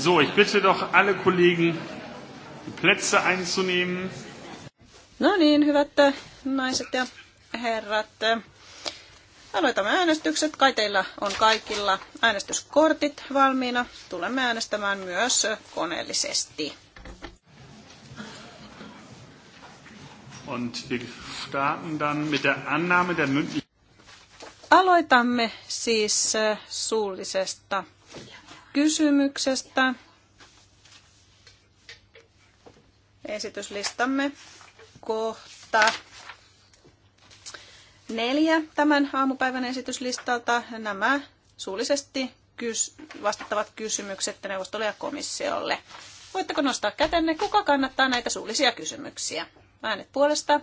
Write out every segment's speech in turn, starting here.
So, ich bitte doch alle Kollegen, die Plätze einzunehmen. No niin, hyvät äh, naiset ja herrat. Äh, aloitamme äänestykset. Kai teillä on kaikilla äänestyskortit valmiina. Tulemme äänestämään myös äh, koneellisesti. Und wir starten dann mit der Annahme der mündlichen Aloitamme siis suullisesta kysymyksestä esityslistamme kohta neljä tämän aamupäivän esityslistalta. Nämä suullisesti kys- vastattavat kysymykset neuvostolle ja komissiolle. Voitteko nostaa kätenne, kuka kannattaa näitä suullisia kysymyksiä? Äänet puolesta.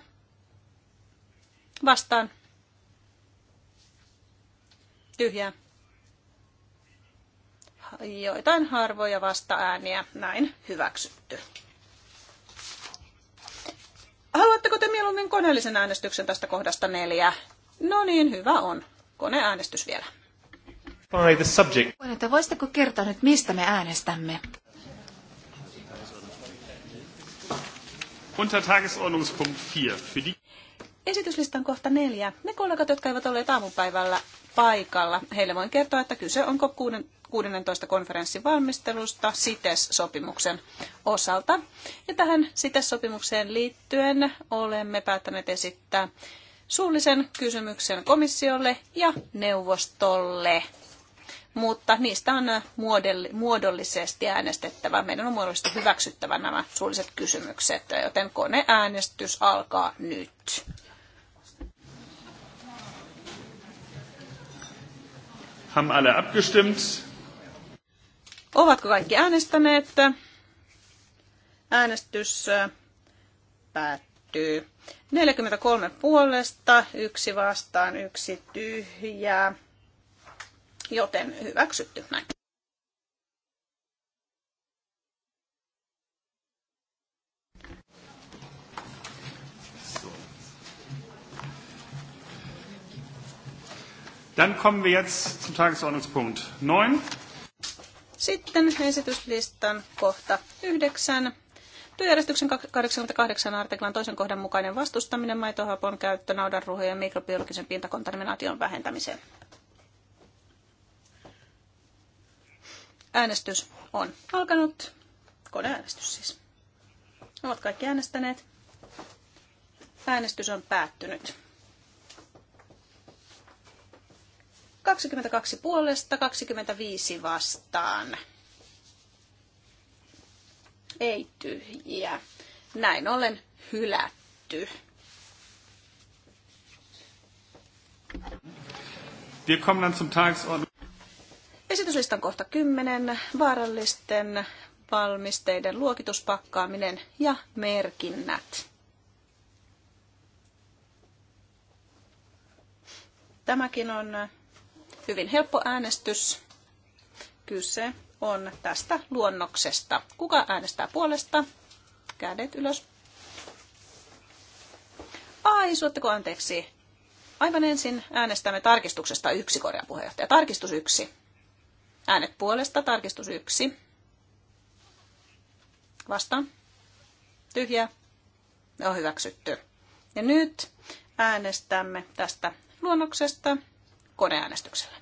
Vastaan. Tyhjää joitain harvoja vasta-ääniä näin hyväksytty. Haluatteko te mieluummin koneellisen äänestyksen tästä kohdasta neljä? No niin, hyvä on. Koneäänestys vielä. By the subject. Että voisitteko kertoa nyt, mistä me äänestämme? Unter Tagesordnungspunkt 4. Esityslistan kohta neljä. Ne kollegat, jotka eivät olleet aamupäivällä paikalla, heille voin kertoa, että kyse on kokouksen, 16. konferenssin valmistelusta CITES-sopimuksen osalta. Ja tähän CITES-sopimukseen liittyen olemme päättäneet esittää suullisen kysymyksen komissiolle ja neuvostolle. Mutta niistä on muodollisesti äänestettävä. Meidän on muodollisesti hyväksyttävä nämä suulliset kysymykset, joten koneäänestys alkaa nyt. Haben alle abgestimmt? Ovatko kaikki äänestäneet? Äänestys äh, päättyy. 43 puolesta, yksi vastaan, yksi tyhjää, joten hyväksytty näin. Dann kommen wir jetzt zum Tagesordnungspunkt 9. Sitten esityslistan kohta 9. Työjärjestyksen 88 artiklan toisen kohdan mukainen vastustaminen maitohapon käyttö naudanruhojen ja mikrobiologisen pintakontaminaation vähentämiseen. Äänestys on alkanut. Koneäänestys siis. Ovat kaikki äänestäneet. Äänestys on päättynyt. 22 puolesta, 25 vastaan. Ei tyhjiä. Näin ollen hylätty. Wir kommen dann zum Tagesordnung. Esityslistan kohta 10. Vaarallisten valmisteiden luokituspakkaaminen ja merkinnät. Tämäkin on Hyvin helppo äänestys. Kyse on tästä luonnoksesta. Kuka äänestää puolesta? Kädet ylös. Ai, suotteko anteeksi? Aivan ensin äänestämme tarkistuksesta yksi korjaa puheenjohtaja. Tarkistus yksi. Äänet puolesta, tarkistus yksi. Vastaan. Tyhjä. On no, hyväksytty. Ja nyt äänestämme tästä luonnoksesta koneäänestyksellä.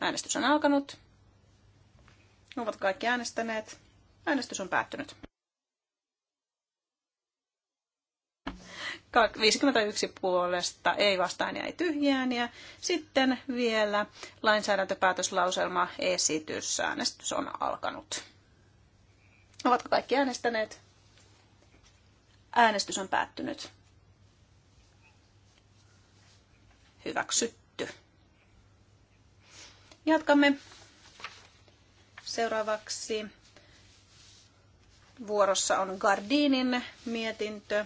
Äänestys on alkanut. Ovat kaikki äänestäneet. Äänestys on päättynyt. 51 puolesta, ei vastaan ja ei tyhjään. Ja sitten vielä lainsäädäntöpäätöslauselma esitys. Äänestys on alkanut. Ovatko kaikki äänestäneet? Äänestys on päättynyt. Hyväksytty Jatkamme seuraavaksi. Vuorossa on Gardinin mietintö.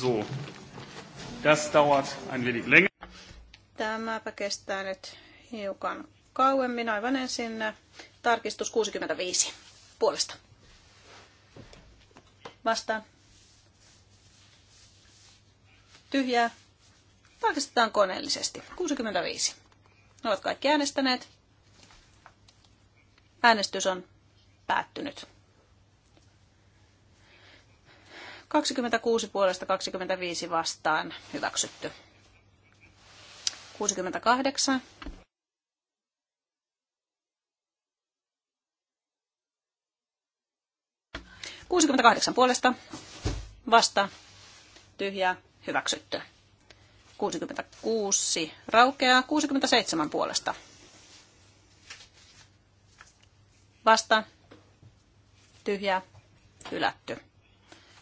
So, das dauert ein wenig länger. Tämäpä kestää nyt hiukan kauemmin. Aivan ensin tarkistus 65 puolesta. Vastaan. Tyhjää. Tarkistetaan koneellisesti. 65. Ne ovat kaikki äänestäneet. Äänestys on päättynyt. 26 puolesta 25 vastaan hyväksytty. 68 68 puolesta vastaan tyhjää hyväksytty. 66 raukeaa 67 puolesta. Vasta. tyhjää hylätty.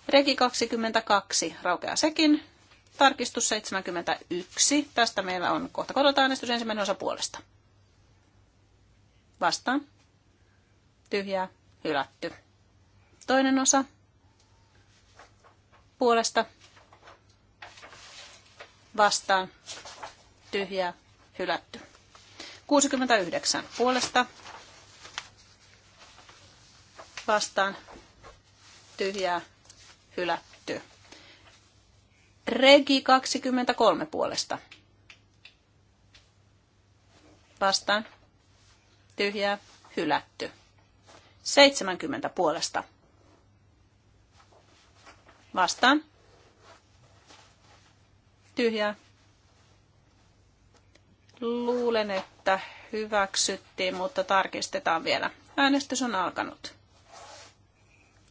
Regi 22 raukeaa sekin. Tarkistus 71. Tästä meillä on kohta äänestys ensimmäinen osa puolesta. Vastaan. Tyhjää. Hylätty. Toinen osa puolesta vastaan tyhjää hylätty. 69 puolesta vastaan tyhjää hylätty. Regi 23 puolesta. Vastaan tyhjää hylätty. 70 puolesta. Vastaan. Tyhjää. Luulen, että hyväksyttiin, mutta tarkistetaan vielä. Äänestys on alkanut.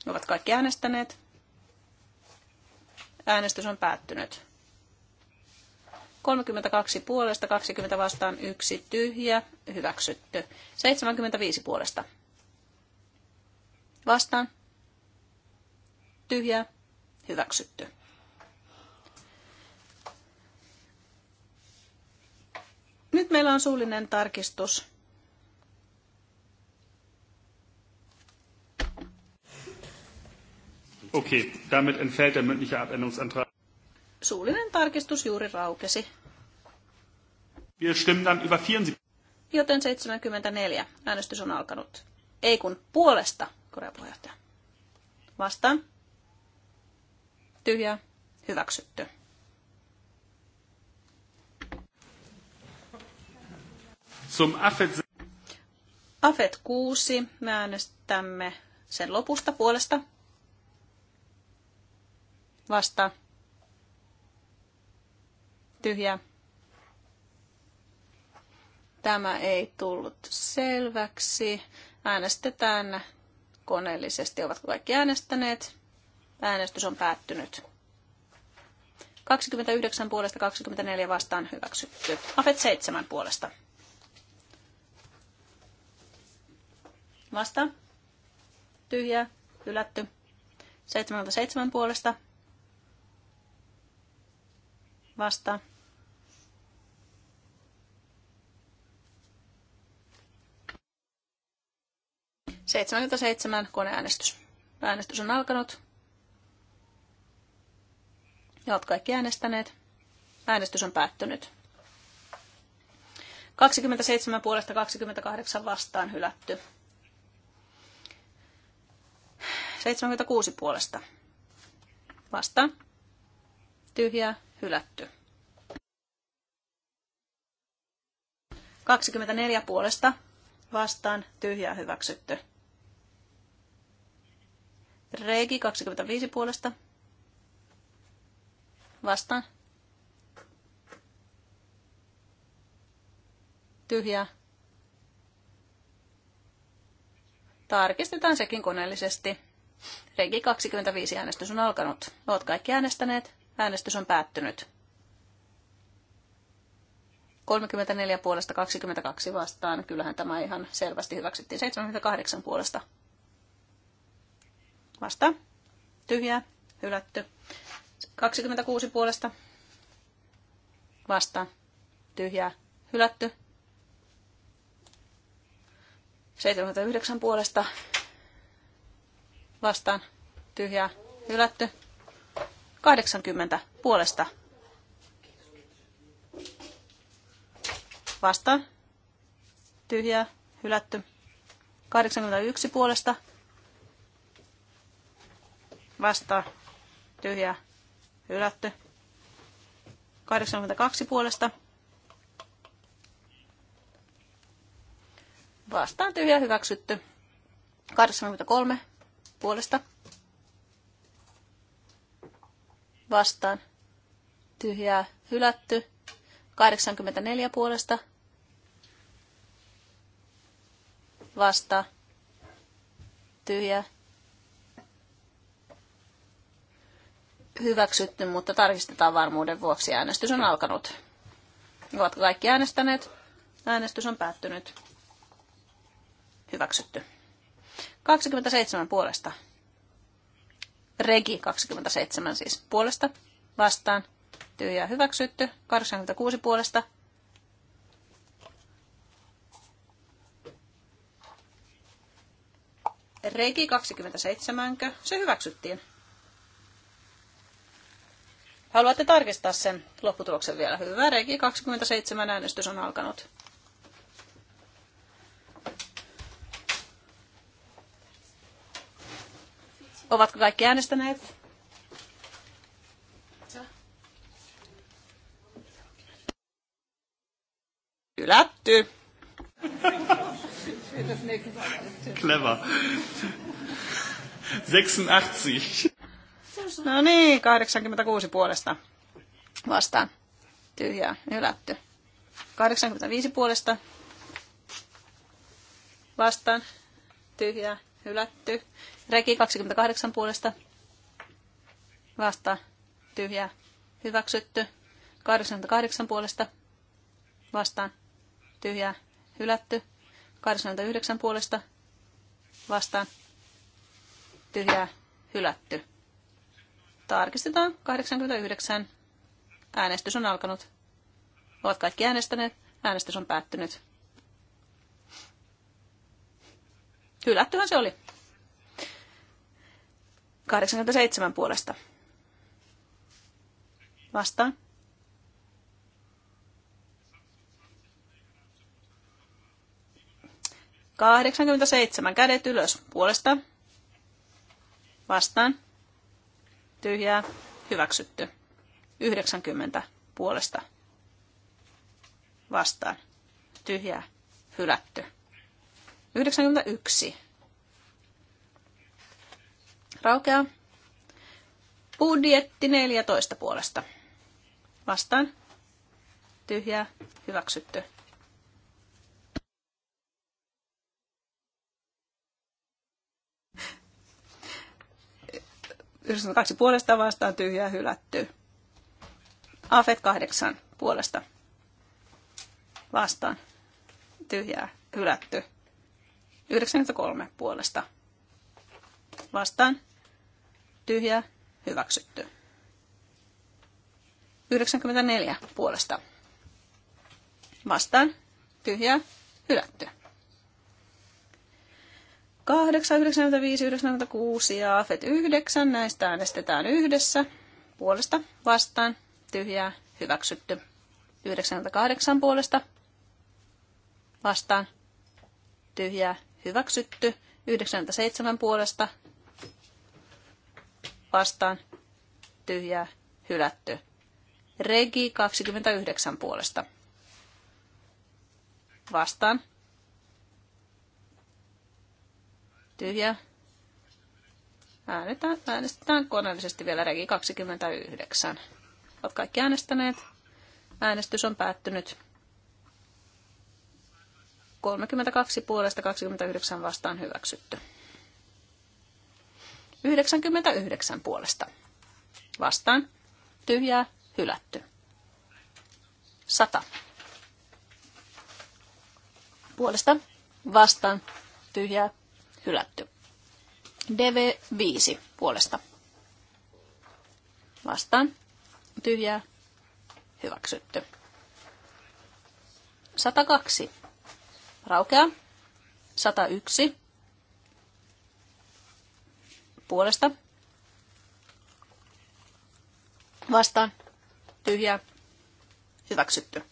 Ovat kaikki äänestäneet. Äänestys on päättynyt. 32 puolesta, 20 vastaan, yksi tyhjä, hyväksytty. 75 puolesta. Vastaan. Tyhjä. Hyväksytty. Nyt meillä on suullinen tarkistus. Okei, damit entfällt der mündliche Abänderungsantrag. Suullinen tarkistus juuri raukesi. Wir stimmen dann über 74. Joten 74. Äänestys on alkanut. Ei kun puolesta, Korea puheenjohtaja. Vastaan tyhjää, hyväksytty. Zum Afet... Afet 6, me äänestämme sen lopusta puolesta. Vasta. Tyhjä. Tämä ei tullut selväksi. Äänestetään koneellisesti. Ovatko kaikki äänestäneet? Äänestys on päättynyt. 29 puolesta 24 vastaan hyväksytty. Afet 7 puolesta. Vasta. Tyhjä. Hylätty. 77 puolesta. Vastaan. Seitsemänkymmentäseitsemän koneäänestys. Äänestys on alkanut. Ja Olet kaikki äänestäneet. Äänestys on päättynyt. 27 puolesta 28 vastaan hylätty. 76 puolesta. vasta. Tyhjä, hylätty. 24 puolesta. Vastaan, tyhjää, hyväksytty. Reiki 25 puolesta. Vastaan. Tyhjää. Tarkistetaan sekin koneellisesti. Regi 25 äänestys on alkanut. Olet kaikki äänestäneet. Äänestys on päättynyt. 34 puolesta 22 vastaan. Kyllähän tämä ihan selvästi hyväksyttiin. 78 puolesta. Vasta. Tyhjää. Hylätty. 26 puolesta vastaan. Tyhjää hylätty. 79 puolesta vastaan. Tyhjää hylätty. 80 puolesta vastaan. Tyhjää hylätty. 81 puolesta vastaan. Tyhjää Hylätty. 82 puolesta. Vastaan tyhjä hyväksytty. 83 puolesta. Vastaan tyhjää hylätty. 84 puolesta. Vastaan tyhjää hyväksytty, mutta tarkistetaan varmuuden vuoksi. Äänestys on alkanut. Ovatko kaikki äänestäneet? Äänestys on päättynyt. Hyväksytty. 27 puolesta. Regi 27 siis puolesta. Vastaan. Tyhjää hyväksytty. 86 puolesta. Regi 27. Se hyväksyttiin. Haluatte tarkistaa sen lopputuloksen vielä. Hyvä, Regi 27 äänestys on alkanut. Ovatko kaikki äänestäneet? Hylätty. Clever. 86. No niin, 86 puolesta vastaan. Tyhjää, hylätty. 85 puolesta vastaan. Tyhjää, hylätty. Reki 28 puolesta vastaan. Tyhjää, hyväksytty. 88 puolesta vastaan. Tyhjää, hylätty. 89 puolesta vastaan. Tyhjää, hylätty. Tarkistetaan 89. Äänestys on alkanut. Ovat kaikki äänestäneet. Äänestys on päättynyt. Hylättyhän se oli. 87 puolesta. Vastaan. seitsemän kädet ylös puolesta. Vastaan tyhjää, hyväksytty. 90 puolesta vastaan, tyhjää, hylätty. 91 raukeaa. Budjetti 14 puolesta vastaan, tyhjää, hyväksytty. 92 puolesta vastaan tyhjää hylätty. AFET 8 puolesta vastaan tyhjää hylätty. 93 puolesta vastaan tyhjää hyväksytty. 94 puolesta vastaan tyhjää hylätty. 98, 95, 96 ja FET 9. Näistä äänestetään yhdessä. Puolesta vastaan. Tyhjää. Hyväksytty. 98 puolesta vastaan. Tyhjää. Hyväksytty. 97 puolesta vastaan. Tyhjää. Hylätty. Regi 29 puolesta vastaan Tyhjä. Äänetään, äänestetään koneellisesti vielä regi 29. Olet kaikki äänestäneet. Äänestys on päättynyt. 32 puolesta 29 vastaan hyväksytty. 99 puolesta. Vastaan. Tyhjää. Hylätty. 100. Puolesta. Vastaan. Tyhjää. Hylätty. DV5 puolesta. Vastaan. Tyhjää. Hyväksytty. 102. Raukea. 101. Puolesta. Vastaan. Tyhjää. Hyväksytty.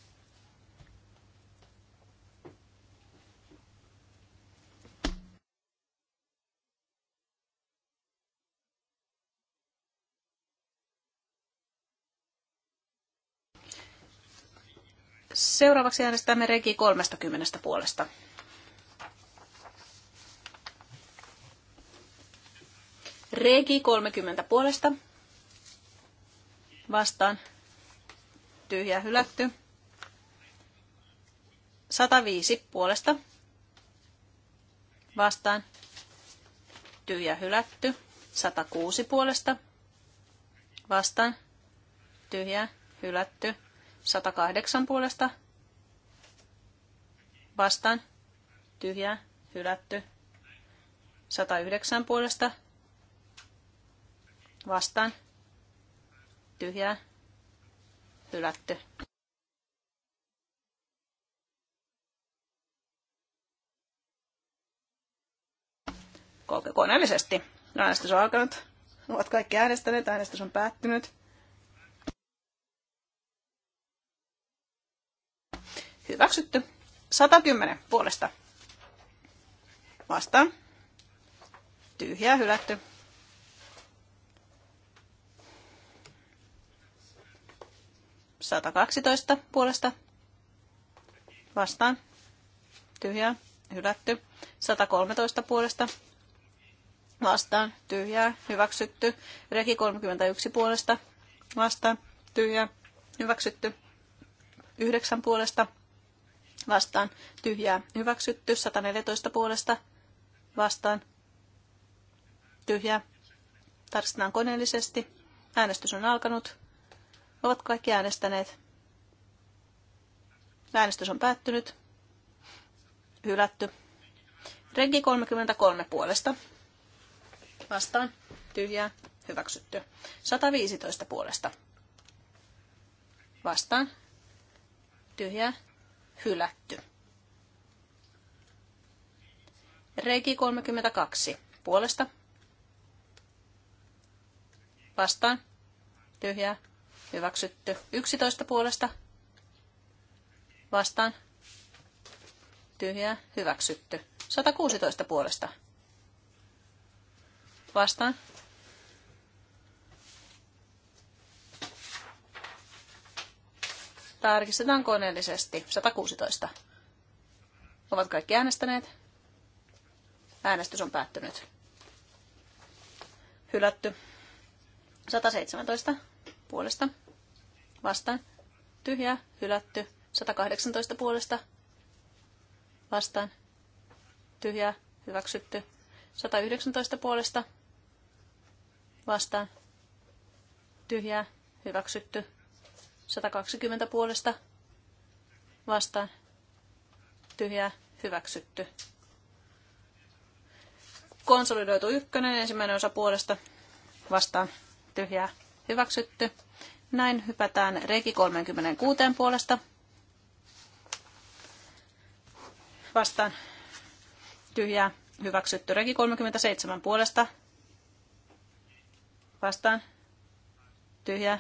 Seuraavaksi äänestämme Regi 30 puolesta. Regi 30 puolesta. Vastaan. Tyhjä hylätty. 105 puolesta. Vastaan. Tyhjä hylätty. 106 puolesta. Vastaan. Tyhjä hylätty. 108 puolesta vastaan, tyhjää, hylätty. 109 puolesta vastaan, tyhjää, hylätty. koneellisesti. Äänestys on alkanut. Ovat kaikki äänestäneet. Äänestys on päättynyt. Hyväksytty. 110 puolesta. Vastaan. Tyhjää hylätty. Sata kaksitoista puolesta. Vastaan. Tyhjää. Hylätty. Sata kolmetoista puolesta. Vastaan. Tyhjää. Hyväksytty. Reki yksi puolesta. Vastaan. Tyhjää. Hyväksytty. Yhdeksän puolesta vastaan tyhjää hyväksytty. 114 puolesta vastaan tyhjää. Tarkistetaan koneellisesti. Äänestys on alkanut. Ovat kaikki äänestäneet. Äänestys on päättynyt. Hylätty. Renki 33 puolesta. Vastaan. Tyhjää. Hyväksytty. 115 puolesta. Vastaan. Tyhjää hylätty. Reiki 32. Puolesta. Vastaan. Tyhjää. Hyväksytty. 11 puolesta. Vastaan. Tyhjää. Hyväksytty. 116 puolesta. Vastaan. Tarkistetaan koneellisesti. 116. Ovat kaikki äänestäneet. Äänestys on päättynyt. Hylätty. 117 puolesta. Vastaan. tyhjä Hylätty. 118 puolesta. Vastaan. tyhjä Hyväksytty. 119 puolesta. Vastaan. tyhjä Hyväksytty. 120 puolesta vastaan Tyhjä, hyväksytty. Konsolidoitu ykkönen, ensimmäinen osa puolesta vastaan tyhjä hyväksytty. Näin hypätään reiki 36 puolesta vastaan Tyhjä, hyväksytty. Reiki 37 puolesta vastaan tyhjä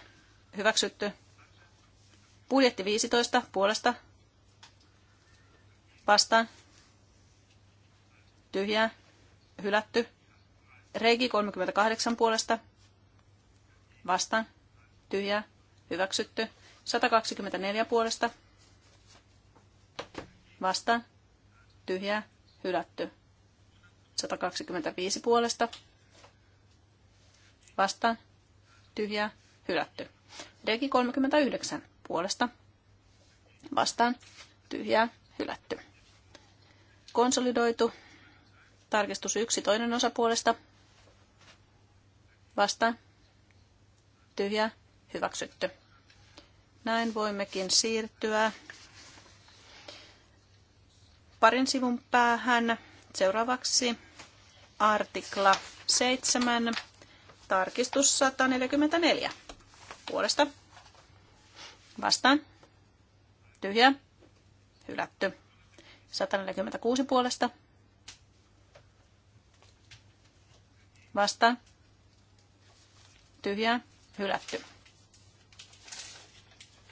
hyväksytty. Budjetti 15 puolesta vastaan. Tyhjää. Hylätty. Reiki 38 puolesta vastaan. Tyhjää. Hyväksytty. 124 puolesta vastaan. Tyhjää. Hylätty. 125 puolesta vastaan. Tyhjää. Hylätty. Reiki 39 puolesta vastaan tyhjää hylätty. Konsolidoitu tarkistus yksi toinen osa puolesta vastaan tyhjää hyväksytty. Näin voimmekin siirtyä parin sivun päähän. Seuraavaksi artikla 7, tarkistus 144 puolesta Vastaan. Tyhjä. Hylätty. 146 puolesta. Vastaan. Tyhjä. Hylätty.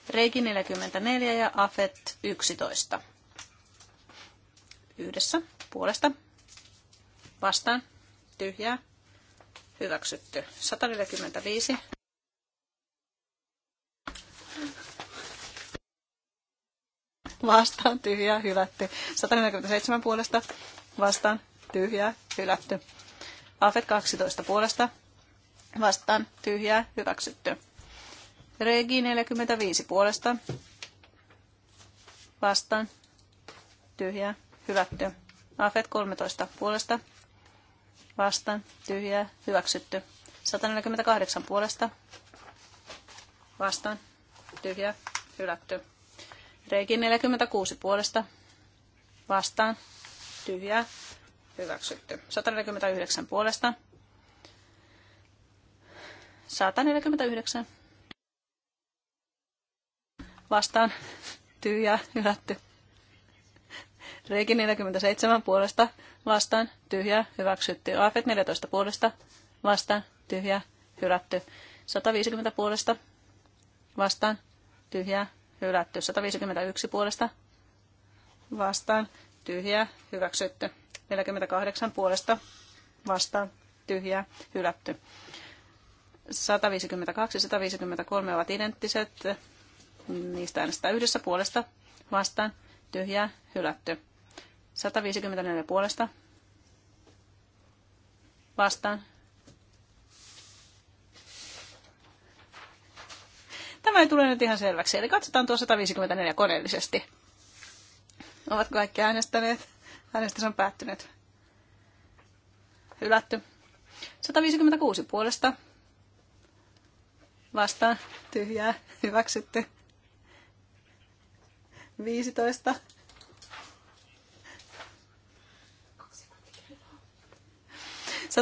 Reiki 44 ja Afet 11. Yhdessä puolesta. Vastaan. Tyhjää. Hyväksytty. 145 vastaan tyhjää hylätty. 147 puolesta vastaan tyhjää hylätty. Afet 12 puolesta vastaan tyhjää hyväksytty. Regi 45 puolesta vastaan tyhjää hylätty. Afet 13 puolesta vastaan tyhjää hyväksytty. 148 puolesta vastaan tyhjää hylätty. Reiki 46 puolesta vastaan. Tyhjää. Hyväksytty. 149 puolesta. 149. Vastaan. Tyhjää. Hylätty. Reiki 47 puolesta. Vastaan. Tyhjää. Hyväksytty. AFET 14 puolesta. Vastaan. Tyhjää. Hylätty. 150 puolesta. Vastaan. Tyhjää hylätty. 151 puolesta vastaan tyhjää hyväksytty. 48 puolesta vastaan tyhjää hylätty. 152 ja 153 ovat identtiset. Niistä äänestää yhdessä puolesta vastaan tyhjää hylätty. 154 puolesta vastaan Tämä ei tule nyt ihan selväksi. Eli katsotaan tuo 154 koneellisesti. Ovatko kaikki äänestäneet? Äänestys on päättynyt. Hylätty. 156 puolesta. Vastaan. Tyhjää. Hyväksytty. 15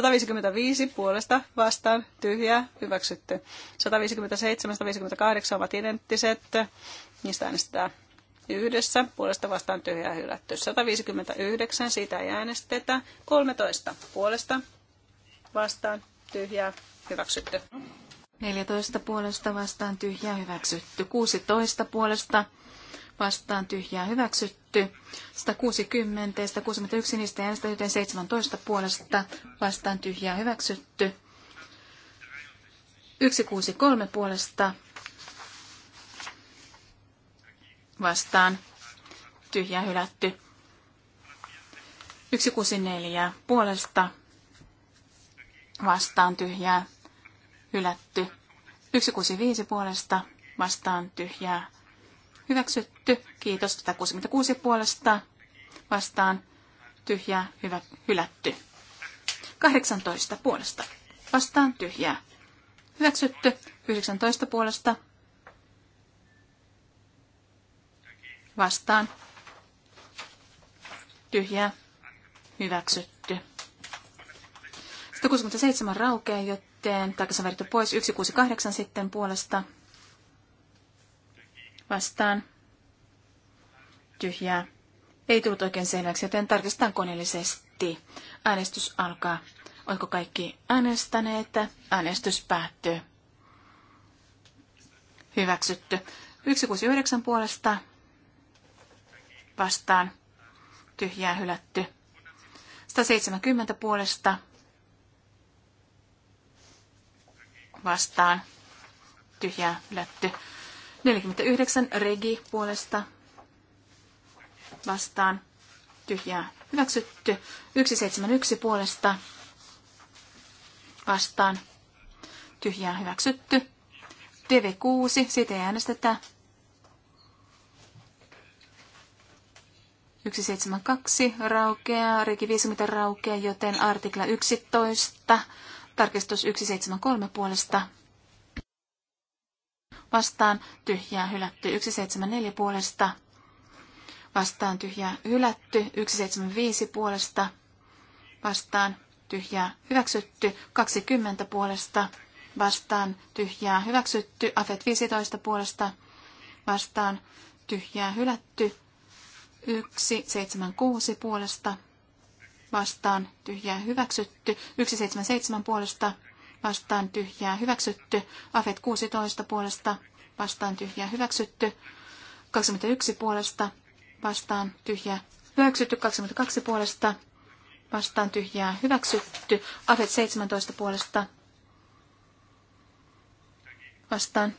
155 puolesta vastaan tyhjää hyväksytty. 157 158 ovat identtiset. Niistä äänestetään yhdessä. Puolesta vastaan tyhjää hylätty. 159 siitä ei äänestetä. 13 puolesta vastaan tyhjää hyväksytty. 14 puolesta vastaan tyhjää hyväksytty. 16 puolesta vastaan tyhjää hyväksytty. 160 ja 161 niistä äänestä, 17 puolesta vastaan tyhjää hyväksytty. 163 puolesta vastaan tyhjää hylätty. 164 puolesta vastaan tyhjää hylätty. 165 puolesta vastaan tyhjää Hyväksytty. Kiitos. 166 puolesta vastaan. Tyhjää. Hyvä. Hylätty. 18 puolesta vastaan. Tyhjää. Hyväksytty. 19 puolesta vastaan. Tyhjää. Hyväksytty. 167 raukeaa, joten takaisin pois 168 sitten puolesta vastaan tyhjää. Ei tullut oikein selväksi, joten tarkistetaan koneellisesti. Äänestys alkaa. Oliko kaikki äänestäneet? Äänestys päättyy. Hyväksytty. 169 puolesta vastaan. Tyhjää hylätty. 170 puolesta vastaan. Tyhjää hylätty. 49 regi puolesta vastaan tyhjää hyväksytty. 171 puolesta vastaan tyhjää hyväksytty. TV6, siitä ei äänestetä. 172 raukeaa, reiki 50 raukeaa, joten artikla 11, tarkistus 173 puolesta vastaan tyhjää hylätty 174 puolesta, vastaan tyhjää hylätty 175 puolesta, vastaan tyhjää hyväksytty 20 puolesta, vastaan tyhjää hyväksytty afet 15 puolesta, vastaan tyhjää hylätty 176 puolesta, vastaan tyhjää hyväksytty 177 puolesta, vastaan tyhjää hyväksytty. Afet 16 puolesta vastaan tyhjää hyväksytty. 21 puolesta vastaan tyhjää hyväksytty. 22 puolesta vastaan tyhjää hyväksytty. Afet 17 puolesta vastaan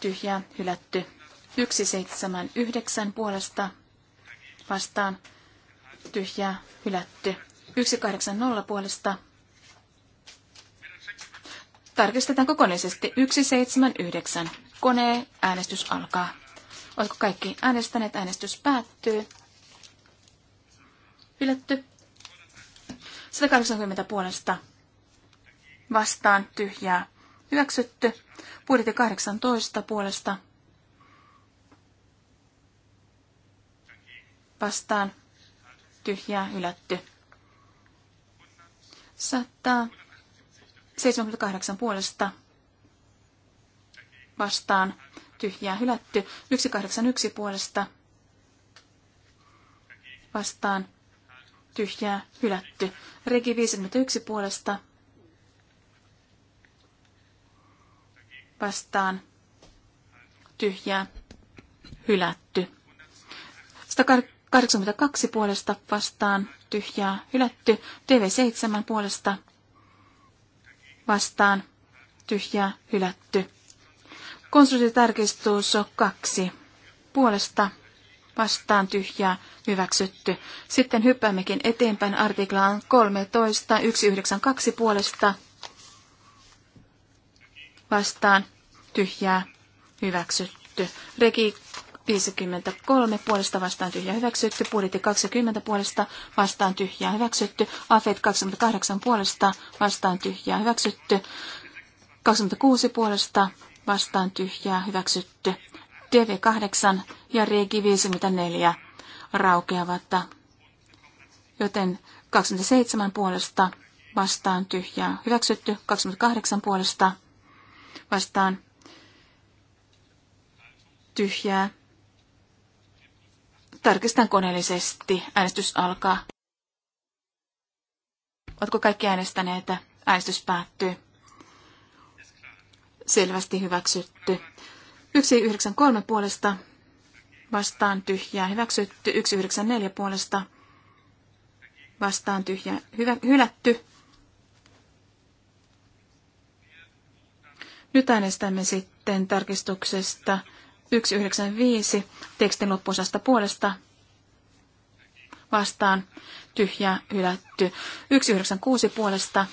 tyhjää hylätty. 179 puolesta vastaan tyhjää hylätty. 180 puolesta Tarkistetaan kokonaisesti 179. Kone äänestys alkaa. Oletko kaikki äänestäneet? Äänestys päättyy. Hylätty. 180 puolesta vastaan tyhjää. Hyväksytty. Budjetti 18 puolesta vastaan tyhjää hylätty. 100. 78 puolesta vastaan tyhjää hylätty. 181 puolesta vastaan tyhjää hylätty. Regi 51 puolesta vastaan tyhjää hylätty. 182 puolesta vastaan tyhjää hylätty. TV7 puolesta vastaan tyhjää hylätty. Konsultitarkistus on kaksi. Puolesta vastaan tyhjää hyväksytty. Sitten hyppäämmekin eteenpäin artiklaan 13, 192 puolesta vastaan tyhjää hyväksytty. Regi 53 puolesta vastaan tyhjä hyväksytty, budjetti 20 puolesta vastaan tyhjä hyväksytty, AFET 28 puolesta vastaan tyhjä hyväksytty, 26 puolesta vastaan tyhjää hyväksytty, tv 8 ja Regi 54 raukeavat, joten 27 puolesta vastaan tyhjää hyväksytty, 28 puolesta vastaan tyhjää Tarkistan koneellisesti. Äänestys alkaa. Oletko kaikki äänestäneet? Äänestys päättyy. Selvästi hyväksytty. 193 puolesta vastaan tyhjää hyväksytty. 194 puolesta vastaan tyhjää hyvä, hylätty. Nyt äänestämme sitten tarkistuksesta 195 tekstin loppuosasta puolesta vastaan tyhjää hylätty. 196 puolesta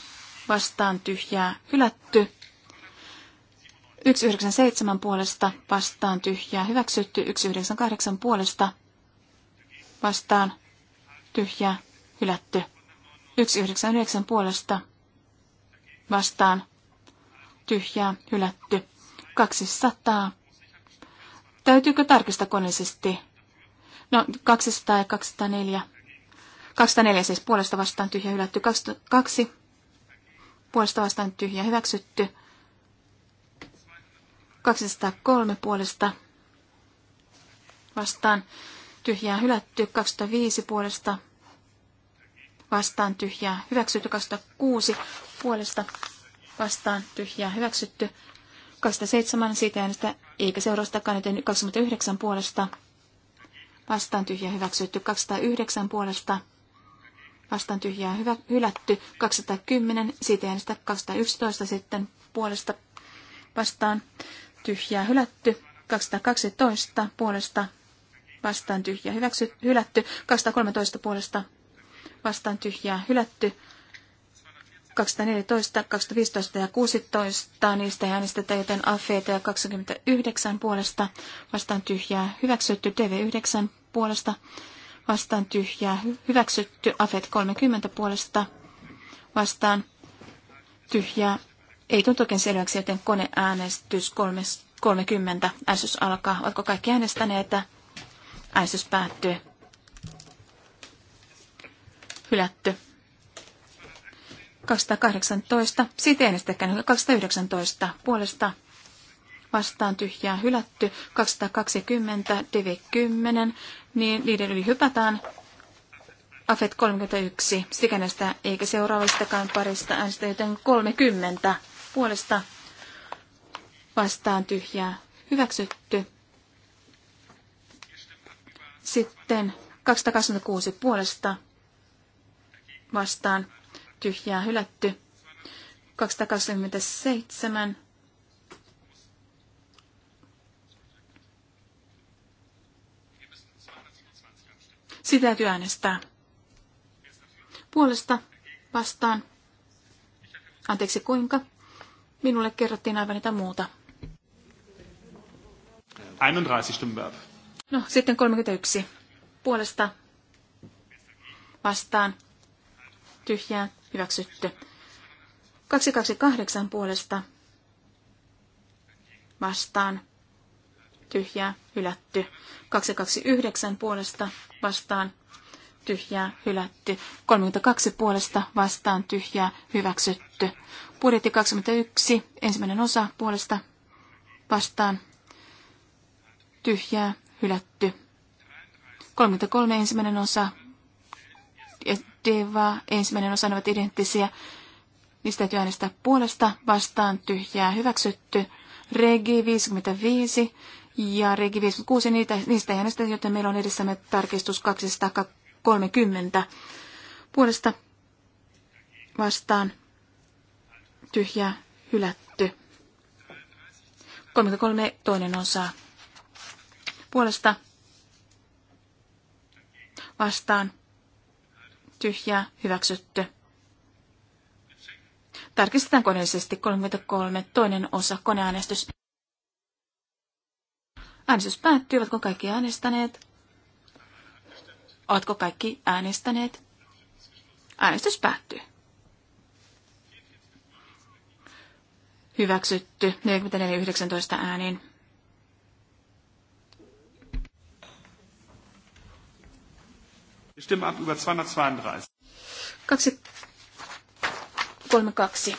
vastaan tyhjää hylätty. 197 puolesta vastaan tyhjää hyväksytty. 198 puolesta vastaan tyhjää hylätty. 199 puolesta vastaan tyhjää hylätty. 200 Täytyykö tarkistaa koneellisesti? No, 200 ja 204. 204 siis puolesta vastaan tyhjä hylätty. 2 puolesta vastaan tyhjä hyväksytty. 203 puolesta vastaan tyhjää hylätty. 205 puolesta vastaan tyhjää hyväksytty. 206 puolesta vastaan tyhjää hyväksytty. 207 siitä äänestä eikä seurastakaan, joten 29 puolesta vastaan tyhjä hyväksytty, 209 puolesta vastaan tyhjää hyvä, hylätty, 210, siitä äänestä 211 sitten puolesta vastaan tyhjää hylätty, 212 puolesta vastaan tyhjää hyväksy, hylätty, 213 puolesta vastaan tyhjää hylätty, 214, 215 ja 16, niistä äänestetään, joten AFET ja 29 puolesta vastaan tyhjää hyväksytty, tv 9 puolesta vastaan tyhjää hyväksytty, AFET 30 puolesta vastaan tyhjää. Ei tuntu oikein selväksi, joten koneäänestys 30. Äänestys alkaa. Oletko kaikki äänestäneet? Äänestys päättyy. Hylätty. 218, siitä äänestäkään 219 puolesta vastaan tyhjää hylätty, 220, DV10, niin niiden yli hypätään. AFET 31, sikänestä eikä seuraavistakaan parista äänestä, joten 30 puolesta vastaan tyhjää hyväksytty. Sitten 226 puolesta vastaan tyhjää hylätty. 227 Sitä täytyy äänestää. Puolesta vastaan. Anteeksi, kuinka? Minulle kerrottiin aivan niitä muuta. 31 No, sitten 31. Puolesta vastaan. Tyhjää Hyväksytty. 228 puolesta vastaan tyhjää, hylätty. 229 puolesta vastaan, tyhjää, hylätty. 32 puolesta vastaan, tyhjää, hyväksytty. Budjetti 21, ensimmäinen osa puolesta vastaan, tyhjää, hylätty. 33 ensimmäinen osa ja Deva ensimmäinen osa ovat identtisiä. Niistä täytyy äänestää puolesta, vastaan, tyhjää, hyväksytty. Regi 55 ja Regi 56, niitä, niistä ei äänestä, joten meillä on edessämme tarkistus 230 puolesta vastaan tyhjää hylätty. 33 toinen osa puolesta vastaan tyhjää, hyväksytty. Tarkistetaan koneellisesti 33, toinen osa, koneäänestys. Äänestys päättyy, ovatko kaikki äänestäneet? Oletko kaikki äänestäneet? Äänestys päättyy. Hyväksytty 44.19 ääniin. Stimme ab über 232. 232.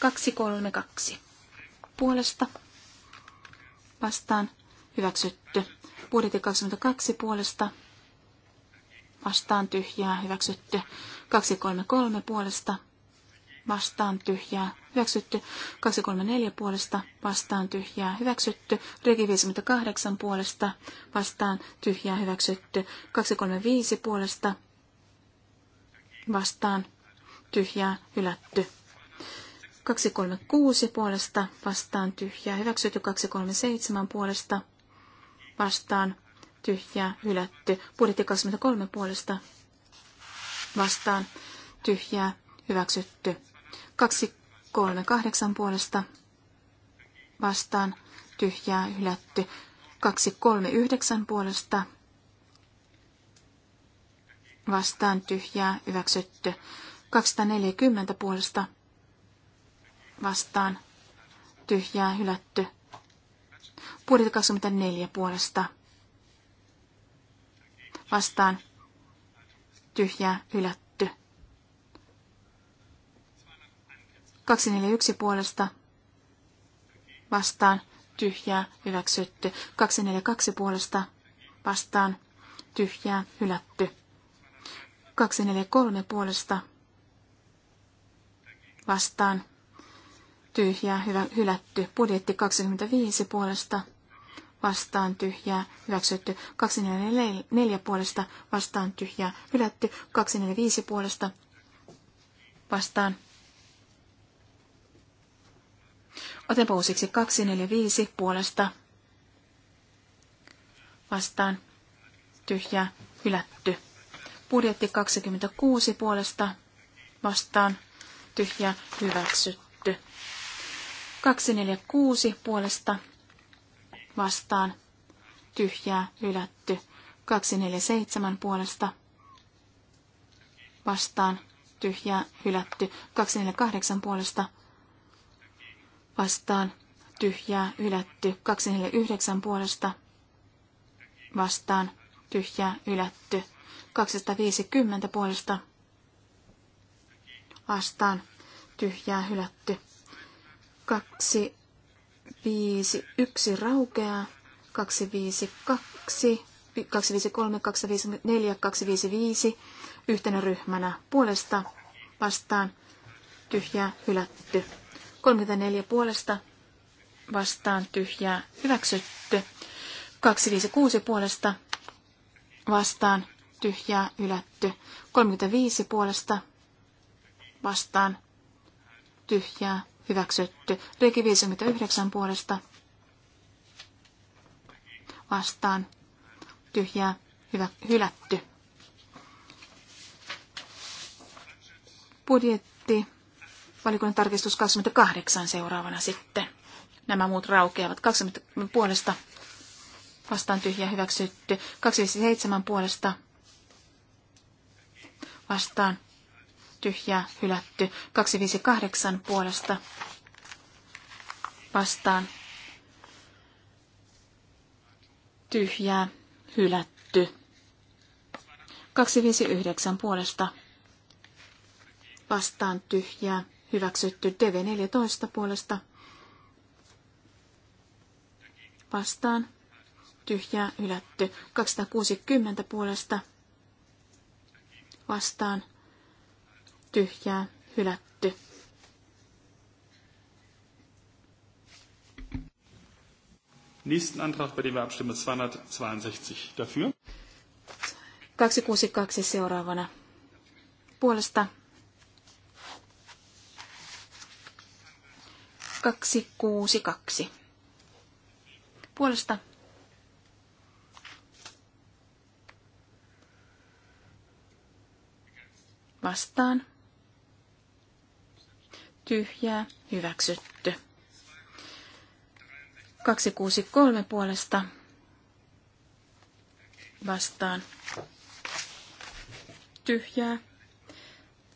232. Puolesta vastaan hyväksytty. Budjetti 22 puolesta vastaan tyhjää hyväksytty. 233 puolesta vastaan tyhjää hyväksytty. 234 puolesta vastaan tyhjää hyväksytty. Regi 58 puolesta vastaan tyhjää hyväksytty. 235 puolesta vastaan tyhjää hylätty. 236 puolesta vastaan tyhjää hyväksytty. 237 puolesta vastaan tyhjää hylätty. Budjetti 23 puolesta vastaan tyhjää hyväksytty. 238 puolesta vastaan tyhjää hylätty. 239 puolesta vastaan tyhjää hyväksytty. 240 puolesta vastaan tyhjää hylätty. Budjetti 24 puolesta vastaan tyhjää hylätty. 241 puolesta vastaan tyhjää hyväksytty. 242 puolesta vastaan tyhjää hylätty. 243 puolesta vastaan tyhjää hyvä, hylätty. Budjetti 25 puolesta vastaan tyhjää hyväksytty. 244 puolesta vastaan tyhjää hylätty. 245 puolesta vastaan Otetaanpa uusiksi 245 puolesta vastaan tyhjä hylätty. Budjetti 26 puolesta vastaan tyhjä hyväksytty. 246 puolesta vastaan tyhjää hylätty. 247 puolesta vastaan tyhjää hylätty. 248 puolesta vastaan, vastaan tyhjää ylätty 249 puolesta vastaan tyhjää ylätty 250 puolesta vastaan tyhjää hylätty 251 raukeaa 252 253, 254, 255 yhtenä ryhmänä puolesta vastaan tyhjää hylätty 34 puolesta vastaan tyhjää hyväksytty. 256 puolesta vastaan tyhjää ylätty. 35 puolesta vastaan tyhjää hyväksytty. Reiki 59 puolesta vastaan tyhjää hyvä, hylätty. Budjetti Valiokunnan tarkistus 28 seuraavana sitten. Nämä muut raukeavat 20 puolesta vastaan tyhjä hyväksytty. 27 puolesta vastaan tyhjä hylätty. 258 puolesta vastaan tyhjää hylätty. 259 puolesta vastaan tyhjää Hyväksytty tv 14 puolesta vastaan. Tyhjää hylätty. 260 puolesta vastaan. Tyhjää hylätty. Nächsten Antrag, bei dem wir abstimmen, 262 dafür. 262 seuraavana. Puolesta 262. Puolesta vastaan. Tyhjää, hyväksytty. 263 puolesta vastaan. Tyhjää,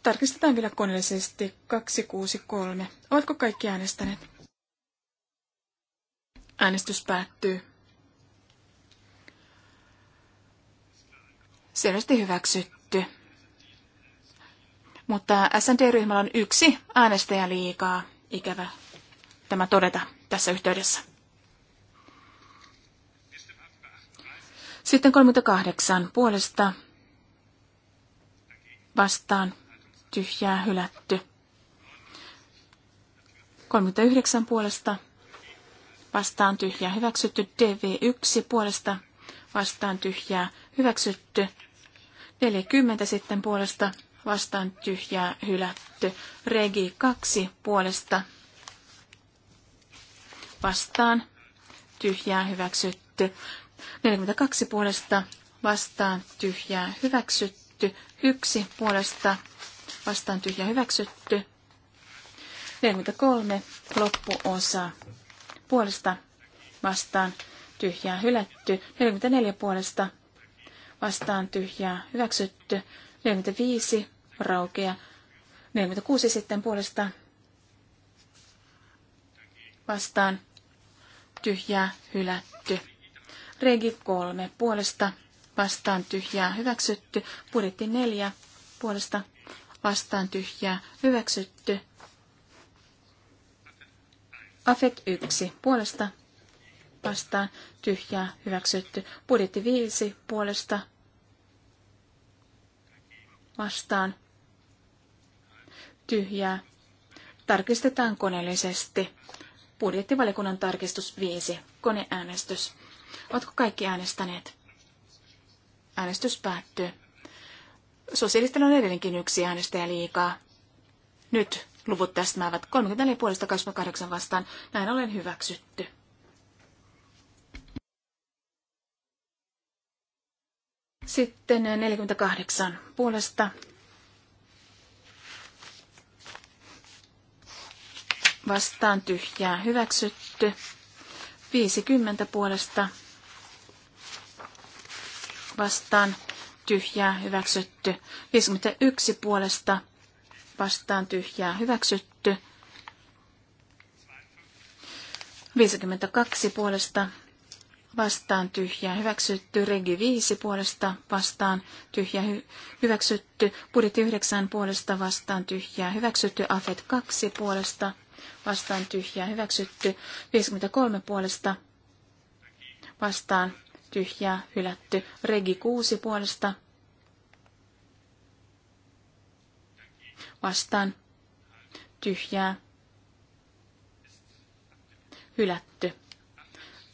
Tarkistetaan vielä koneellisesti 263. Ovatko kaikki äänestäneet? Äänestys päättyy. Selvästi hyväksytty. Mutta SND-ryhmällä on yksi äänestäjä liikaa. Ikävä tämä todeta tässä yhteydessä. Sitten 38 puolesta vastaan tyhjää hylätty. 39 puolesta vastaan tyhjää hyväksytty. DV1 puolesta vastaan tyhjää hyväksytty. 40 sitten puolesta vastaan tyhjää hylätty. Regi 2 puolesta vastaan tyhjää hyväksytty. 42 puolesta vastaan tyhjää hyväksytty. 1 puolesta vastaan tyhjä hyväksytty. 43 loppuosa puolesta vastaan tyhjää hylätty. 44 puolesta vastaan tyhjää hyväksytty. 45 raukea. 46 sitten puolesta vastaan tyhjää hylätty. Regi 3 puolesta vastaan tyhjää hyväksytty. Budjetti 4 puolesta vastaan tyhjää hyväksytty. Afet 1 puolesta vastaan tyhjää hyväksytty. Budjetti 5 puolesta vastaan tyhjää. Tarkistetaan koneellisesti. Budjettivalikunnan tarkistus 5. Koneäänestys. Oletko kaikki äänestäneet? Äänestys päättyy. Sosialistilla on edelleenkin yksi äänestäjä liikaa. Nyt luvut täsmäävät 34 28 vastaan. Näin olen hyväksytty. Sitten 48 puolesta vastaan tyhjää hyväksytty. 50 puolesta vastaan tyhjää hyväksytty. 51 puolesta vastaan tyhjää hyväksytty. 52 puolesta vastaan tyhjää hyväksytty. Regi 5 puolesta vastaan tyhjää hy- hyväksytty. Budjetti 9 puolesta vastaan tyhjää hyväksytty. Afet 2 puolesta vastaan tyhjää hyväksytty. 53 puolesta vastaan tyhjää hylätty. Regi 6 puolesta vastaan tyhjää hylätty.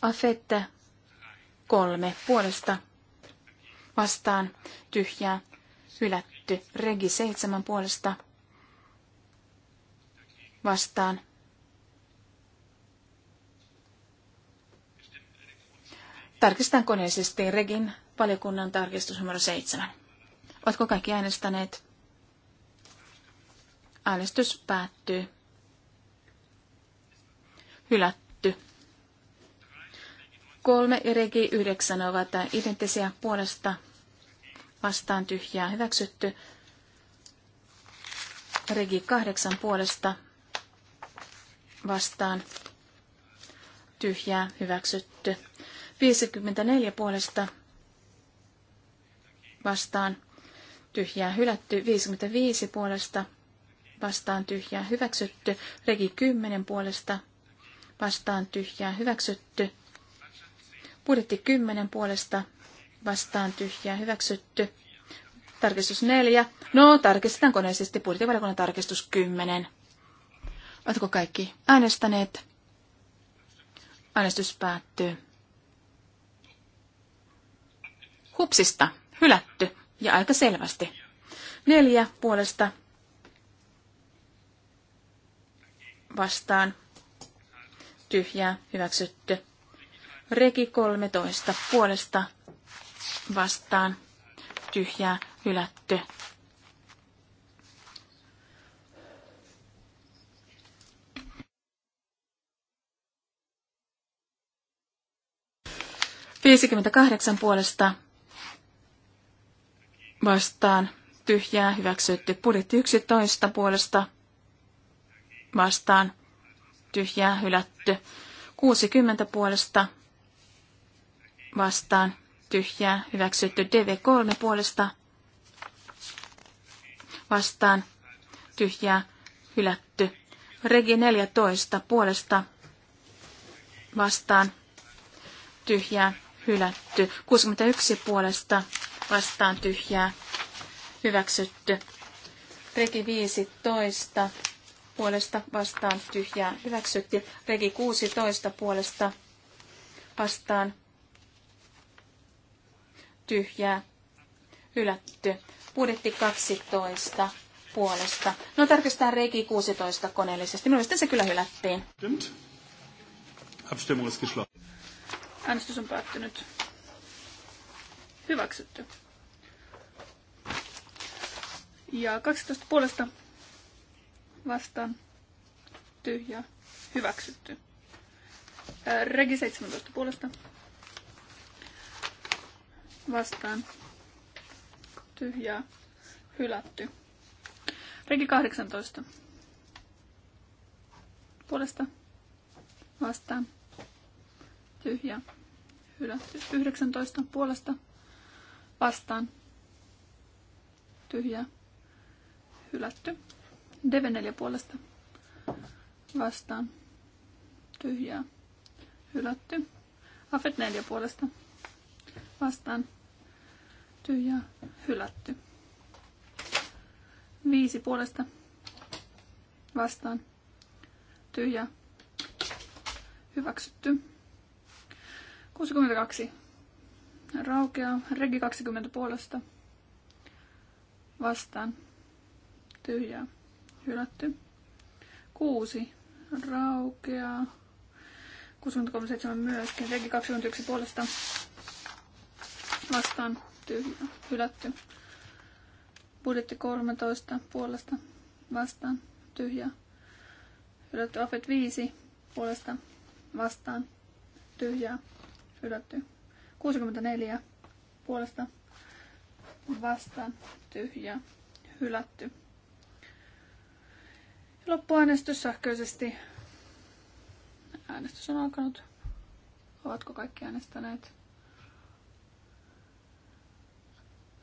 Afette kolme puolesta vastaan tyhjää hylätty. Regi seitsemän puolesta vastaan Tarkistan koneisesti Regin valiokunnan tarkistus numero 7. Oletko kaikki äänestäneet? Äänestys päättyy. Hylätty. Kolme ja regi 9 ovat identtisiä puolesta vastaan tyhjää hyväksytty. Regi kahdeksan puolesta vastaan tyhjää hyväksytty. 54 puolesta vastaan tyhjää hylätty, 55 puolesta vastaan tyhjää hyväksytty, regi 10 puolesta vastaan tyhjää hyväksytty, budjetti 10 puolesta vastaan tyhjää hyväksytty, tarkistus 4, no tarkistetaan koneellisesti budjettivaliokunnan tarkistus 10. Oletko kaikki äänestäneet? Äänestys päättyy hupsista hylätty ja aika selvästi. Neljä puolesta vastaan tyhjää hyväksytty. Reki 13 puolesta vastaan tyhjää hylätty. Viisikymmentäkahdeksan puolesta vastaan tyhjää hyväksytty. Budjetti 11 puolesta vastaan tyhjää hylätty. 60 puolesta vastaan tyhjää hyväksytty. DV3 puolesta vastaan tyhjää hylätty. Regi 14 puolesta vastaan tyhjää hylätty. 61 puolesta vastaan tyhjää hyväksytty. Regi 15 puolesta vastaan tyhjää hyväksytty. Regi 16 puolesta vastaan tyhjää hylätty. Budjetti 12 puolesta. No tarkistetaan Regi 16 koneellisesti. Mielestäni se kyllä hylättiin. Äänestys on päättynyt. Hyväksytty. Ja 12 puolesta vastaan tyhjä. Hyväksytty. Äh, regi 17 puolesta vastaan tyhjä hylätty. Regi 18 puolesta vastaan tyhjä hylätty. 19 puolesta Vastaan. tyhjä Hylätty. d 4 puolesta. Vastaan. Tyhjää. Hylätty. Afet 4 puolesta. Vastaan. Tyhjää. Hylätty. Viisi puolesta. Vastaan. Tyhjää. Hyväksytty. 62 Raukeaa. Regi 20 puolesta. Vastaan. Tyhjää. Hylätty. 6. Raukeaa. 637 myöskin. Regi 21 puolesta. Vastaan. Tyhjää. Hylätty. Budjetti 13 puolesta. Vastaan. Tyhjää. Hylätty. Afet 5 puolesta. Vastaan. Tyhjää. Hylätty. 64 puolesta vastaan tyhjä hylätty. Loppuäänestys sähköisesti. Äänestys on alkanut. Ovatko kaikki äänestäneet?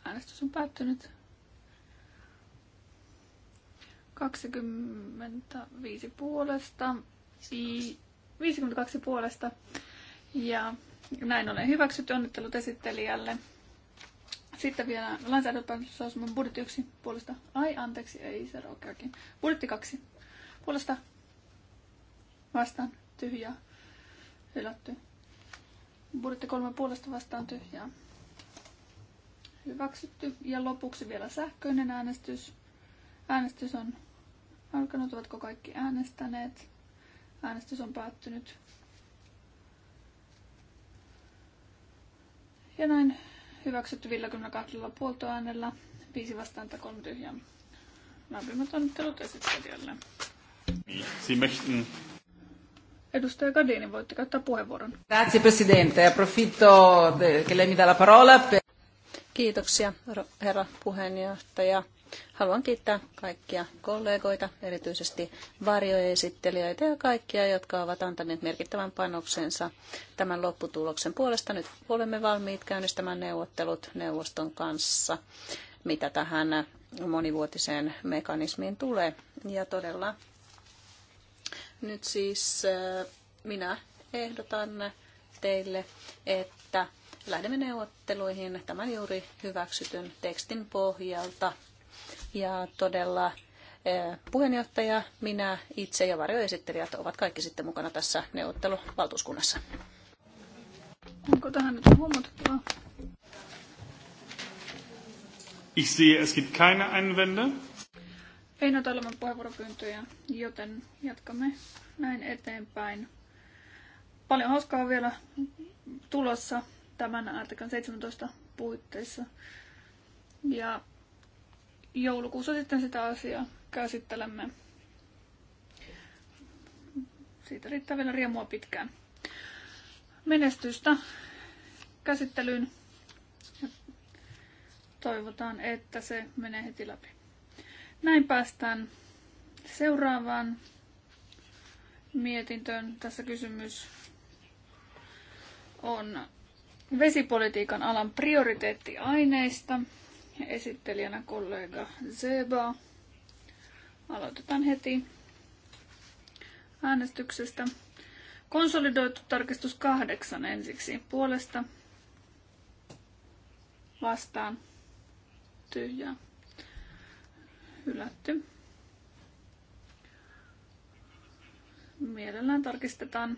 Äänestys on päättynyt. 25 puolesta, 52 puolesta ja näin olen hyväksytty onnittelut esittelijälle. Sitten vielä lainsäädäntöpäätösosman budjetti yksi puolesta. Ai anteeksi, ei se raukeakin. Budjetti kaksi. puolesta. Vastaan tyhjää. Hylätty. Budjetti kolme puolesta vastaan tyhjää. Hyväksytty. Ja lopuksi vielä sähköinen äänestys. Äänestys on alkanut, ovatko kaikki äänestäneet. Äänestys on päättynyt. Ja näin hyväksytty 52 puoltoäänellä, 5 tai 3 tyhjää. Lämpimät onnittelut esittelijälle. Niin, Edustaja Gardini, voitte käyttää puheenvuoron. Grazie Presidente, approfitto che lei mi dà la parola per... Kiitoksia, herra puheenjohtaja. Haluan kiittää kaikkia kollegoita, erityisesti varjoesittelijöitä ja kaikkia, jotka ovat antaneet merkittävän panoksensa tämän lopputuloksen puolesta. Nyt olemme valmiit käynnistämään neuvottelut neuvoston kanssa, mitä tähän monivuotiseen mekanismiin tulee. Ja todella nyt siis äh, minä ehdotan teille, että lähdemme neuvotteluihin tämän juuri hyväksytyn tekstin pohjalta. Ja todella eh, puheenjohtaja, minä itse ja varjoesittelijät ovat kaikki sitten mukana tässä neuvotteluvaltuuskunnassa. Onko tähän nyt huomattavaa? Ich sehe, es gibt keine Einwände. Ei näytä olevan puheenvuoropyyntöjä, joten jatkamme näin eteenpäin. Paljon hauskaa vielä tulossa tämän artikan 17 puitteissa. Ja joulukuussa sitten sitä asiaa käsittelemme. Siitä riittää vielä riemua pitkään. Menestystä käsittelyyn ja toivotaan, että se menee heti läpi. Näin päästään seuraavaan mietintöön. Tässä kysymys on vesipolitiikan alan prioriteettiaineista. Esittelijänä kollega Zeba. Aloitetaan heti äänestyksestä. Konsolidoitu tarkistus kahdeksan ensiksi puolesta vastaan tyhjää hylätty. Mielellään tarkistetaan.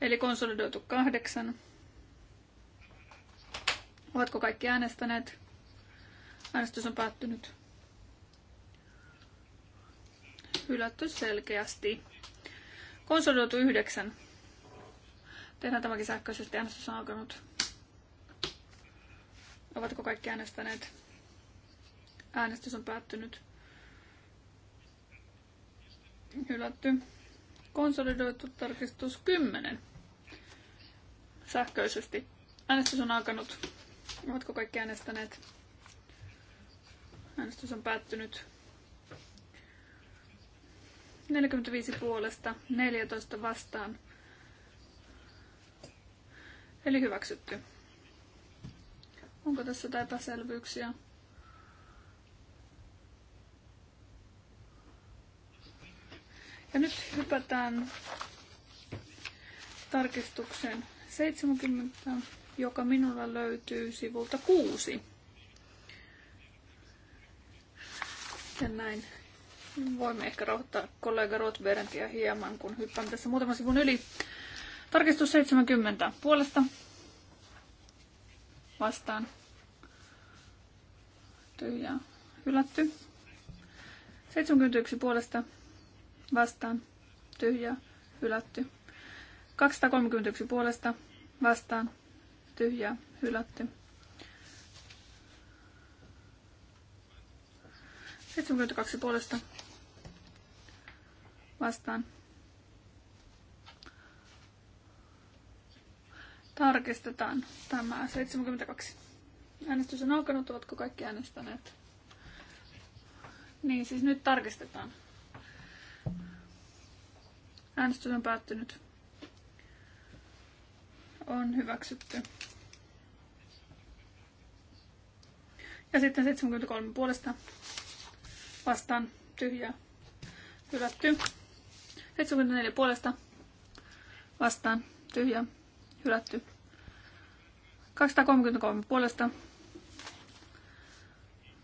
Eli konsolidoitu kahdeksan Ovatko kaikki äänestäneet? Äänestys on päättynyt. Hylätty selkeästi. Konsolidoitu yhdeksän. Tehdään tämäkin sähköisesti. Äänestys on alkanut. Ovatko kaikki äänestäneet? Äänestys on päättynyt. Hylätty. Konsolidoitu tarkistus 10. Sähköisesti. Äänestys on alkanut. Oletko kaikki äänestäneet? Äänestys on päättynyt. 45 puolesta, 14 vastaan. Eli hyväksytty. Onko tässä jotain epäselvyyksiä? Ja nyt hypätään tarkistukseen 70 joka minulla löytyy sivulta kuusi. Ja näin voimme ehkä rauhoittaa kollega Rotbergia hieman, kun hyppään tässä muutaman sivun yli. Tarkistus 70 puolesta vastaan. Tyhjää hylätty. 71 puolesta vastaan. Tyhjää hylätty. 231 puolesta vastaan tyhjää hylätty. kaksi puolesta vastaan. Tarkistetaan tämä 72. Äänestys on alkanut, ovatko kaikki äänestäneet? Niin, siis nyt tarkistetaan. Äänestys on päättynyt on hyväksytty. Ja sitten 73 puolesta vastaan tyhjää hylätty. 74 puolesta vastaan tyhjä hylätty. 233 puolesta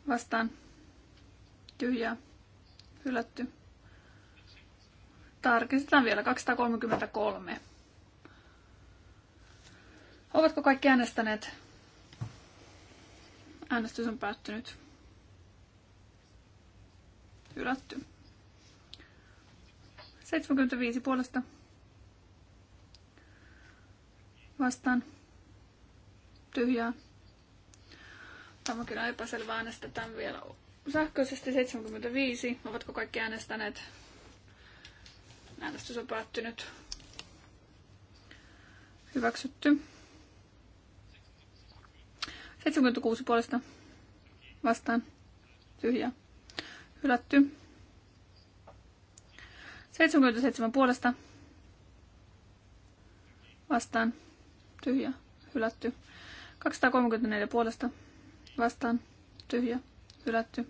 vastaan tyhjä hylätty. Tarkistetaan vielä 233. Ovatko kaikki äänestäneet? Äänestys on päättynyt. Hylätty. 75 puolesta. Vastaan. Tyhjää. Tämä on kyllä epäselvä. Äänestetään vielä sähköisesti 75. Ovatko kaikki äänestäneet? Äänestys on päättynyt. Hyväksytty. 76 puolesta vastaan. Tyhjä. Hylätty. 77 puolesta vastaan. Tyhjä. Hylätty. 234 puolesta vastaan. Tyhjä. Hylätty.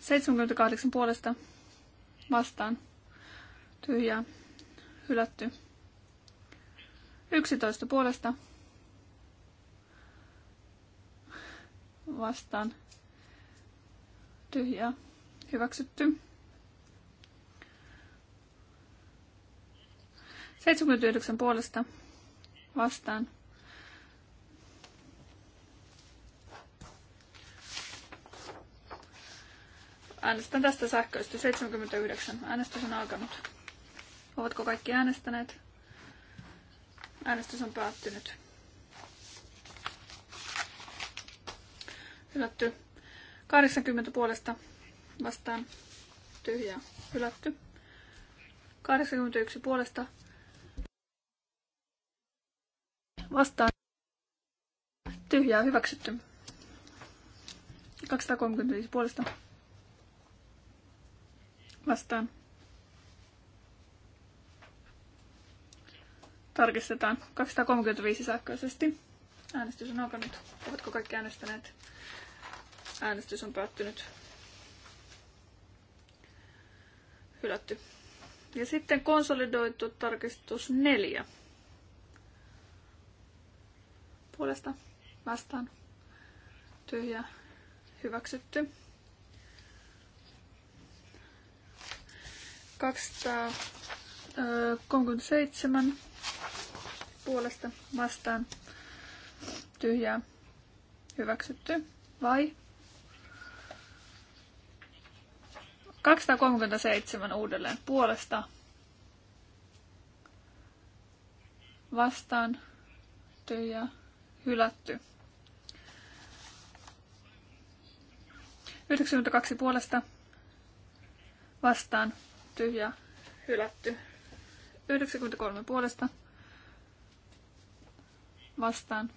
78 puolesta vastaan. Tyhjä. Hylätty. 11 puolesta vastaan tyhjää hyväksytty. 79 puolesta vastaan. Äänestän tästä sähköistä 79. Äänestys on alkanut. Ovatko kaikki äänestäneet? Äänestys on päättynyt. Hylätty. 80 puolesta vastaan. Tyhjää. Hylätty. 81 puolesta vastaan. Tyhjää. Hyväksytty. 235 puolesta vastaan. Tarkistetaan 235 sähköisesti. Äänestys on alkanut. Ovatko kaikki äänestäneet? Äänestys on päättynyt. Hylätty. Ja sitten konsolidoitu tarkistus neljä. Puolesta vastaan. Tyhjä. Hyväksytty. 237 puolesta vastaan tyhjää, hyväksytty, vai? 237 uudelleen puolesta, vastaan, tyhjää, hylätty. 92 puolesta, vastaan, tyhjää, hylätty. 93 puolesta, vastaan,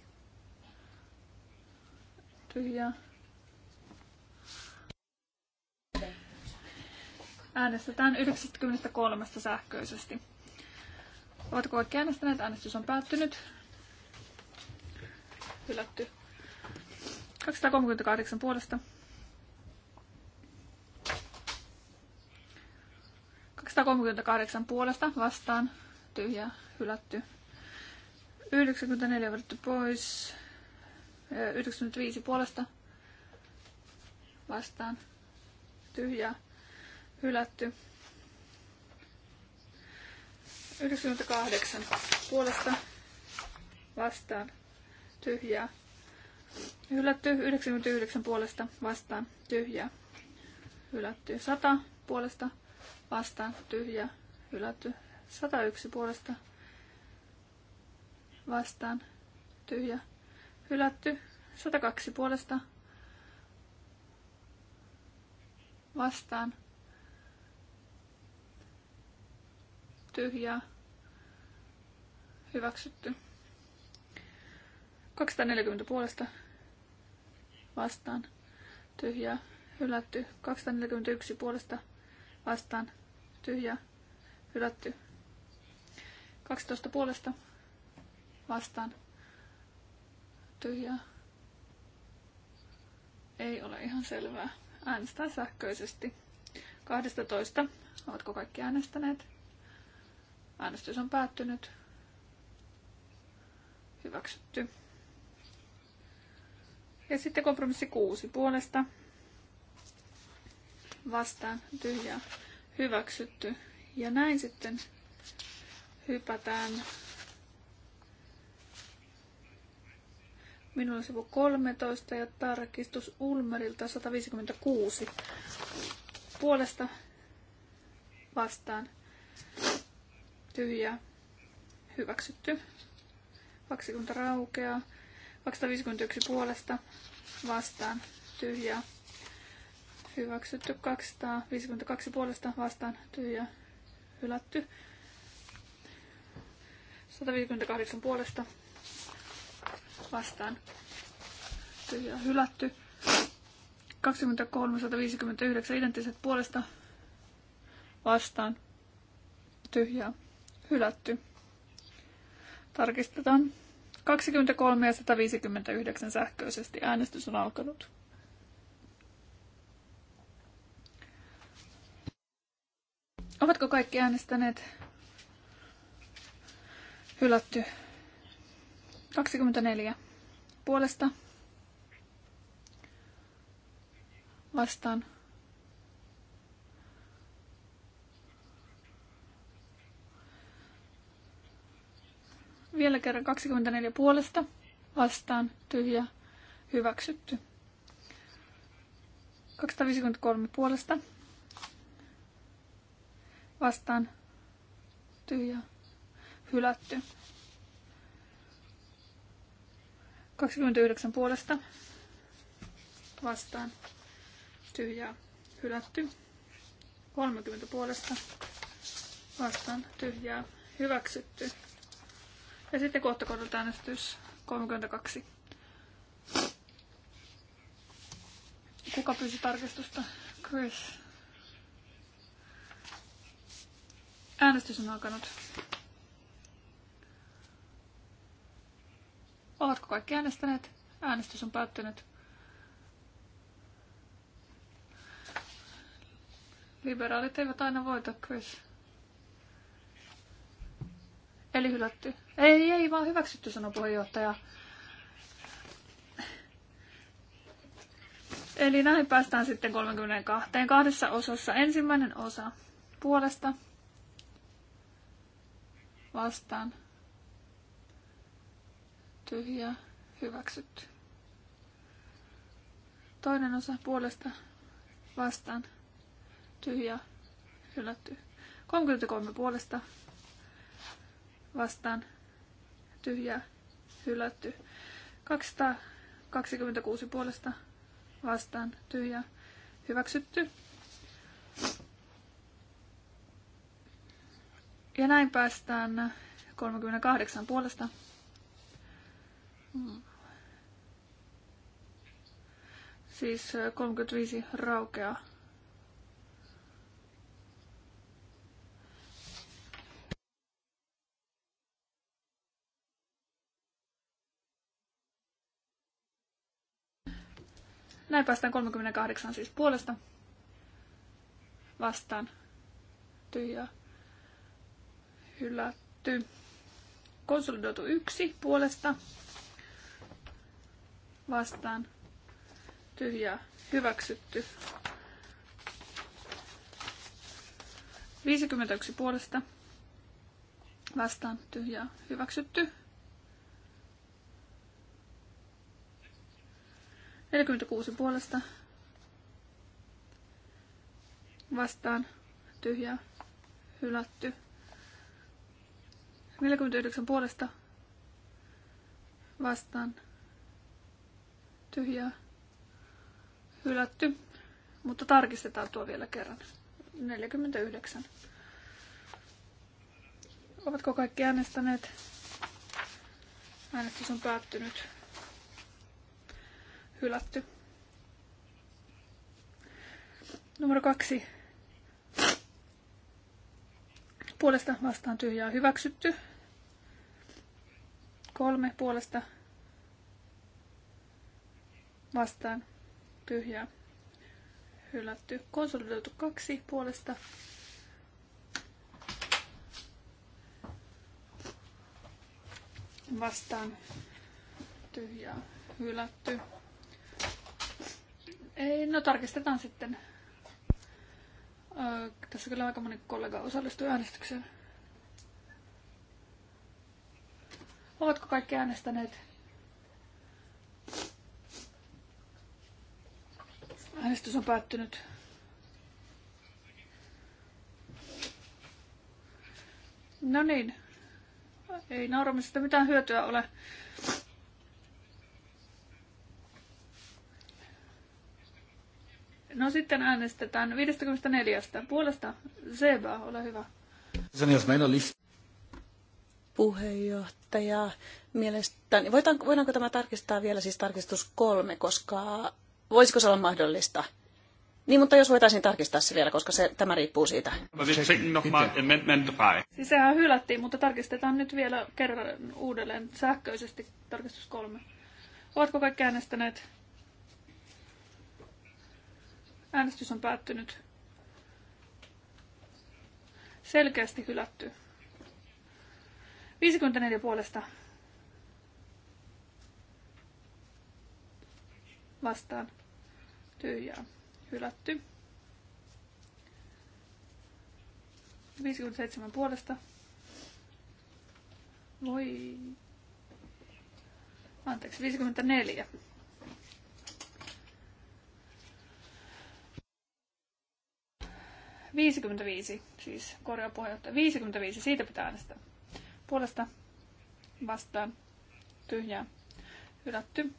tyhjää. Äänestetään 93 sähköisesti. Ovatko kaikki äänestäneet? Äänestys on päättynyt. Hylätty. 238 puolesta. 238 puolesta vastaan. Tyhjä, hylätty. 94 vedetty pois. 95 puolesta vastaan. Tyhjää. Hylätty. 98 puolesta vastaan. Tyhjää. Hylätty. 99 puolesta vastaan. Tyhjää. Hylätty. 100 puolesta vastaan. Tyhjää. Hylätty. 101 puolesta vastaan. Tyhjää Hylätty. 102 puolesta. Vastaan. Tyhjää. Hyväksytty. 240 puolesta. Vastaan. Tyhjää. Hylätty. 241 puolesta. Vastaan. Tyhjää. Hylätty. 12 puolesta. Vastaan tyhjää. Ei ole ihan selvää. Äänestää sähköisesti. 12. Oletko kaikki äänestäneet? Äänestys on päättynyt. Hyväksytty. Ja sitten kompromissi 6 puolesta. Vastaan tyhjää. Hyväksytty. Ja näin sitten hypätään Minulla on sivu 13 ja tarkistus Ulmerilta 156. Puolesta vastaan tyhjä hyväksytty. 20 raukeaa. 251 puolesta vastaan tyhjä hyväksytty. 252 puolesta vastaan tyhjä hylätty. 158 puolesta vastaan tyhjä hylätty. 2359 identtiset puolesta vastaan tyhjää hylätty. Tarkistetaan. 23 ja 159 sähköisesti äänestys on alkanut. Ovatko kaikki äänestäneet? Hylätty. 24 puolesta vastaan. Vielä kerran 24 puolesta vastaan tyhjä hyväksytty. 253 puolesta vastaan tyhjä hylätty. 29 puolesta vastaan tyhjää hylätty. 30 puolesta vastaan tyhjää hyväksytty. Ja sitten kohta kohdataan äänestys 32. Kuka pyysi tarkistusta? Chris. Äänestys on alkanut. Oletko kaikki äänestäneet? Äänestys on päättynyt. Liberaalit eivät aina voita, Chris. Eli hylätty. Ei, ei, vaan hyväksytty, sanoi puheenjohtaja. Eli näin päästään sitten 32. Kahdessa osassa. Ensimmäinen osa puolesta vastaan tyhjää hyväksytty. Toinen osa puolesta vastaan tyhjää hylätty. 33 puolesta vastaan tyhjää hylätty. 226 puolesta vastaan tyhjää hyväksytty. Ja näin päästään 38 puolesta Siis 35 äh, raukeaa. Näin päästään 38 siis puolesta. Vastaan. Tyhjä. Hylätty. Konsolidoitu yksi puolesta vastaan tyhjää hyväksytty. 51 puolesta vastaan tyhjää hyväksytty. 46 puolesta vastaan tyhjää hylätty. 49 puolesta vastaan tyhjää hylätty, mutta tarkistetaan tuo vielä kerran. 49. Ovatko kaikki äänestäneet? Äänestys on päättynyt. Hylätty. Numero kaksi. Puolesta vastaan tyhjää hyväksytty. Kolme puolesta vastaan tyhjä, hylätty. Konsolidoitu kaksi puolesta vastaan tyhjä, hylätty. Ei, no tarkistetaan sitten. Öö, tässä kyllä aika moni kollega osallistui äänestykseen. Ovatko kaikki äänestäneet? Äänestys on päättynyt. No niin. Ei nauramisesta mitään hyötyä ole. No sitten äänestetään 54. Puolesta Zeba, ole hyvä. Puheenjohtaja, mielestäni, voidaanko, voidaanko tämä tarkistaa vielä siis tarkistus kolme, koska Voisiko se olla mahdollista? Niin, mutta jos voitaisiin tarkistaa se vielä, koska se, tämä riippuu siitä. Siis sehän hylättiin, mutta tarkistetaan nyt vielä kerran uudelleen sähköisesti tarkistus kolme. Ovatko kaikki äänestäneet? Äänestys on päättynyt. Selkeästi hylätty. 54 puolesta. Vastaan ja hylätty. 57 puolesta. Voi. Anteeksi, 54. Viisikymmentäviisi, siis korjaa puheenjohtaja. viisi siitä pitää äänestää. Puolesta vastaan tyhjää hylätty.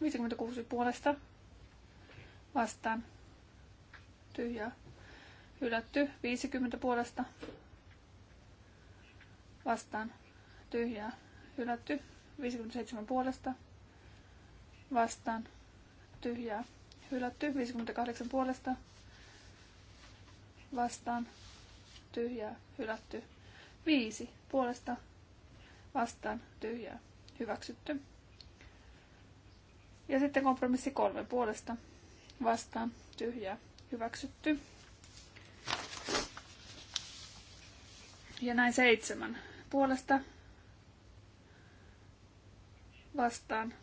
56 puolesta vastaan. tyhjä Hylätty. 50 puolesta vastaan. tyhjä Hylätty. 57 puolesta vastaan. tyhjä Hylätty. 58 puolesta vastaan. tyhjä Hylätty. 5 puolesta vastaan. tyhjä Hyväksytty. Ja sitten kompromissi kolme puolesta vastaan tyhjä hyväksytty. Ja näin seitsemän puolesta vastaan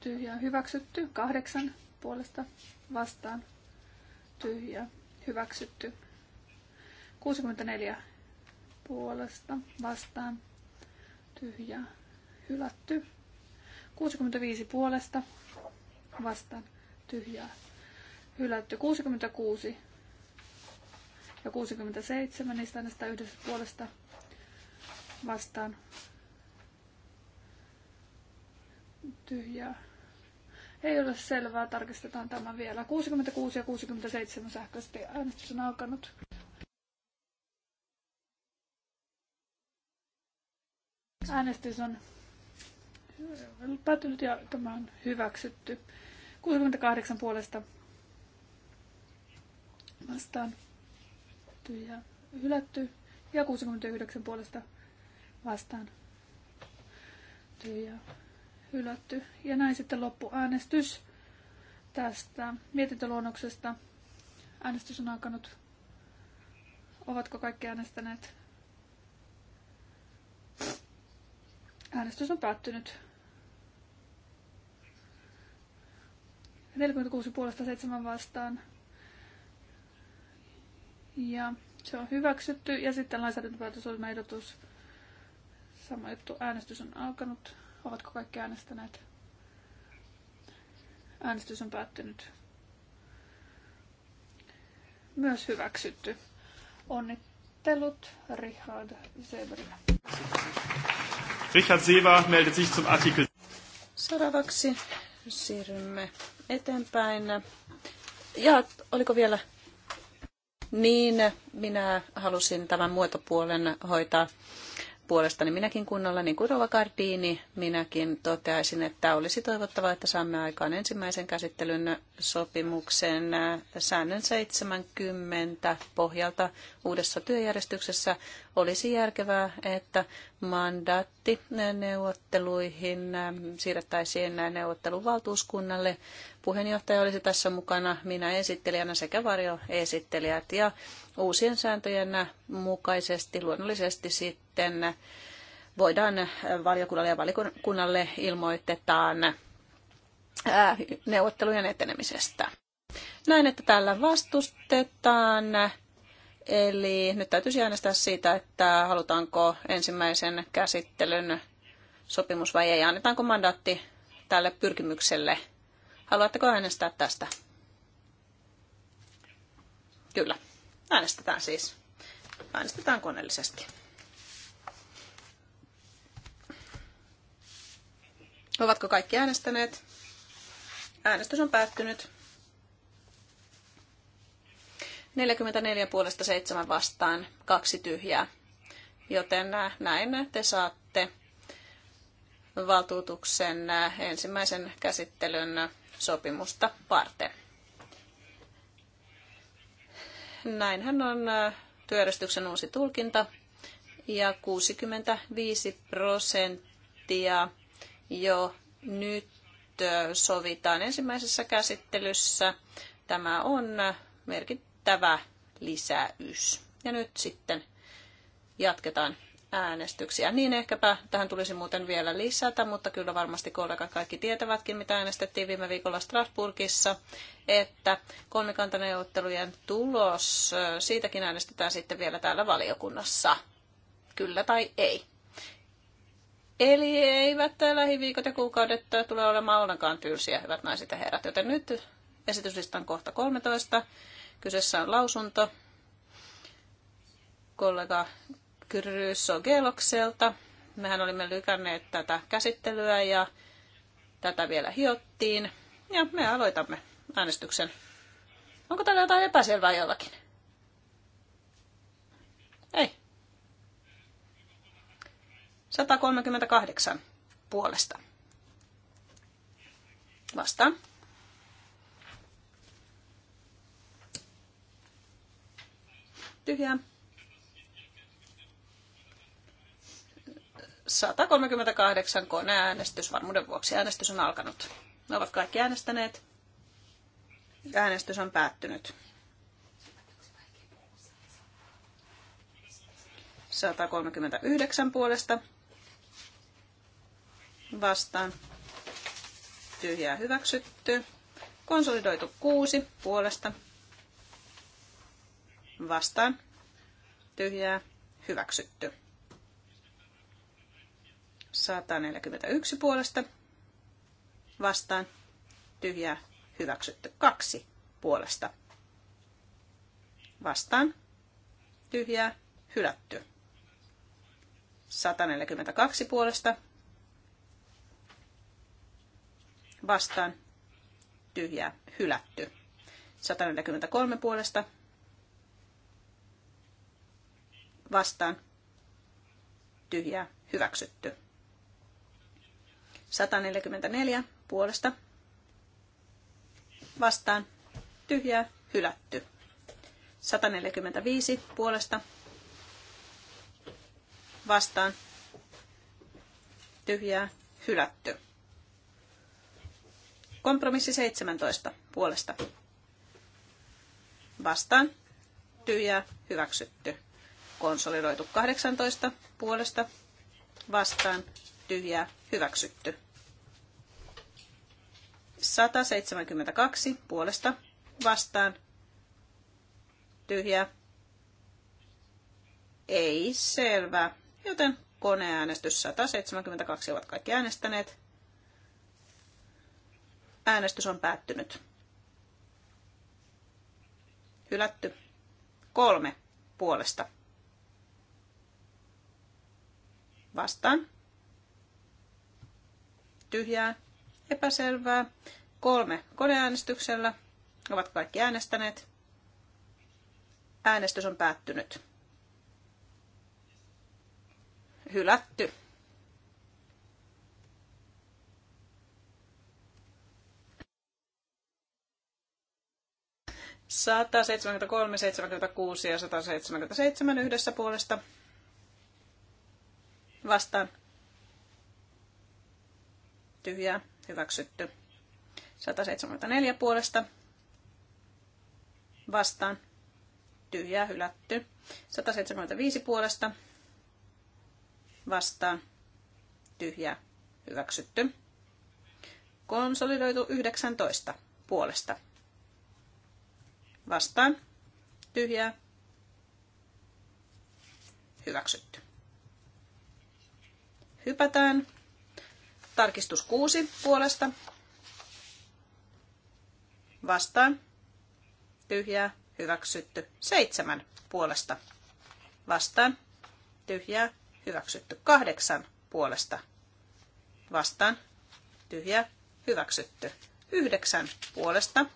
tyhjä hyväksytty. Kahdeksan puolesta vastaan tyhjä hyväksytty. 64 puolesta vastaan tyhjä hylätty. 65 puolesta vastaan tyhjää hylätty. 66 ja 67, niistä näistä yhdessä puolesta vastaan tyhjää. Ei ole selvää, tarkistetaan tämä vielä. 66 ja 67 sähköisesti äänestys on alkanut. Äänestys on päättynyt ja tämä on hyväksytty. 68 puolesta vastaan ja hylätty ja 69 puolesta vastaan tyhjää hylätty. Ja näin sitten loppuäänestys tästä mietintöluonnoksesta. Äänestys on alkanut. Ovatko kaikki äänestäneet? Äänestys on päättynyt. 46 puolesta 7 vastaan. Ja se on hyväksytty. Ja sitten lainsäädäntöpäätös ehdotus. Sama juttu. Äänestys on alkanut. Ovatko kaikki äänestäneet? Äänestys on päättynyt. Myös hyväksytty. Onnittelut Richard Seberille. Richard Seber meldet sich zum Artikel. Seuraavaksi siirrymme eteenpäin. Ja oliko vielä niin, minä halusin tämän muotopuolen hoitaa puolestani minäkin kunnolla, niin kuin Rova Gardini, minäkin toteaisin, että olisi toivottavaa, että saamme aikaan ensimmäisen käsittelyn sopimuksen säännön 70 pohjalta uudessa työjärjestyksessä olisi järkevää, että mandaatti neuvotteluihin siirrettäisiin neuvotteluvaltuuskunnalle. Puheenjohtaja olisi tässä mukana, minä esittelijänä sekä varjoesittelijät ja uusien sääntöjen mukaisesti luonnollisesti sitten voidaan valiokunnalle ja valiokunnalle ilmoitetaan äh, neuvottelujen etenemisestä. Näin, että täällä vastustetaan Eli nyt täytyisi äänestää siitä, että halutaanko ensimmäisen käsittelyn sopimus vai ei. Annetaanko mandaatti tälle pyrkimykselle? Haluatteko äänestää tästä? Kyllä. Äänestetään siis. Äänestetään koneellisesti. Ovatko kaikki äänestäneet? Äänestys on päättynyt. 44 puolesta 7 vastaan, kaksi tyhjää. Joten äh, näin te saatte valtuutuksen äh, ensimmäisen käsittelyn sopimusta varten. Näinhän on äh, työjärjestyksen uusi tulkinta ja 65 prosenttia jo nyt sovitaan ensimmäisessä käsittelyssä. Tämä on merkittävä riittävä lisäys. Ja nyt sitten jatketaan äänestyksiä. Niin ehkäpä tähän tulisi muuten vielä lisätä, mutta kyllä varmasti kollegat kaikki tietävätkin, mitä äänestettiin viime viikolla Strasbourgissa, että kolmikantaneuvottelujen tulos, siitäkin äänestetään sitten vielä täällä valiokunnassa. Kyllä tai ei. Eli eivät lähiviikot ja kuukaudet tule olemaan ollenkaan tylsiä, hyvät naiset ja herrat, joten nyt esityslistan kohta 13. Kyseessä on lausunto kollega Krysso Gelokselta. Mehän olimme lykänneet tätä käsittelyä ja tätä vielä hiottiin. Ja me aloitamme äänestyksen. Onko täällä jotain epäselvää jollakin? Ei. 138 puolesta. Vastaan. Tyhjää. 138 koneäänestys varmuuden vuoksi. Äänestys on alkanut. Ne ovat kaikki äänestäneet. Äänestys on päättynyt. 139 puolesta vastaan. Tyhjää hyväksytty. Konsolidoitu 6 puolesta vastaan tyhjää hyväksytty. 141 puolesta vastaan tyhjää hyväksytty. 2 puolesta vastaan tyhjää hylätty. 142 puolesta vastaan tyhjää hylätty. 143 puolesta vastaan tyhjää hyväksytty. 144 puolesta vastaan tyhjää hylätty. 145 puolesta vastaan tyhjää hylätty. Kompromissi 17 puolesta vastaan tyhjää hyväksytty. Konsolidoitu 18 puolesta vastaan tyhjää hyväksytty. 172 puolesta vastaan tyhjää. Ei selvä. Joten koneäänestys 172 ovat kaikki äänestäneet. Äänestys on päättynyt. Hylätty. Kolme puolesta Vastaan. Tyhjää. Epäselvää. Kolme koneäänestyksellä. Ovat kaikki äänestäneet. Äänestys on päättynyt. Hylätty. Saattaa 73, 76 ja 177 yhdessä puolesta Vastaan. Tyhjää. Hyväksytty. 174 puolesta. Vastaan. Tyhjää. Hylätty. 175 puolesta. Vastaan. Tyhjää. Hyväksytty. Konsolidoitu 19 puolesta. Vastaan. Tyhjää. Hyväksytty hypätään. Tarkistus 6 puolesta. Vastaan. Tyhjää. Hyväksytty. 7 puolesta. Vastaan. Tyhjää. Hyväksytty. 8 puolesta. Vastaan. Tyhjää. Hyväksytty. 9 puolesta.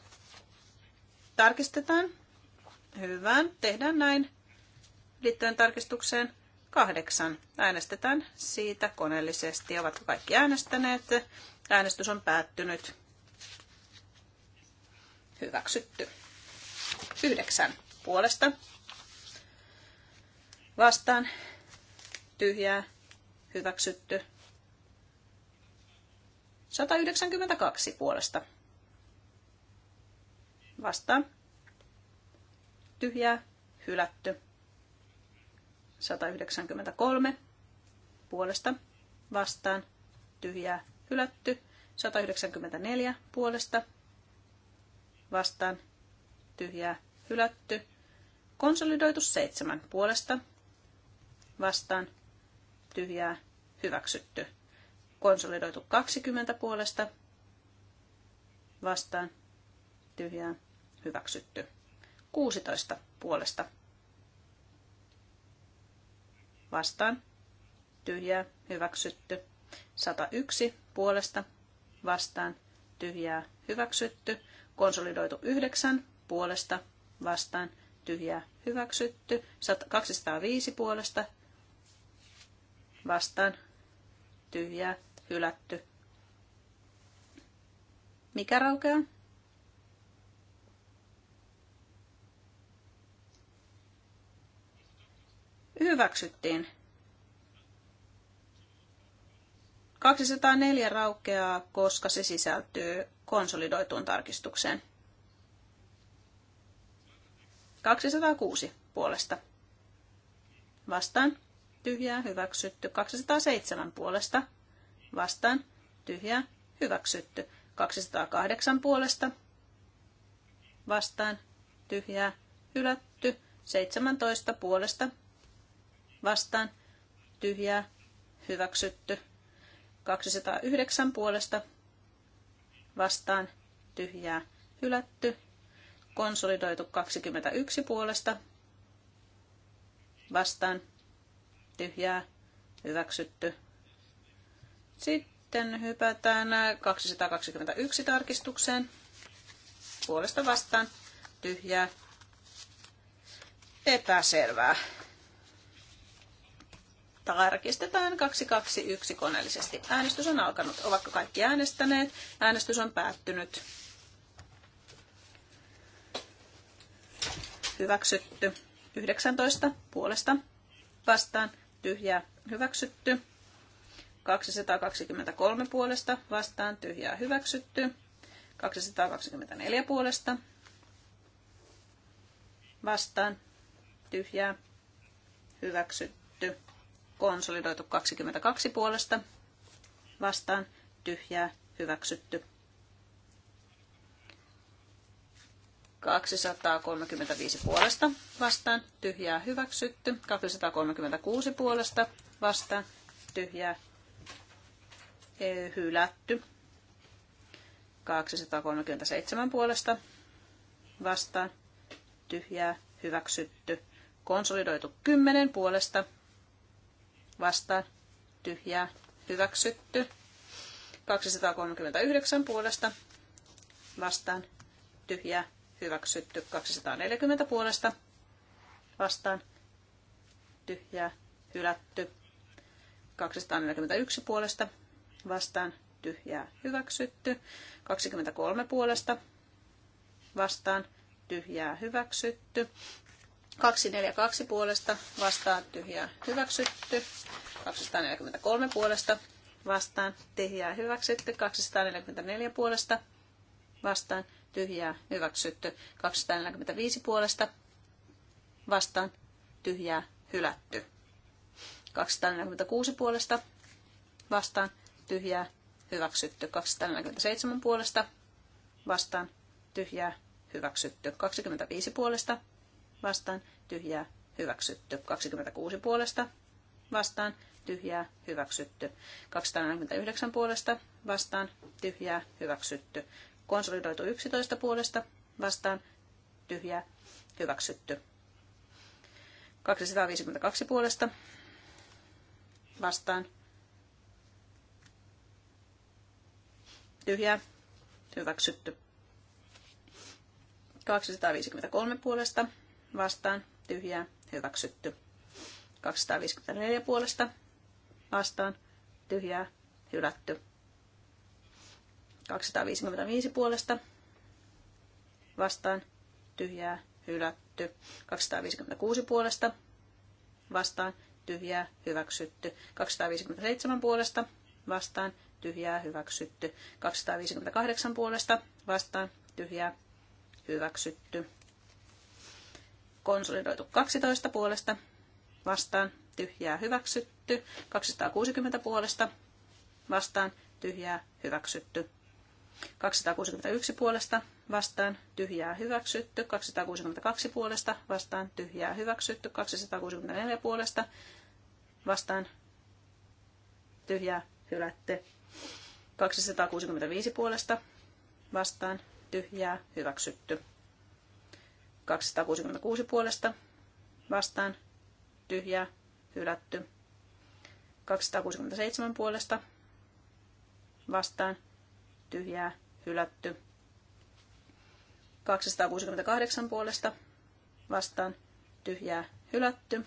Tarkistetaan. Hyvä. Tehdään näin liittyen tarkistukseen kahdeksan. Äänestetään siitä koneellisesti. Ovatko kaikki äänestäneet? Äänestys on päättynyt. Hyväksytty. Yhdeksän puolesta. Vastaan. Tyhjää. Hyväksytty. 192 puolesta. Vastaan. Tyhjää. Hylätty. 193 puolesta vastaan tyhjää hylätty. 194 puolesta vastaan tyhjää hylätty. Konsolidoitu 7 puolesta vastaan tyhjää hyväksytty. Konsolidoitu 20 puolesta vastaan tyhjää hyväksytty. 16 puolesta vastaan, tyhjää, hyväksytty. 101 puolesta vastaan, tyhjää, hyväksytty. Konsolidoitu 9 puolesta vastaan, tyhjää, hyväksytty. 205 puolesta vastaan, tyhjää, hylätty. Mikä raukeaa? hyväksyttiin. 204 raukeaa, koska se sisältyy konsolidoituun tarkistukseen. 206 puolesta. Vastaan. Tyhjää hyväksytty. 207 puolesta. Vastaan. Tyhjää hyväksytty. 208 puolesta. Vastaan. Tyhjää hylätty. 17 puolesta vastaan tyhjää hyväksytty. 209 puolesta vastaan tyhjää hylätty. Konsolidoitu 21 puolesta vastaan tyhjää hyväksytty. Sitten hypätään 221 tarkistukseen. Puolesta vastaan tyhjää epäselvää. Tarkistetaan 221 koneellisesti. Äänestys on alkanut. Ovatko kaikki äänestäneet? Äänestys on päättynyt. Hyväksytty. 19 puolesta vastaan tyhjää hyväksytty. 223 puolesta vastaan tyhjää hyväksytty. 224 puolesta vastaan tyhjää hyväksytty konsolidoitu 22 puolesta vastaan tyhjää hyväksytty. 235 puolesta vastaan tyhjää hyväksytty. 236 puolesta vastaan tyhjää e, hylätty. 237 puolesta vastaan tyhjää hyväksytty. Konsolidoitu 10 puolesta vastaan tyhjää hyväksytty. 239 puolesta vastaan tyhjää hyväksytty. 240 puolesta vastaan tyhjää hylätty. 241 puolesta vastaan tyhjää hyväksytty. 23 puolesta vastaan tyhjää hyväksytty. 242 puolesta vastaan tyhjää hyväksytty. 243 puolesta vastaan tyhjää hyväksytty. 244 puolesta vastaan tyhjää hyväksytty. 245 puolesta vastaan tyhjää hylätty. 246 puolesta vastaan tyhjää hyväksytty. 247 puolesta vastaan tyhjää hyväksytty. 25 puolesta vastaan, vastaan tyhjää hyväksytty. 26 puolesta vastaan tyhjää hyväksytty. 249 puolesta vastaan tyhjää hyväksytty. Konsolidoitu 11 puolesta vastaan tyhjää hyväksytty. 252 puolesta vastaan tyhjää hyväksytty. 253 puolesta vastaan tyhjää hyväksytty. 254 puolesta vastaan tyhjää hylätty. 255 puolesta vastaan tyhjää hylätty. 256 puolesta vastaan tyhjää hyväksytty. 257 puolesta vastaan tyhjää hyväksytty. 258 puolesta vastaan tyhjää hyväksytty. Konsolidoitu 12 puolesta vastaan tyhjää hyväksytty. 260 puolesta vastaan tyhjää hyväksytty. 261 puolesta vastaan tyhjää hyväksytty, 262 puolesta vastaan tyhjää hyväksytty, 264 puolesta vastaan tyhjää hylätty, 265 puolesta vastaan tyhjää hyväksytty. 266 puolesta vastaan tyhjää hylätty. 267 puolesta vastaan tyhjää hylätty. 268 puolesta vastaan tyhjää hylätty.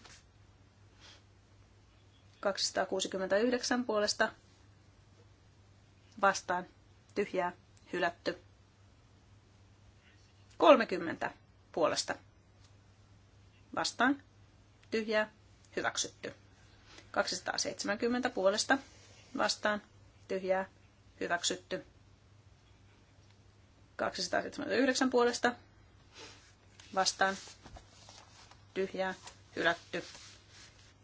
269 puolesta vastaan tyhjää hylätty. 30 puolesta. Vastaan. Tyhjää. Hyväksytty. 270 puolesta. Vastaan. Tyhjää. Hyväksytty. 279 puolesta. Vastaan. Tyhjää. Hylätty.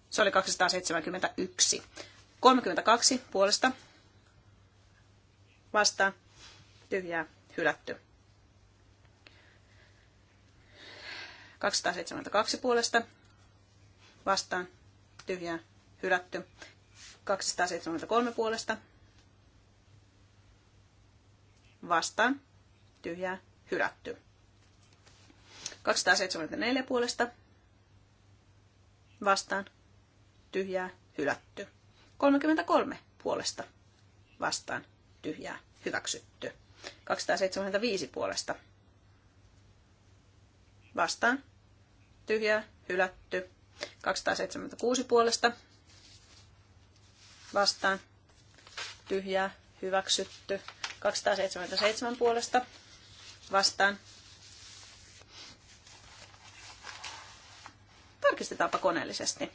Se oli 271. 32 puolesta. Vastaan. Tyhjää. Hylätty. 272 puolesta vastaan tyhjää hylätty. 273 puolesta vastaan tyhjää hylätty. 274 puolesta vastaan tyhjää hylätty. 33 puolesta vastaan tyhjää hyväksytty. 275 puolesta vastaan tyhjää, hylätty. 276 puolesta vastaan, tyhjää, hyväksytty. 277 puolesta vastaan. Tarkistetaanpa koneellisesti.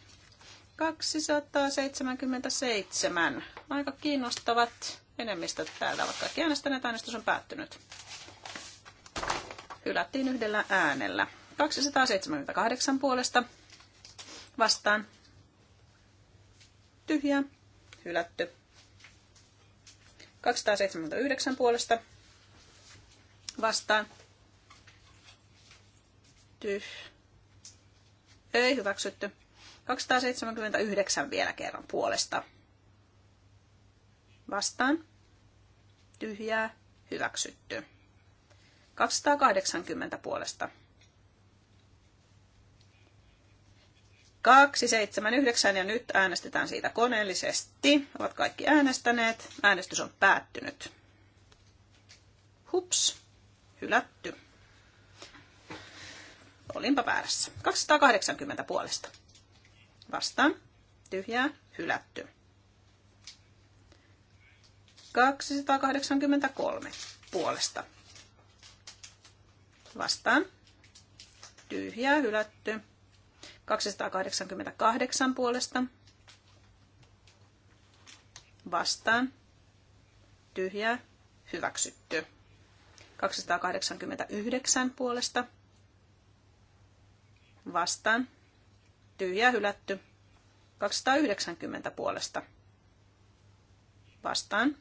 277. Aika kiinnostavat enemmistöt täällä, vaikka kaikki äänestäneet äänestys on päättynyt. Hylättiin yhdellä äänellä. 278 puolesta vastaan. Tyhjä, Hylätty. 279 puolesta vastaan. Tyh. Ei hyväksytty. 279 vielä kerran puolesta. Vastaan. Tyhjää. Hyväksytty. 280 puolesta. Kaksi seitsemän yhdeksän ja nyt äänestetään siitä koneellisesti. Ovat kaikki äänestäneet. Äänestys on päättynyt. Hups, hylätty. Olinpa väärässä. 280 puolesta. Vastaan. Tyhjää, hylätty. 283 puolesta. Vastaan. Tyhjää, hylätty. 288 puolesta vastaan tyhjää hyväksytty. 289 puolesta vastaan tyhjää hylätty. 290 puolesta vastaan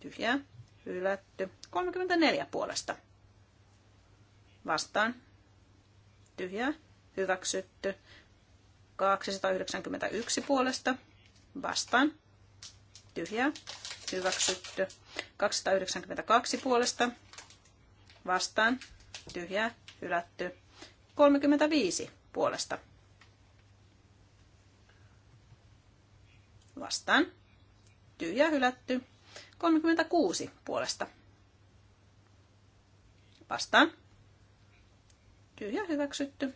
tyhjää hylätty. 34 puolesta vastaan tyhjää hyväksytty. 291 puolesta vastaan tyhjää hyväksytty. 292 puolesta vastaan tyhjää hylätty. 35 puolesta vastaan tyhjää hylätty. 36 puolesta vastaan tyhjä hyväksytty.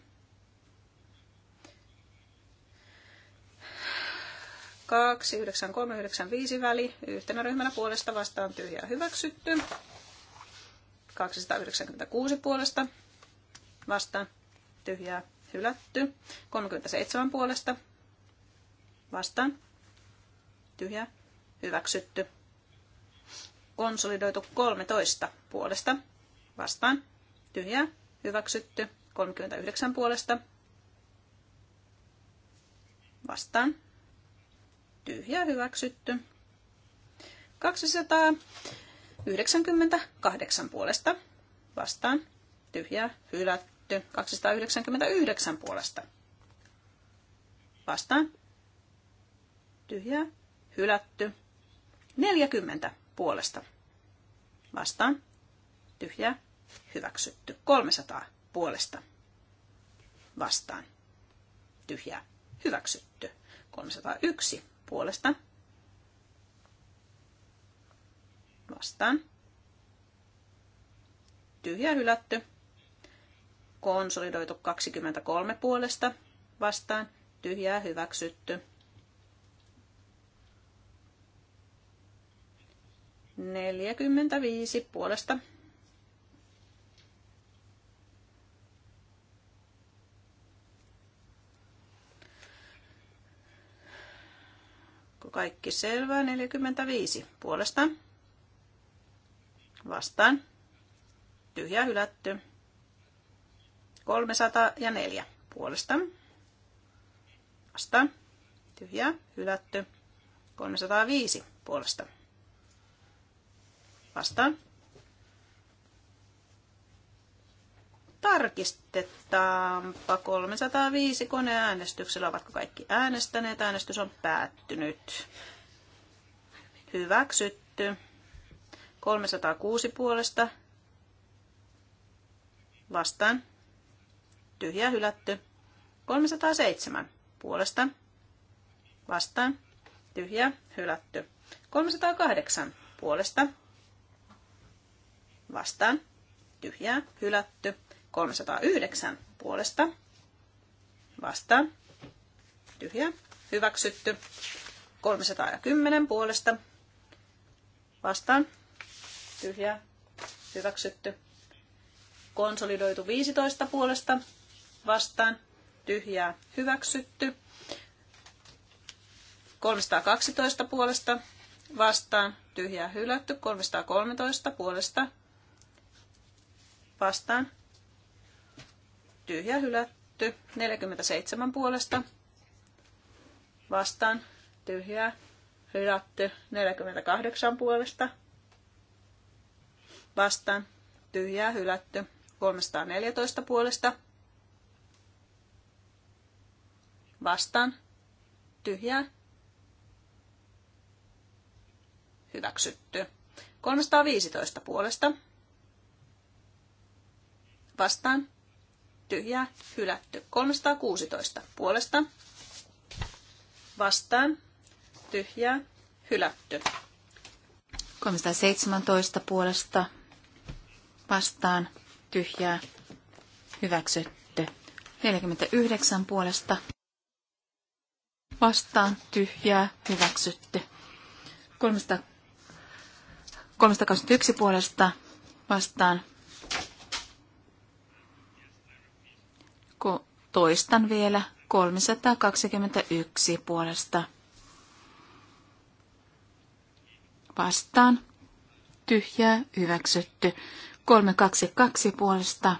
2, 9, 3, 9, 5 väli. Yhtenä ryhmänä puolesta vastaan tyhjää hyväksytty. 296 puolesta vastaan tyhjää hylätty. 37 puolesta vastaan tyhjää hyväksytty. Konsolidoitu 13 puolesta vastaan tyhjää hyväksytty. 39 puolesta vastaan tyhjä hyväksytty. 298 puolesta vastaan tyhjä hylätty. 299 puolesta vastaan tyhjä hylätty. 40 puolesta vastaan tyhjä hyväksytty. 300 puolesta vastaan tyhjä hyväksytty. 301 puolesta. Vastaan. Tyhjä hylätty. Konsolidoitu 23 puolesta. Vastaan. Tyhjää hyväksytty. 45 puolesta Onko Kaikki selvää. 45 puolesta. Vastaan. Tyhjä hylätty. 304 puolesta. Vastaan. Tyhjä hylätty. 305 puolesta. Vastaan. tarkistetaanpa 305 koneäänestyksellä, ovatko kaikki äänestäneet. Äänestys on päättynyt. Hyväksytty. 306 puolesta. Vastaan. Tyhjä hylätty. 307 puolesta. Vastaan. Tyhjä hylätty. 308 puolesta. Vastaan. Tyhjää hylätty. 309 puolesta vastaan. Tyhjä. Hyväksytty. 310 puolesta vastaan. Tyhjä. Hyväksytty. Konsolidoitu 15 puolesta vastaan. Tyhjää. Hyväksytty. 312 puolesta vastaan. Tyhjää hylätty. 313 puolesta vastaan tyhjä hylätty. 47 puolesta vastaan tyhjä hylätty. 48 puolesta vastaan tyhjä hylätty. 314 puolesta vastaan tyhjä hyväksytty. 315 puolesta vastaan ja hylätty. 316 puolesta, vastaan, tyhjää, hylätty. 317 puolesta, vastaan, tyhjää, hyväksytty. 49 puolesta, vastaan, tyhjää, hyväksytty. 300, 321 puolesta, vastaan, Toistan vielä 321 puolesta. Vastaan. Tyhjää hyväksytty. 322 puolesta.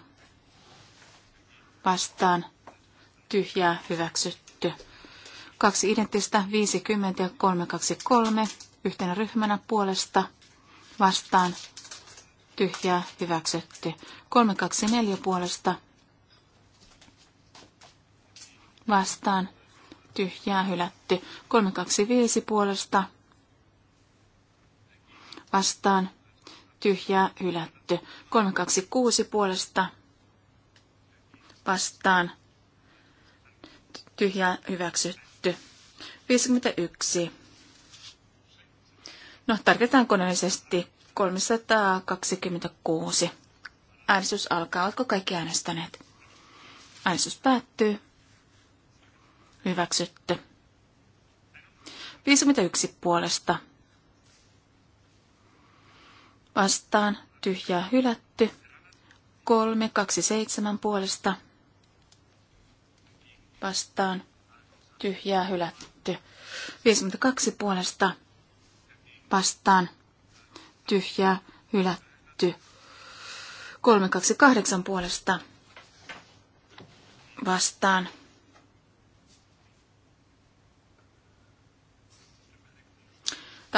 Vastaan. Tyhjää hyväksytty. Kaksi identtistä 50 ja 323 yhtenä ryhmänä puolesta. Vastaan. Tyhjää hyväksytty. 324 puolesta vastaan tyhjää hylätty. 325 puolesta vastaan tyhjää hylätty. 326 puolesta vastaan tyhjää hyväksytty. 51. No, tarkoitetaan koneellisesti 326. Äänestys alkaa. Oletko kaikki äänestäneet? Äänestys päättyy. Hyväksytty. 51 puolesta. Vastaan tyhjää hylätty. 327 puolesta. Vastaan tyhjää hylätty. 52 puolesta. Vastaan tyhjää hylätty. 328 puolesta. Vastaan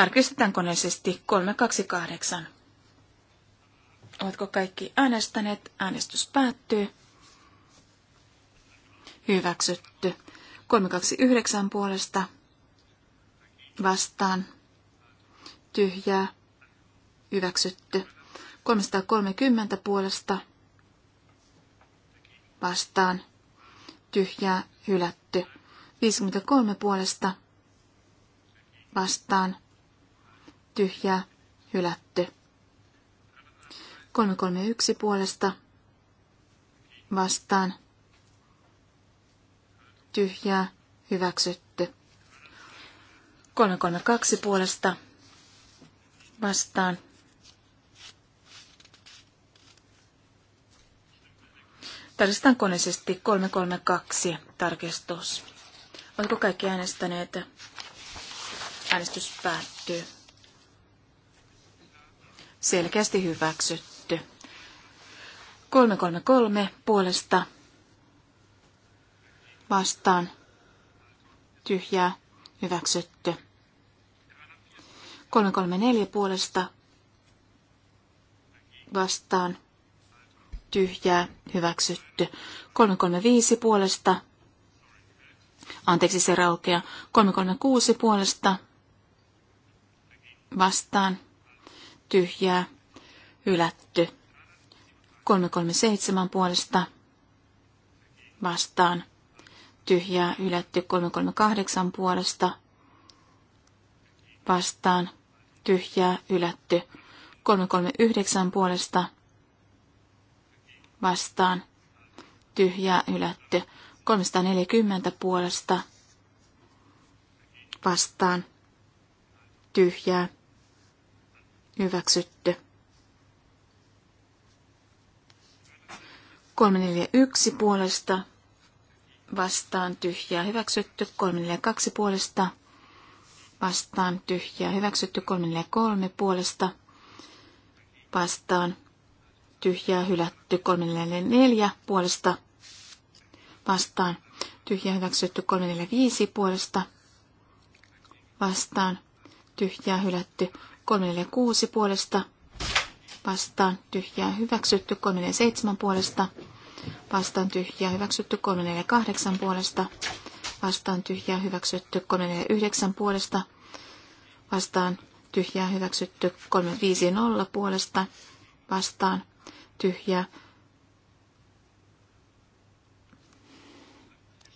Tarkistetaan koneellisesti 328. Ovatko kaikki äänestäneet? Äänestys päättyy. Hyväksytty. 329 puolesta vastaan. Tyhjää. Hyväksytty. 330 puolesta vastaan. Tyhjää. Hylätty. 53 puolesta vastaan tyhjää, hylätty. 331 puolesta vastaan, tyhjää, hyväksytty. 332 puolesta vastaan. Tarkistetaan koneisesti 332 tarkistus. Oletko kaikki äänestäneet? Äänestys päättyy selkeästi hyväksytty. 333 puolesta vastaan tyhjää hyväksytty. 334 puolesta vastaan tyhjää hyväksytty. 335 puolesta anteeksi se raukea, 336 puolesta vastaan tyhjää, hylätty. 337 puolesta vastaan, tyhjää, hylätty. 338 puolesta vastaan, tyhjää, hylätty. 339 puolesta vastaan, tyhjää, hylätty. 340 puolesta vastaan, tyhjää, Hyväksytty. 341 puolesta vastaan tyhjää hyväksytty. 342 puolesta vastaan tyhjää hyväksytty. 343 puolesta vastaan tyhjää hylätty. 344 puolesta vastaan tyhjää hyväksytty. 345 puolesta vastaan tyhjää hylätty. 346 puolesta vastaan tyhjää hyväksytty 347 puolesta, vastaan tyhjää hyväksytty 348 puolesta, vastaan tyhjää hyväksytty 349 puolesta, vastaan tyhjää hyväksytty 350 puolesta, vastaan tyhjää.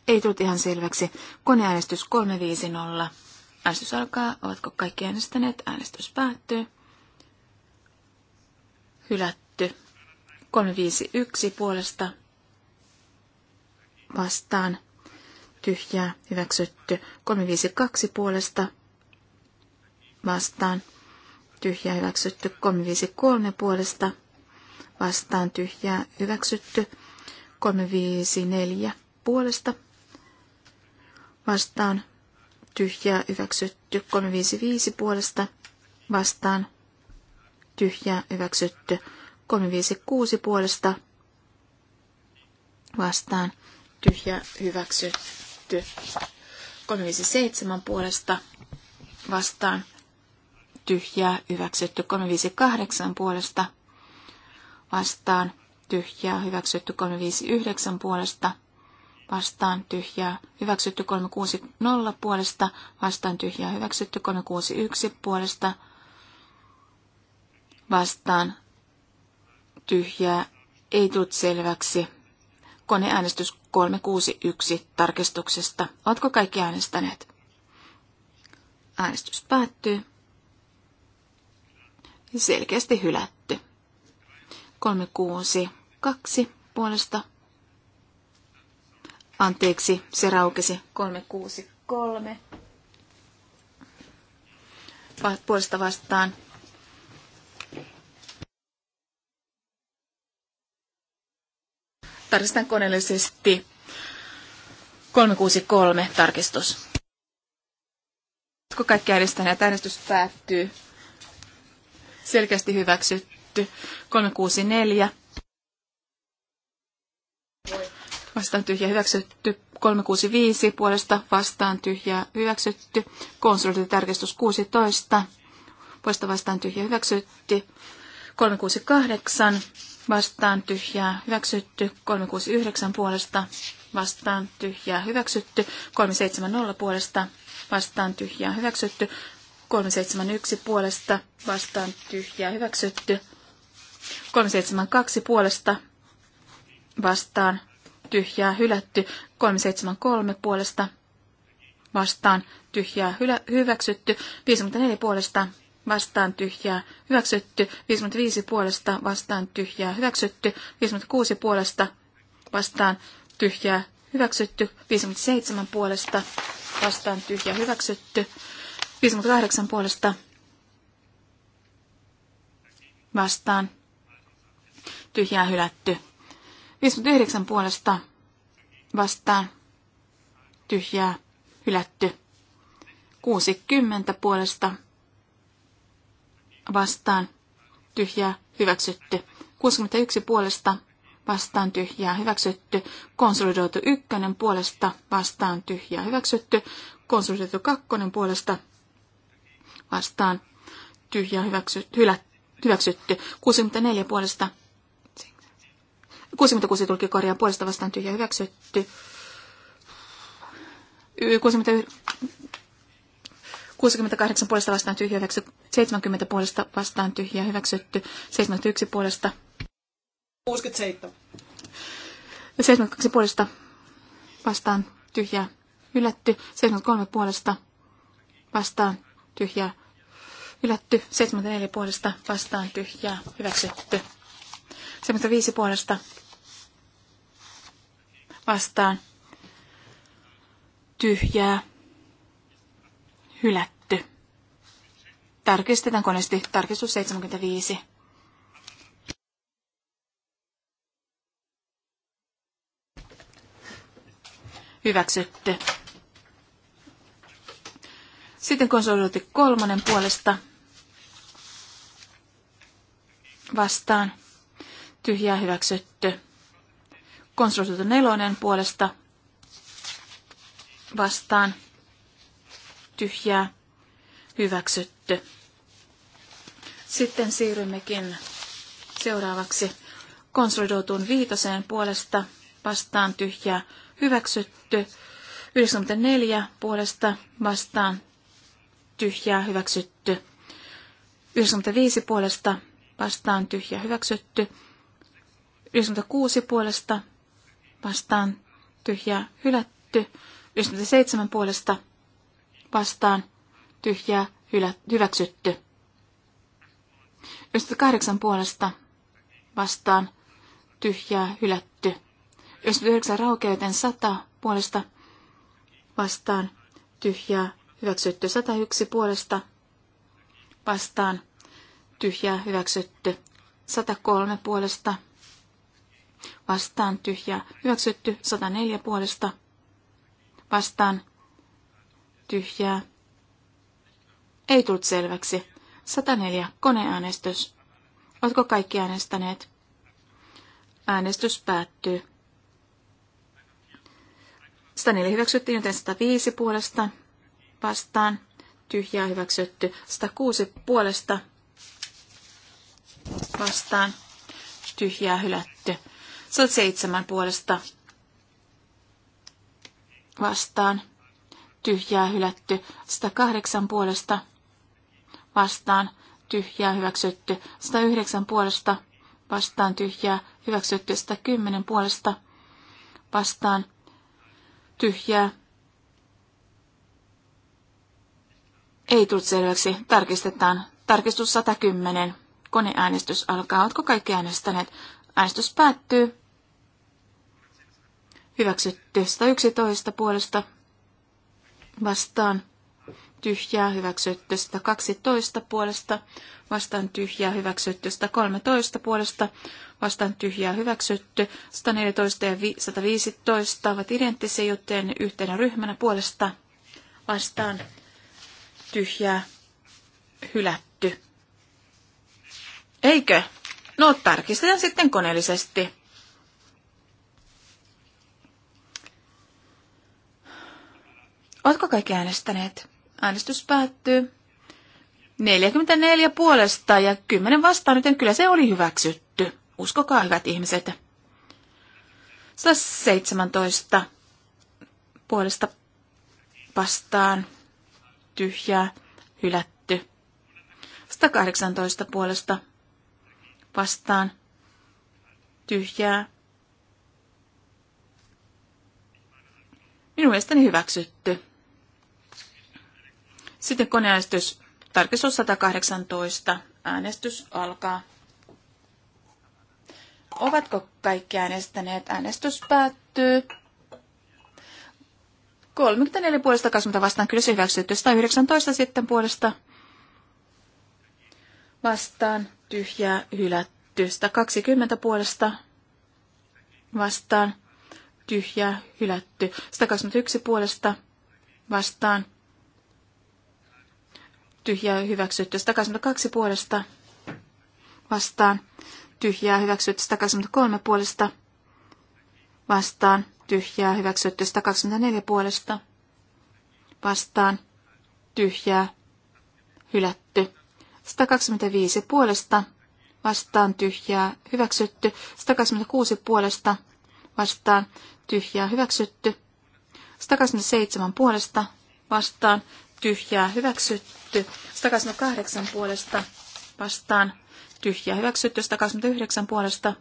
Ei tullut ihan selväksi. Koneäänestys 350. Äänestys alkaa. Ovatko kaikki äänestäneet? Äänestys päättyy. Hylätty. 351 puolesta vastaan. Tyhjää. Hyväksytty. 352 puolesta vastaan. Tyhjää. Hyväksytty. 353 puolesta vastaan. Tyhjää. Hyväksytty. 354 puolesta vastaan tyhjää hyväksytty. 355 puolesta vastaan tyhjää hyväksytty. 356 puolesta vastaan tyhjää hyväksytty. 357 puolesta vastaan tyhjää hyväksytty. 358 puolesta vastaan tyhjää hyväksytty. 359 puolesta vastaan tyhjää, hyväksytty 360 puolesta, vastaan tyhjää, hyväksytty 361 puolesta, vastaan tyhjää, ei tullut selväksi. Koneäänestys 361 tarkistuksesta. Oletko kaikki äänestäneet? Äänestys päättyy. Selkeästi hylätty. 362 puolesta Anteeksi, se raukesi 363. Puolesta vastaan. Tarkistan koneellisesti 363 tarkistus. Kun kaikki äänestäneet, äänestys päättyy. Selkeästi hyväksytty. 364 vastaan tyhjä hyväksytty. 365 puolesta vastaan tyhjä hyväksytty. Konsultitarkistus 16 puolesta vastaan tyhjä hyväksytty. 368 vastaan tyhjää hyväksytty. 369 puolesta vastaan tyhjää hyväksytty. 370 puolesta vastaan tyhjää hyväksytty. 371 puolesta vastaan tyhjää hyväksytty. 372 puolesta vastaan tyhjää hylätty, 373 puolesta vastaan tyhjää hylä, hyväksytty, 54 puolesta vastaan tyhjää hyväksytty, 55 puolesta vastaan tyhjää hyväksytty, 56 puolesta vastaan tyhjää hyväksytty, 57 puolesta vastaan tyhjää hyväksytty, 58 puolesta vastaan tyhjää hylätty. 59 puolesta vastaan tyhjää hylätty. 60 puolesta vastaan tyhjää hyväksytty. 61 puolesta vastaan tyhjää hyväksytty. Konsolidoitu ykkönen puolesta vastaan tyhjää hyväksytty. Konsolidoitu kakkonen puolesta vastaan tyhjää hyväksy, hylä, hyväksytty. 64 puolesta 66 tulkki Korean puolesta vastaan tyhjä hyväksytty. 68 puolesta vastaan tyhjä hyväksytty. 70 puolesta vastaan tyhjä hyväksytty. 71 puolesta. 67. 72 puolesta vastaan tyhjä hylätty. 73 puolesta vastaan tyhjä hylätty. 74 puolesta vastaan tyhjä hyväksytty. 75 puolesta vastaan tyhjää hylätty. Tarkistetaan koneesti tarkistus 75. Hyväksytty. Sitten konsolidointi kolmannen puolesta vastaan. Tyhjää hyväksytty. Konsolidoitu nelonen puolesta vastaan tyhjää hyväksytty. Sitten siirrymmekin seuraavaksi konsolidoituun viitoseen puolesta vastaan tyhjää hyväksytty. 94 puolesta vastaan tyhjää hyväksytty. 95 puolesta vastaan tyhjää hyväksytty. 96 puolesta vastaan tyhjää hylätty. 97 puolesta vastaan tyhjää hylä, hyväksytty. 98 puolesta vastaan tyhjää hylätty. 99 raukeuten 100 puolesta vastaan tyhjää hyväksytty. 101 puolesta vastaan tyhjää hyväksytty. 103 puolesta vastaan, vastaan tyhjä. hyväksytty 104 puolesta vastaan tyhjää. Ei tullut selväksi. 104 koneäänestys. Oletko kaikki äänestäneet? Äänestys päättyy. 104 hyväksyttiin, joten 105 puolesta vastaan. Tyhjää hyväksytty. 106 puolesta vastaan. Tyhjää hylätty seitsemän puolesta vastaan tyhjää hylätty. 108 puolesta vastaan tyhjää hyväksytty. 109 puolesta vastaan tyhjää hyväksytty. 110 puolesta vastaan tyhjää Ei tullut selväksi. Tarkistetaan. Tarkistus 110. Koneäänestys alkaa. Oletko kaikki äänestäneet? Äänestys päättyy. Hyväksytty 111 puolesta vastaan tyhjää hyväksytty 112 puolesta, vastaan tyhjää hyväksytty 113 puolesta, vastaan tyhjää hyväksytty 114 ja 115 ovat identtisiä, joten yhtenä ryhmänä puolesta vastaan tyhjää hylätty. Eikö? No tarkistetaan sitten koneellisesti. Oletko kaikki äänestäneet? Äänestys päättyy. 44 puolesta ja 10 vastaan, joten kyllä se oli hyväksytty. Uskokaa, hyvät ihmiset. 17 puolesta vastaan, tyhjää, hylätty. 118 puolesta vastaan, tyhjää. Minun mielestäni hyväksytty. Sitten koneäänestys, tarkistus 118, äänestys alkaa. Ovatko kaikki äänestäneet? Äänestys päättyy. 34 puolesta 20 vastaan kyllä se hyväksytty. 119 sitten puolesta vastaan tyhjää hylätty. 120 puolesta vastaan tyhjää hylätty. 121 puolesta vastaan tyhjää hyväksytty. 182 puolesta vastaan tyhjää hyväksytty. 183 puolesta vastaan tyhjää hyväksytty. 124 puolesta vastaan tyhjää hylätty. 125 puolesta vastaan tyhjää hyväksytty. 126 puolesta vastaan tyhjää hyväksytty. 127 puolesta vastaan tyhjää hyväksytty. 128 puolesta vastaan tyhjää hyväksytty. 129 puolesta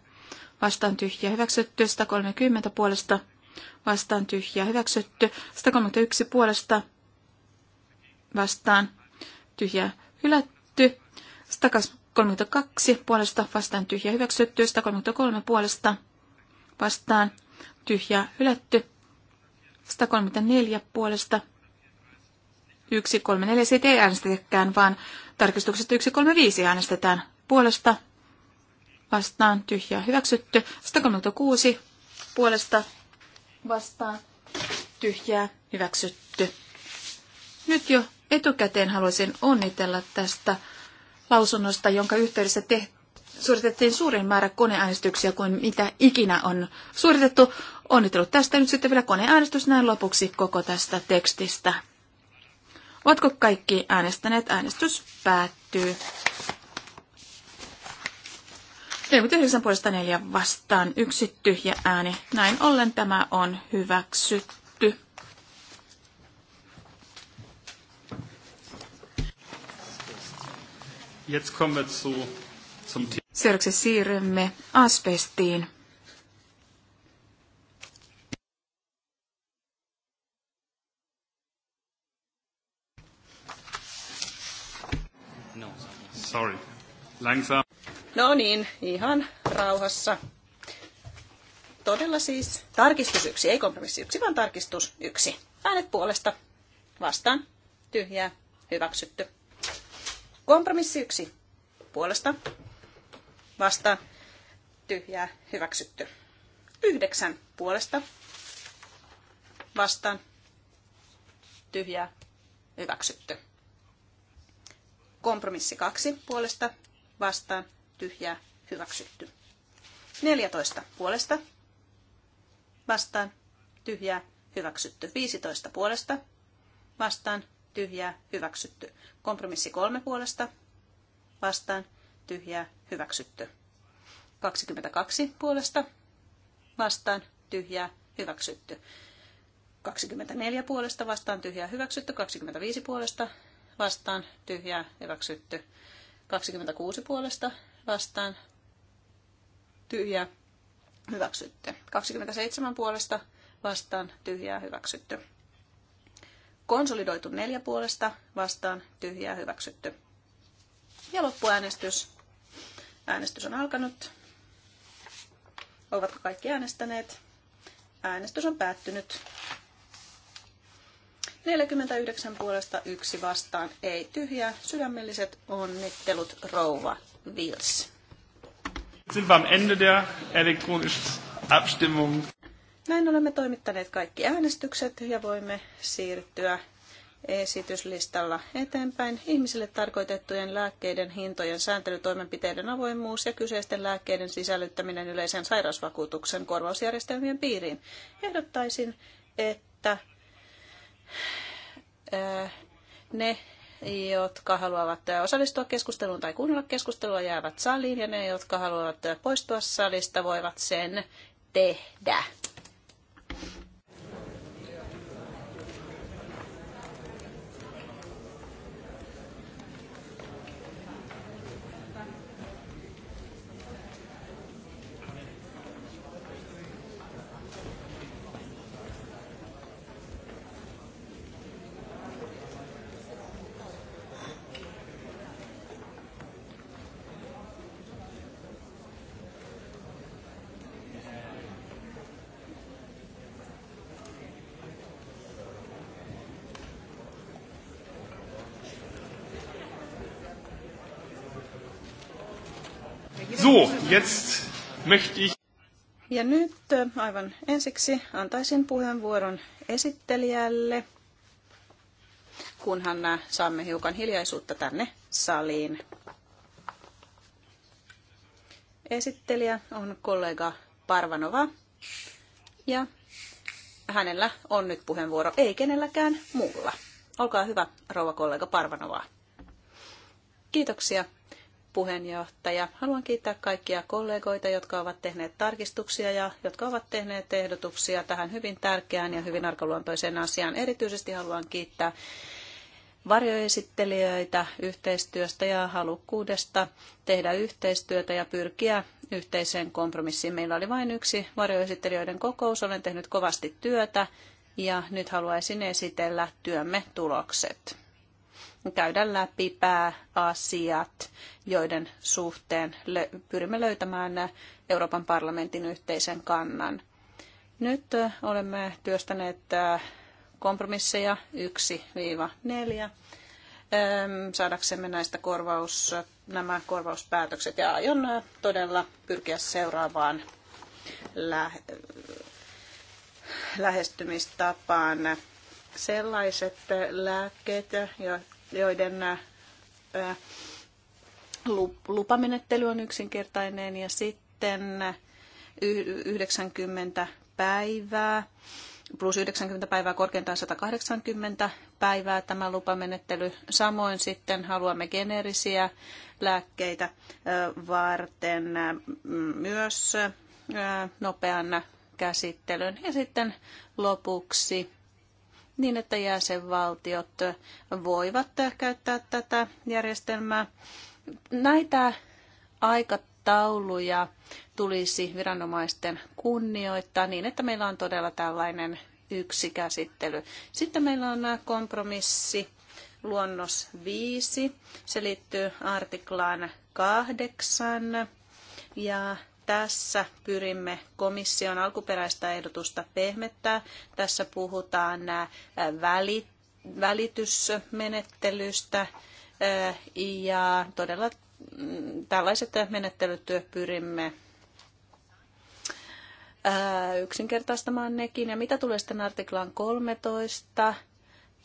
vastaan tyhjää hyväksytty. 130 puolesta vastaan tyhjää hyväksytty. 131 puolesta vastaan tyhjää hylätty. 132 puolesta vastaan tyhjä hyväksytty, 133 puolesta vastaan tyhjä hylätty, 134 puolesta 134 siitä ei äänestetäkään, vaan tarkistuksesta 135 äänestetään puolesta vastaan tyhjää hyväksytty. 136 puolesta vastaan tyhjää hyväksytty. Nyt jo etukäteen haluaisin onnitella tästä lausunnosta, jonka yhteydessä te suoritettiin suurin määrä koneäänestyksiä kuin mitä ikinä on suoritettu. Onnittelut tästä nyt sitten vielä koneäänestys näin lopuksi koko tästä tekstistä. Ovatko kaikki äänestäneet? Äänestys päättyy. 49 puolesta 4 vastaan, yksi tyhjä ääni. Näin ollen tämä on hyväksytty. Jetzt kommen wir zu, zum Seuraavaksi siirrymme asbestiin. sorry. Langsam. No niin, ihan rauhassa. Todella siis tarkistus yksi, ei kompromissi yksi, vaan tarkistus yksi. Äänet puolesta. Vastaan. Tyhjää. Hyväksytty. Kompromissi yksi. Puolesta. Vastaan. Tyhjää. Hyväksytty. Yhdeksän. Puolesta. Vastaan. Tyhjää. Hyväksytty. Kompromissi kaksi puolesta vastaan tyhjää hyväksytty. 14 puolesta vastaan tyhjää hyväksytty. 15 puolesta vastaan tyhjää hyväksytty. Kompromissi kolme puolesta vastaan tyhjää hyväksytty. 22 puolesta vastaan tyhjää hyväksytty. 24 puolesta vastaan tyhjää hyväksytty, 25 puolesta vastaan tyhjää hyväksytty. 26 puolesta vastaan tyhjää hyväksytty. 27 puolesta vastaan tyhjää hyväksytty. Konsolidoitu neljä puolesta vastaan tyhjää hyväksytty. Ja loppuäänestys. Äänestys on alkanut. Ovatko kaikki äänestäneet? Äänestys on päättynyt. 49 puolesta yksi vastaan, ei tyhjä. Sydämelliset onnittelut, rouva Vils. Sind wir am Ende der elektronischen Abstimmung. Näin olemme toimittaneet kaikki äänestykset ja voimme siirtyä esityslistalla eteenpäin. Ihmisille tarkoitettujen lääkkeiden hintojen sääntelytoimenpiteiden avoimuus ja kyseisten lääkkeiden sisällyttäminen yleisen sairausvakuutuksen korvausjärjestelmien piiriin. Ehdottaisin, että ne, jotka haluavat osallistua keskusteluun tai kuunnella keskustelua, jäävät saliin ja ne, jotka haluavat poistua salista, voivat sen tehdä. Jetzt möchte ich... Ja nyt aivan ensiksi antaisin puheenvuoron esittelijälle, kunhan äh, saamme hiukan hiljaisuutta tänne saliin. Esittelijä on kollega Parvanova ja hänellä on nyt puheenvuoro, ei kenelläkään muulla. Olkaa hyvä, rouva kollega Parvanova. Kiitoksia puheenjohtaja. Haluan kiittää kaikkia kollegoita, jotka ovat tehneet tarkistuksia ja jotka ovat tehneet ehdotuksia tähän hyvin tärkeään ja hyvin arkaluontoiseen asiaan. Erityisesti haluan kiittää varjoesittelijöitä yhteistyöstä ja halukkuudesta tehdä yhteistyötä ja pyrkiä yhteiseen kompromissiin. Meillä oli vain yksi varjoesittelijöiden kokous. Olen tehnyt kovasti työtä ja nyt haluaisin esitellä työmme tulokset käydä läpi pääasiat, joiden suhteen pyrimme löytämään Euroopan parlamentin yhteisen kannan. Nyt olemme työstäneet kompromisseja 1-4 saadaksemme näistä korvaus, nämä korvauspäätökset ja aion todella pyrkiä seuraavaan lä- lähestymistapaan sellaiset lääkkeet, joiden äh, äh, lupamenettely on yksinkertainen ja sitten 90 päivää plus 90 päivää, korkeintaan 180 päivää tämä lupamenettely. Samoin sitten haluamme geneerisiä lääkkeitä äh, varten myös nopean käsittelyn. Ja sitten lopuksi niin, että jäsenvaltiot voivat käyttää tätä järjestelmää. Näitä aikatauluja tulisi viranomaisten kunnioittaa niin, että meillä on todella tällainen yksi käsittely. Sitten meillä on kompromissi luonnos 5. Se liittyy artiklaan 8 ja tässä pyrimme komission alkuperäistä ehdotusta pehmettää. Tässä puhutaan äh, välitysmenettelystä äh, ja todella mm, tällaiset menettelyt pyrimme äh, yksinkertaistamaan nekin. Ja mitä tulee sitten artiklaan 13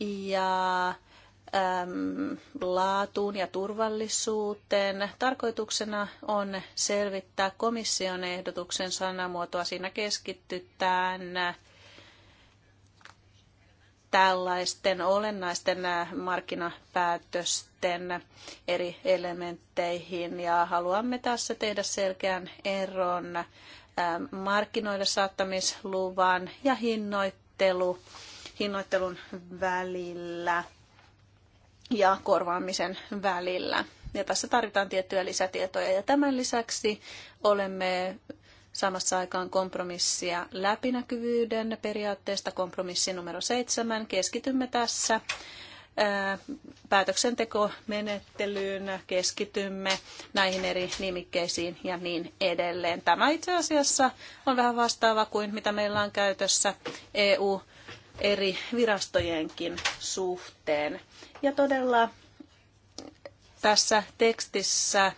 ja laatuun ja turvallisuuteen. Tarkoituksena on selvittää komission ehdotuksen sanamuotoa. Siinä keskitytään tällaisten olennaisten markkinapäätösten eri elementteihin ja haluamme tässä tehdä selkeän eron markkinoille saattamisluvan ja hinnoittelu, hinnoittelun välillä – ja korvaamisen välillä. Ja tässä tarvitaan tiettyjä lisätietoja. Ja tämän lisäksi olemme samassa aikaan kompromissia läpinäkyvyyden periaatteesta kompromissi numero seitsemän. Keskitymme tässä päätöksentekomenettelyyn, keskitymme näihin eri nimikkeisiin ja niin edelleen. Tämä itse asiassa on vähän vastaava kuin mitä meillä on käytössä EU- eri virastojenkin suhteen. Ja todella tässä tekstissä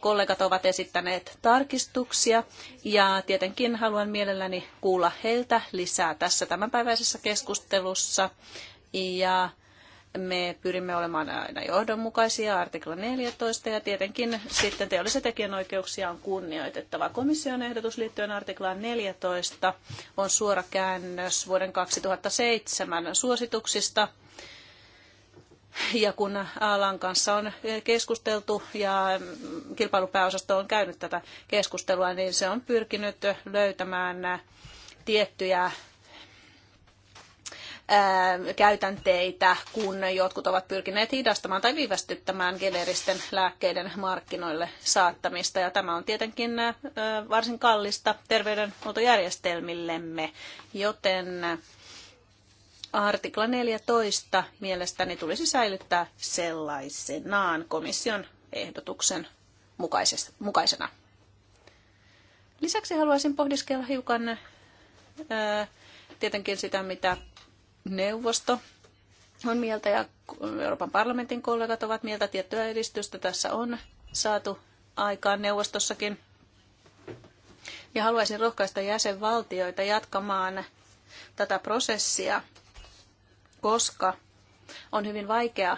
kollegat ovat esittäneet tarkistuksia ja tietenkin haluan mielelläni kuulla heiltä lisää tässä tämänpäiväisessä keskustelussa. Ja me pyrimme olemaan aina johdonmukaisia, artikla 14, ja tietenkin sitten teollisia tekijänoikeuksia on kunnioitettava. Komission ehdotus liittyen artiklaan 14 on suora käännös vuoden 2007 suosituksista, ja kun Alan kanssa on keskusteltu ja kilpailupääosasto on käynyt tätä keskustelua, niin se on pyrkinyt löytämään tiettyjä Ähm, käytänteitä, kun jotkut ovat pyrkineet hidastamaan tai viivästyttämään geneeristen lääkkeiden markkinoille saattamista. Ja tämä on tietenkin äh, varsin kallista terveydenhuoltojärjestelmillemme, joten artikla 14 mielestäni tulisi säilyttää sellaisenaan komission ehdotuksen mukaisena. Lisäksi haluaisin pohdiskella hiukan äh, tietenkin sitä, mitä neuvosto on mieltä ja Euroopan parlamentin kollegat ovat mieltä. Tiettyä edistystä tässä on saatu aikaan neuvostossakin. Ja haluaisin rohkaista jäsenvaltioita jatkamaan tätä prosessia, koska on hyvin vaikea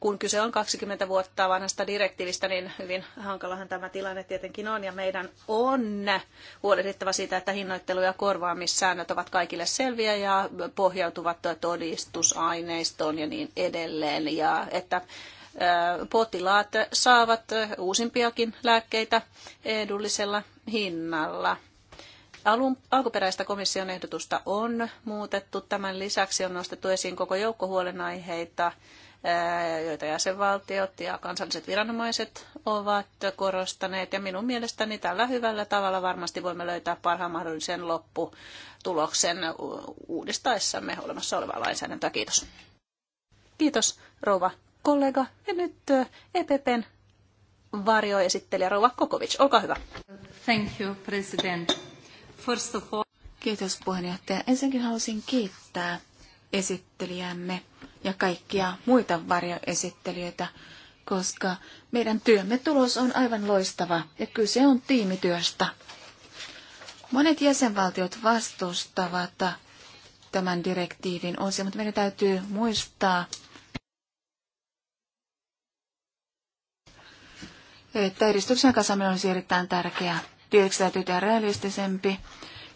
kun kyse on 20 vuotta vanhasta direktiivistä, niin hyvin hankalahan tämä tilanne tietenkin on. Ja meidän on huolehdittava siitä, että hinnoittelu- ja korvaamissäännöt ovat kaikille selviä ja pohjautuvat todistusaineistoon ja niin edelleen. Ja että potilaat saavat uusimpiakin lääkkeitä edullisella hinnalla. Alun, alkuperäistä komission ehdotusta on muutettu. Tämän lisäksi on nostettu esiin koko joukko huolenaiheita, joita jäsenvaltiot ja kansalliset viranomaiset ovat korostaneet. Ja minun mielestäni tällä hyvällä tavalla varmasti voimme löytää parhaan mahdollisen lopputuloksen uudistaessamme olemassa olevaa lainsäädäntöä. Kiitos. Kiitos, rouva kollega. Ja nyt EPPn varjoesittelijä rouva Kokovic. Olkaa hyvä. Thank you, president. First of all... Kiitos puheenjohtaja. Ensinnäkin haluaisin kiittää esittelijämme ja kaikkia muita varjoesittelijöitä, koska meidän työmme tulos on aivan loistava ja kyse on tiimityöstä. Monet jäsenvaltiot vastustavat tämän direktiivin osia, mutta meidän täytyy muistaa, että edistyksen kasaaminen olisi erittäin tärkeää. Direktiivi täytyy tehdä realistisempi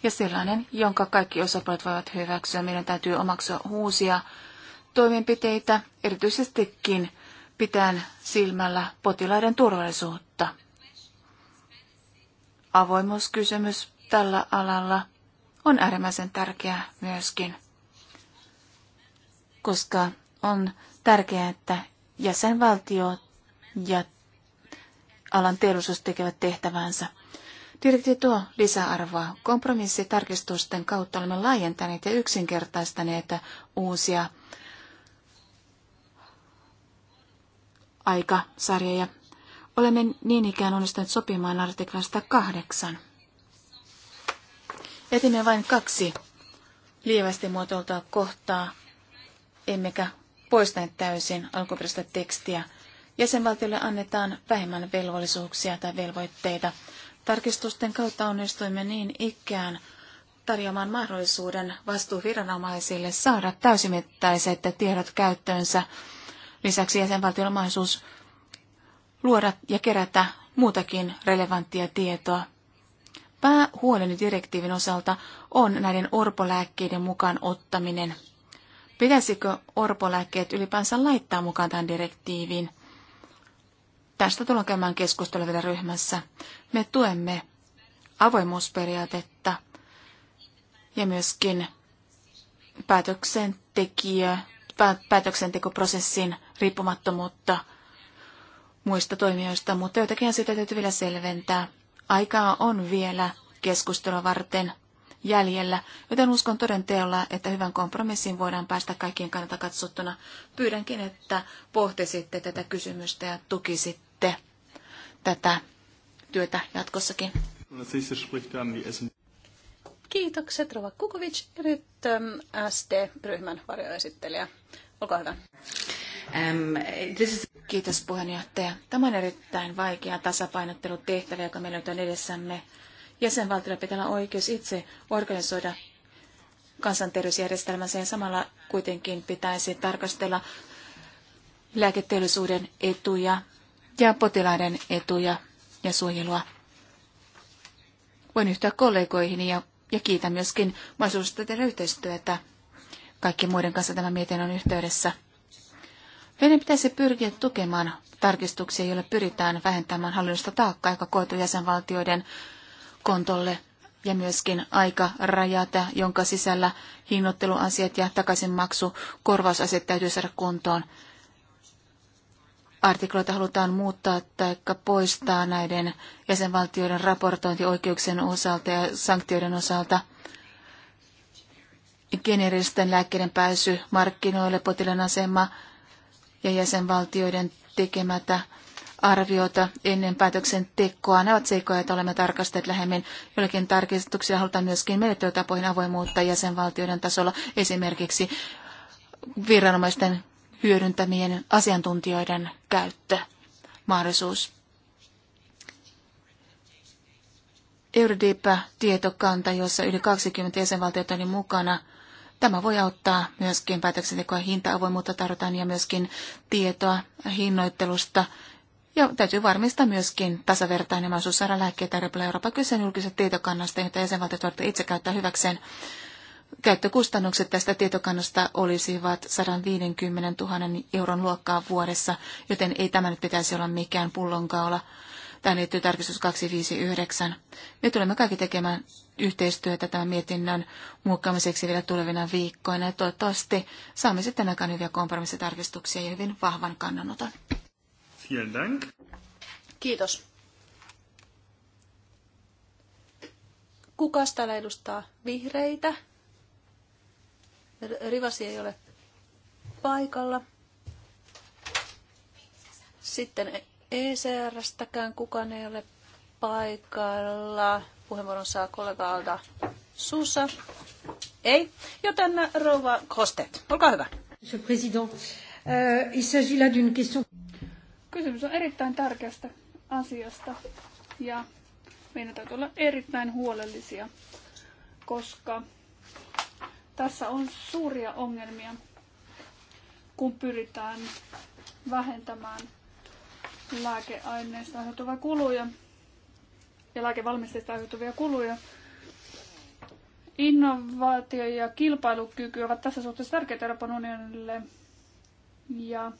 ja sellainen, jonka kaikki osapuolet voivat hyväksyä. Meidän täytyy omaksua uusia toimenpiteitä, erityisestikin pitäen silmällä potilaiden turvallisuutta. Avoimuuskysymys tällä alalla on äärimmäisen tärkeä myöskin, koska on tärkeää, että jäsenvaltio ja alan teollisuus tekevät tehtävänsä. Direktiivi tuo lisäarvoa. Kompromissitarkistusten kautta olemme laajentaneet ja yksinkertaistaneet uusia aikasarjoja. Olemme niin ikään onnistuneet sopimaan artiklasta kahdeksan. Etimme vain kaksi lievästi muotoiltua kohtaa, emmekä poistaneet täysin alkuperäistä tekstiä. Jäsenvaltiolle annetaan vähemmän velvollisuuksia tai velvoitteita. Tarkistusten kautta onnistuimme niin ikään tarjoamaan mahdollisuuden vastuuviranomaisille saada täysimittaiset tiedot käyttöönsä Lisäksi jäsenvaltiolla on mahdollisuus luoda ja kerätä muutakin relevanttia tietoa. Päähuoleni direktiivin osalta on näiden orpolääkkeiden mukaan ottaminen. Pitäisikö orpolääkkeet ylipäänsä laittaa mukaan tämän direktiiviin? Tästä tullaan käymään keskustelua vielä ryhmässä. Me tuemme avoimuusperiaatetta ja myöskin päätöksentekijä, päätöksentekoprosessin riippumattomuutta muista toimijoista, mutta jotakin asioita täytyy vielä selventää. Aikaa on vielä keskustelua varten jäljellä, joten uskon toden teolla, että hyvän kompromissin voidaan päästä kaikkien kannalta katsottuna. Pyydänkin, että pohtisitte tätä kysymystä ja tukisitte tätä työtä jatkossakin. Kiitokset Rova Kukovic ja nyt SD-ryhmän varjoesittelijä. Olkaa hyvä. Kiitos puheenjohtaja. Tämä on erittäin vaikea tasapainottelutehtävä, joka meillä on edessämme. Jäsenvaltiolla pitää olla oikeus itse organisoida kansanterveysjärjestelmänsä ja samalla kuitenkin pitäisi tarkastella lääketeollisuuden etuja ja potilaiden etuja ja suojelua. Voin yhtyä kollegoihini ja, ja kiitän myöskin mahdollisuudesta tehdä yhteistyötä kaikkien muiden kanssa tämän mietinnön yhteydessä. Meidän pitäisi pyrkiä tukemaan tarkistuksia, joilla pyritään vähentämään hallinnosta taakkaa, joka koituu jäsenvaltioiden kontolle ja myöskin aika rajata, jonka sisällä hinnoitteluasiat ja takaisinmaksu korvausasiat täytyy saada kuntoon. Artikloita halutaan muuttaa tai poistaa näiden jäsenvaltioiden raportointioikeuksien osalta ja sanktioiden osalta. Geneeristen lääkkeiden pääsy markkinoille, potilaan asema, ja jäsenvaltioiden tekemätä arviota ennen päätöksentekoa. Nämä ovat seikkoja, joita olemme tarkastaneet lähemmin. Jollakin tarkistuksia halutaan myöskin menettelytapoihin avoimuutta jäsenvaltioiden tasolla, esimerkiksi viranomaisten hyödyntämien asiantuntijoiden käyttö, mahdollisuus. Eurodipa-tietokanta, jossa yli 20 jäsenvaltiota oli mukana – Tämä voi auttaa myöskin päätöksentekoa hinta-avoimuutta tarvitaan ja myöskin tietoa hinnoittelusta. Ja täytyy varmistaa myöskin tasavertainen mahdollisuus saada lääkkeitä tarjolla Euroopan kyse julkisesta tietokannasta, jota jäsenvaltiot voivat itse käyttää hyväkseen. Käyttökustannukset tästä tietokannasta olisivat 150 000 euron luokkaa vuodessa, joten ei tämä nyt pitäisi olla mikään pullonkaula. Tämä liittyy tarkistus 259. Me tulemme kaikki tekemään yhteistyötä tämän mietinnön muokkaamiseksi vielä tulevina viikkoina. Ja toivottavasti saamme sitten aikaan hyviä kompromissitarkistuksia ja hyvin vahvan kannanoton. Kiitos. Kukas täällä edustaa vihreitä? Rivasi ei ole paikalla. Sitten ECRstäkään kukaan ei ole paikalla puheenvuoron saa kollega Alda Suussa. Ei, joten rouva Kostet, olkaa hyvä. Euh, Kysymys on erittäin tärkeästä asiasta ja meidän täytyy olla erittäin huolellisia, koska tässä on suuria ongelmia, kun pyritään vähentämään lääkeaineista aiheutuvia kuluja ja lääkevalmisteista aiheutuvia kuluja. Innovaatio ja kilpailukyky ovat tässä suhteessa tärkeitä Euroopan unionille. Ja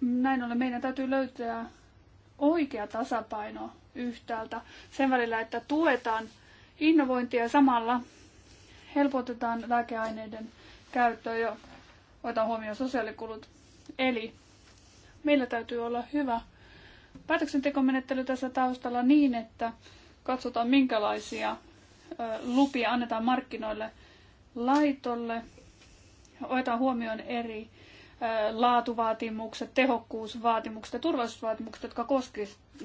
näin ollen meidän täytyy löytää oikea tasapaino yhtäältä sen välillä, että tuetaan innovointia samalla helpotetaan lääkeaineiden käyttöä ja otetaan huomioon sosiaalikulut. Eli meillä täytyy olla hyvä päätöksentekomenettely tässä taustalla niin, että katsotaan minkälaisia lupia annetaan markkinoille laitolle. Otetaan huomioon eri laatuvaatimukset, tehokkuusvaatimukset ja turvallisuusvaatimukset, jotka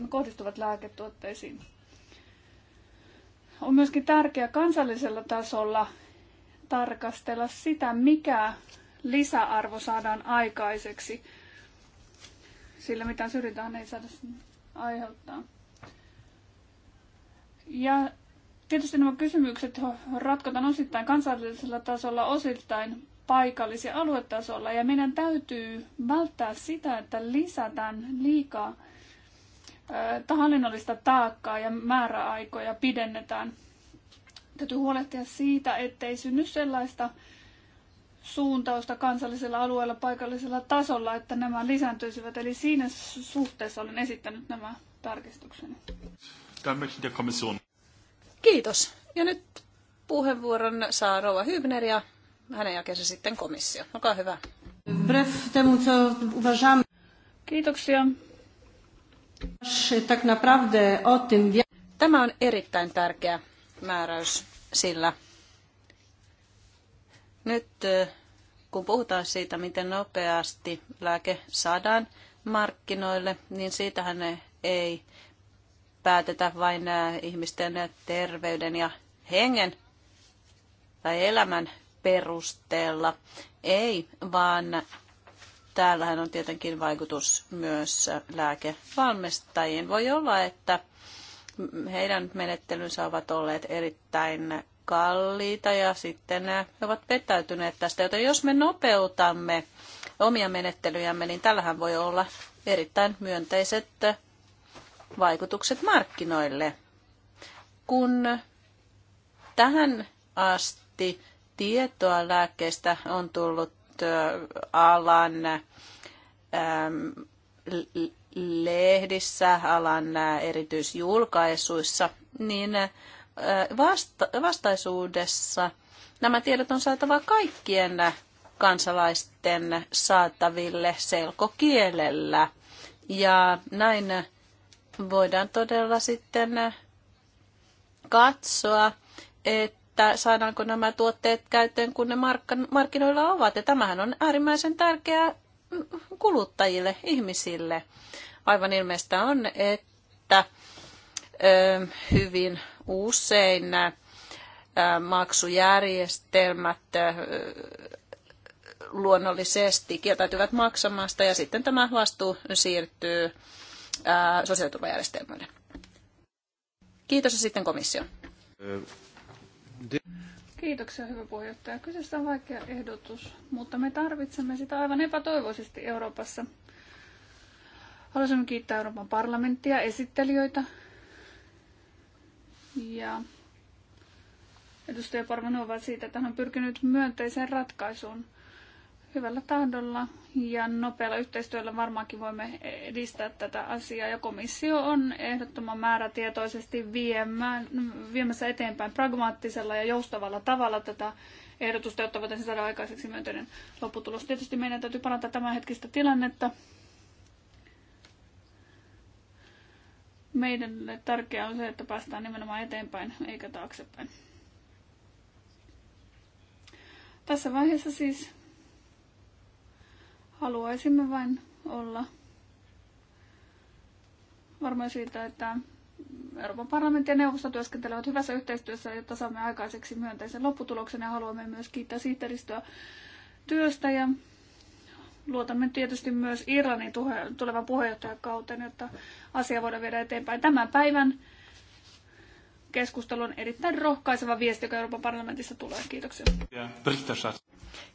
kohdistuvat lääketuotteisiin. On myöskin tärkeää kansallisella tasolla tarkastella sitä, mikä lisäarvo saadaan aikaiseksi sillä mitä syrjintää ei saada aiheuttaa. Ja tietysti nämä kysymykset ratkotaan osittain kansallisella tasolla, osittain paikallis- ja aluetasolla. Ja meidän täytyy välttää sitä, että lisätään liikaa hallinnollista taakkaa ja määräaikoja pidennetään. Täytyy huolehtia siitä, ettei synny sellaista suuntausta kansallisella alueella paikallisella tasolla, että nämä lisääntyisivät. Eli siinä suhteessa olen esittänyt nämä tarkistukseni. Kiitos. Ja nyt puheenvuoron saa Rova Hybner ja hänen jälkeensä sitten komissio. Olkaa hyvä. Kiitoksia. Tämä on erittäin tärkeä määräys, sillä nyt kun puhutaan siitä, miten nopeasti lääke saadaan markkinoille, niin siitähän ei päätetä vain ihmisten terveyden ja hengen tai elämän perusteella. Ei, vaan täällähän on tietenkin vaikutus myös lääkevalmistajiin. Voi olla, että heidän menettelynsä ovat olleet erittäin kalliita ja sitten ne ovat vetäytyneet tästä. Joten jos me nopeutamme omia menettelyjämme, niin tällähän voi olla erittäin myönteiset vaikutukset markkinoille. Kun tähän asti tietoa lääkkeistä on tullut alan lehdissä, alan erityisjulkaisuissa, niin vasta- vastaisuudessa nämä tiedot on saatava kaikkien kansalaisten saataville selkokielellä. Ja näin voidaan todella sitten katsoa, että saadaanko nämä tuotteet käyttöön, kun ne markkinoilla ovat. Ja tämähän on äärimmäisen tärkeää kuluttajille, ihmisille. Aivan ilmeistä on, että hyvin usein äh, maksujärjestelmät äh, luonnollisesti kieltäytyvät maksamasta ja sitten tämä vastuu siirtyy äh, sosiaaliturvajärjestelmälle. Kiitos ja sitten komissio. Kiitoksia, hyvä puheenjohtaja. Kyseessä on vaikea ehdotus, mutta me tarvitsemme sitä aivan epätoivoisesti Euroopassa. Haluaisin kiittää Euroopan parlamenttia, esittelijöitä, ja edustaja Parvanova siitä, että hän on pyrkinyt myönteiseen ratkaisuun hyvällä tahdolla ja nopealla yhteistyöllä varmaankin voimme edistää tätä asiaa. Ja komissio on ehdottoman määrätietoisesti viemään, viemässä eteenpäin pragmaattisella ja joustavalla tavalla tätä ehdotusta, jotta voitaisiin saada aikaiseksi myönteinen lopputulos. Tietysti meidän täytyy parantaa tämänhetkistä tilannetta Meidän tärkeää on se, että päästään nimenomaan eteenpäin eikä taaksepäin. Tässä vaiheessa siis haluaisimme vain olla varmoja siitä, että Euroopan parlamentti ja neuvosto työskentelevät hyvässä yhteistyössä, jotta saamme aikaiseksi myönteisen lopputuloksen ja haluamme myös kiittää siitä työstä ja luotamme tietysti myös Iranin tulevan puheenjohtajakauteen, jotta asia voidaan viedä eteenpäin. Tämän päivän keskustelu on erittäin rohkaiseva viesti, joka Euroopan parlamentissa tulee. Kiitoksia.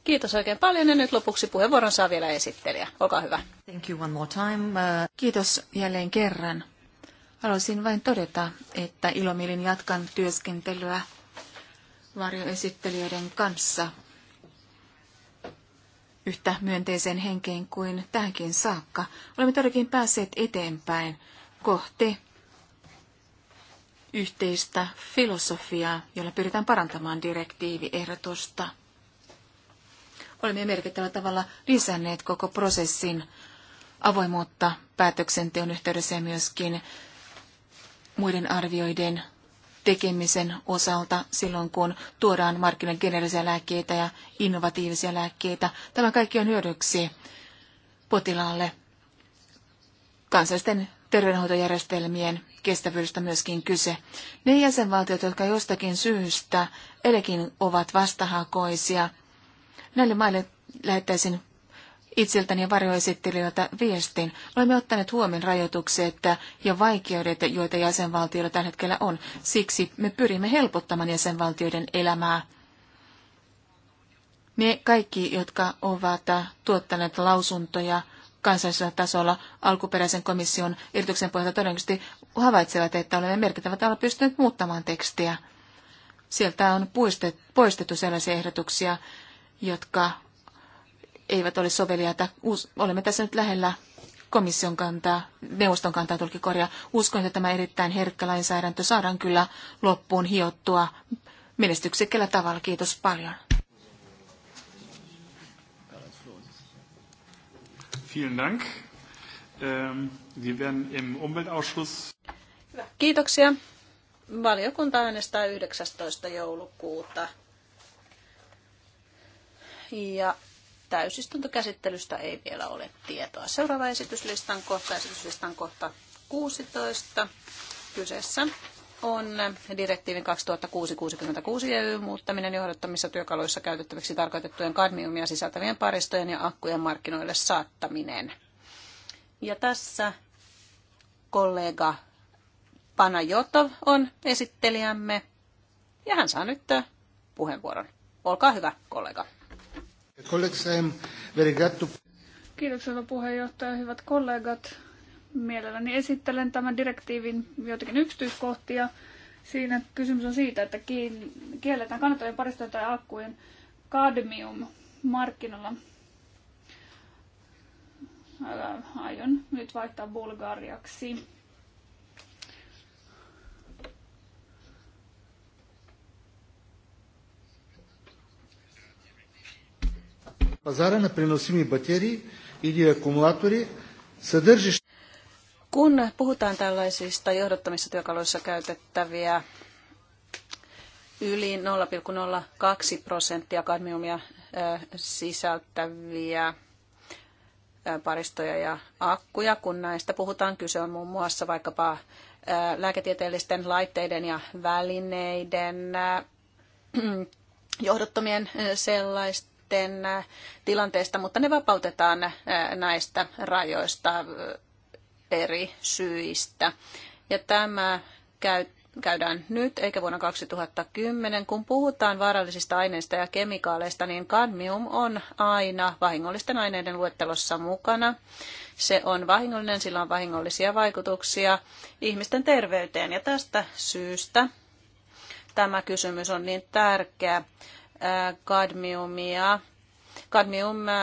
Kiitos oikein paljon ja nyt lopuksi puheenvuoron saa vielä esittelijä. Olkaa hyvä. Thank you one more time. Uh, Kiitos jälleen kerran. Haluaisin vain todeta, että ilomielin jatkan työskentelyä varjoesittelijöiden kanssa yhtä myönteiseen henkeen kuin tähänkin saakka. Olemme todellakin päässeet eteenpäin kohti yhteistä filosofiaa, jolla pyritään parantamaan direktiiviehdotusta. Olemme merkittävällä tavalla lisänneet koko prosessin avoimuutta päätöksenteon yhteydessä ja myöskin muiden arvioiden tekemisen osalta silloin, kun tuodaan markkinoille geneerisiä lääkkeitä ja innovatiivisia lääkkeitä. Tämä kaikki on hyödyksi potilaalle. Kansallisten terveydenhoitojärjestelmien kestävyydestä myöskin kyse. Ne jäsenvaltiot, jotka jostakin syystä elekin ovat vastahakoisia, näille maille lähettäisin itseltäni ja varjoesittelijöiltä viestin. Olemme ottaneet huomioon rajoitukset ja vaikeudet, joita jäsenvaltioilla tällä hetkellä on. Siksi me pyrimme helpottamaan jäsenvaltioiden elämää. Ne kaikki, jotka ovat tuottaneet lausuntoja kansallisella tasolla alkuperäisen komission erityksen pohjalta todennäköisesti havaitsevat, että olemme merkittävät olla pystyneet muuttamaan tekstiä. Sieltä on poistettu sellaisia ehdotuksia, jotka eivät ole soveliaita. Olemme tässä nyt lähellä komission kantaa, neuvoston kantaa tulkikorja. Uskon, että tämä erittäin herkkä lainsäädäntö saadaan kyllä loppuun hiottua menestyksekkäällä tavalla. Kiitos paljon. Vielen Dank. Ähm, Kiitoksia. Valiokunta äänestää 19. joulukuuta. Ja täysistuntokäsittelystä ei vielä ole tietoa. Seuraava esityslistan kohta, esityslistan kohta 16. Kyseessä on direktiivin 2006-66 EU muuttaminen johdattamissa työkaluissa käytettäväksi tarkoitettujen kadmiumia sisältävien paristojen ja akkujen markkinoille saattaminen. Ja tässä kollega Panajotov on esittelijämme ja hän saa nyt puheenvuoron. Olkaa hyvä, kollega. Kiitoksia, hyvä puheenjohtaja, hyvät kollegat. Mielelläni esittelen tämän direktiivin joitakin yksityiskohtia. Siinä kysymys on siitä, että kielletään kannattajien paristojen tai akkujen kadmium markkinoilla. Aion nyt vaihtaa bulgariaksi. Пазара на приносими батерии или аккумулатори съдържащи kun puhutaan tällaisista johdottomissa työkaluissa käytettäviä yli 0,02 prosenttia kadmiumia sisältäviä paristoja ja akkuja, kun näistä puhutaan, kyse on muun muassa vaikkapa lääketieteellisten laitteiden ja välineiden johdottomien sellaista sitten äh, tilanteesta, mutta ne vapautetaan äh, näistä rajoista äh, eri syistä. Ja tämä käy, käydään nyt, eikä vuonna 2010. Kun puhutaan vaarallisista aineista ja kemikaaleista, niin kadmium on aina vahingollisten aineiden luettelossa mukana. Se on vahingollinen, sillä on vahingollisia vaikutuksia ihmisten terveyteen ja tästä syystä tämä kysymys on niin tärkeä kadmiumia. Kadmium äh,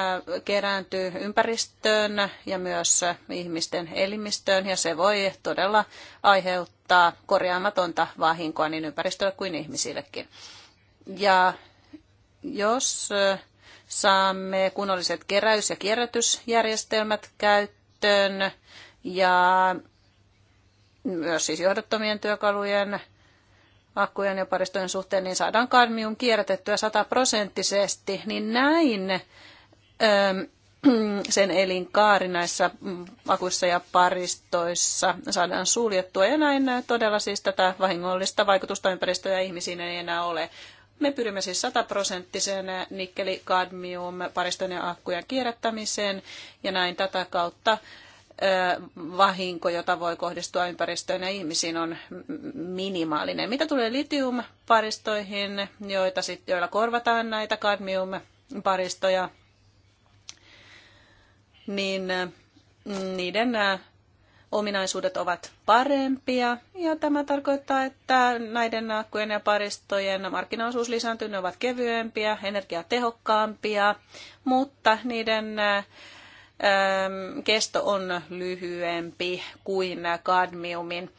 kerääntyy ympäristöön ja myös ihmisten elimistöön ja se voi todella aiheuttaa korjaamatonta vahinkoa niin ympäristölle kuin ihmisillekin. Ja jos äh, saamme kunnolliset keräys- ja kierrätysjärjestelmät käyttöön ja myös siis johdottomien työkalujen akkujen ja paristojen suhteen, niin saadaan kadmium kierrätettyä sataprosenttisesti, niin näin ähm, sen elinkaari näissä mm, akuissa ja paristoissa saadaan suljettua. Ja näin todella siis tätä vahingollista vaikutusta ympäristöön ja ihmisiin ei enää ole. Me pyrimme siis sataprosenttiseen nikkeli-kadmium paristojen ja akkujen kierrättämiseen ja näin tätä kautta vahinko, jota voi kohdistua ympäristöön ja ihmisiin, on minimaalinen. Mitä tulee litiumparistoihin, joita sit, joilla korvataan näitä kadmiumparistoja, niin niiden ominaisuudet ovat parempia ja tämä tarkoittaa, että näiden akkujen ja paristojen markkinaosuus lisääntyy, ne ovat kevyempiä, energiatehokkaampia, mutta niiden kesto on lyhyempi kuin kadmiumin.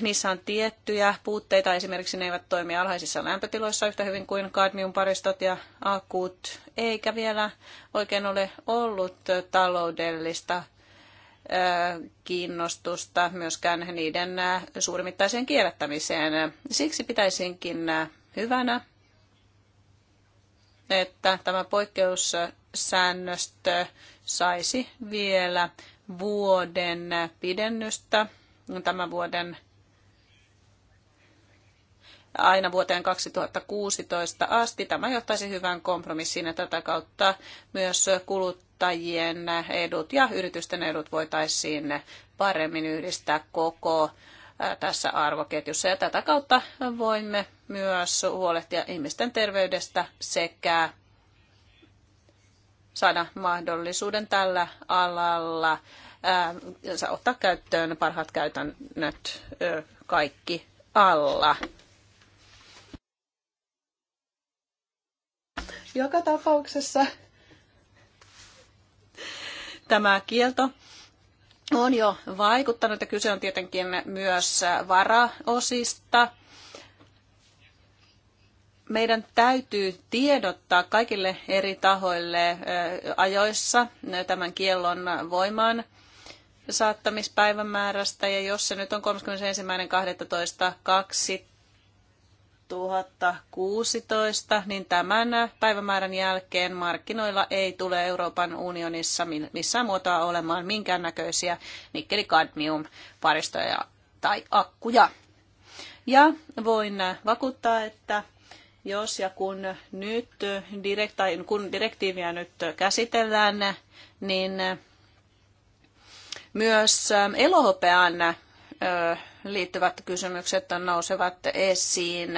Niissä on tiettyjä puutteita, esimerkiksi ne eivät toimi alhaisissa lämpötiloissa yhtä hyvin kuin kadmiumparistot ja akut, eikä vielä oikein ole ollut taloudellista kiinnostusta myöskään niiden suurimittaiseen kierrättämiseen. Siksi pitäisinkin hyvänä, että tämä poikkeus säännöstö saisi vielä vuoden pidennystä tämän vuoden aina vuoteen 2016 asti. Tämä johtaisi hyvään kompromissiin ja tätä kautta myös kuluttajien edut ja yritysten edut voitaisiin paremmin yhdistää koko tässä arvoketjussa. Ja tätä kautta voimme myös huolehtia ihmisten terveydestä sekä saada mahdollisuuden tällä alalla ää, ottaa käyttöön parhaat käytännöt ö, kaikki alla. Joka tapauksessa tämä kielto on jo vaikuttanut ja kyse on tietenkin myös varaosista meidän täytyy tiedottaa kaikille eri tahoille ajoissa tämän kiellon voimaan saattamispäivämäärästä. Ja jos se nyt on 31.12.2016, niin tämän päivämäärän jälkeen markkinoilla ei tule Euroopan unionissa missään muotoa olemaan minkäännäköisiä nikkeli-kadmium-paristoja tai akkuja. Ja voin vakuuttaa, että jos ja kun nyt direkt, kun direktiiviä nyt käsitellään, niin myös elohopean liittyvät kysymykset nousevat esiin.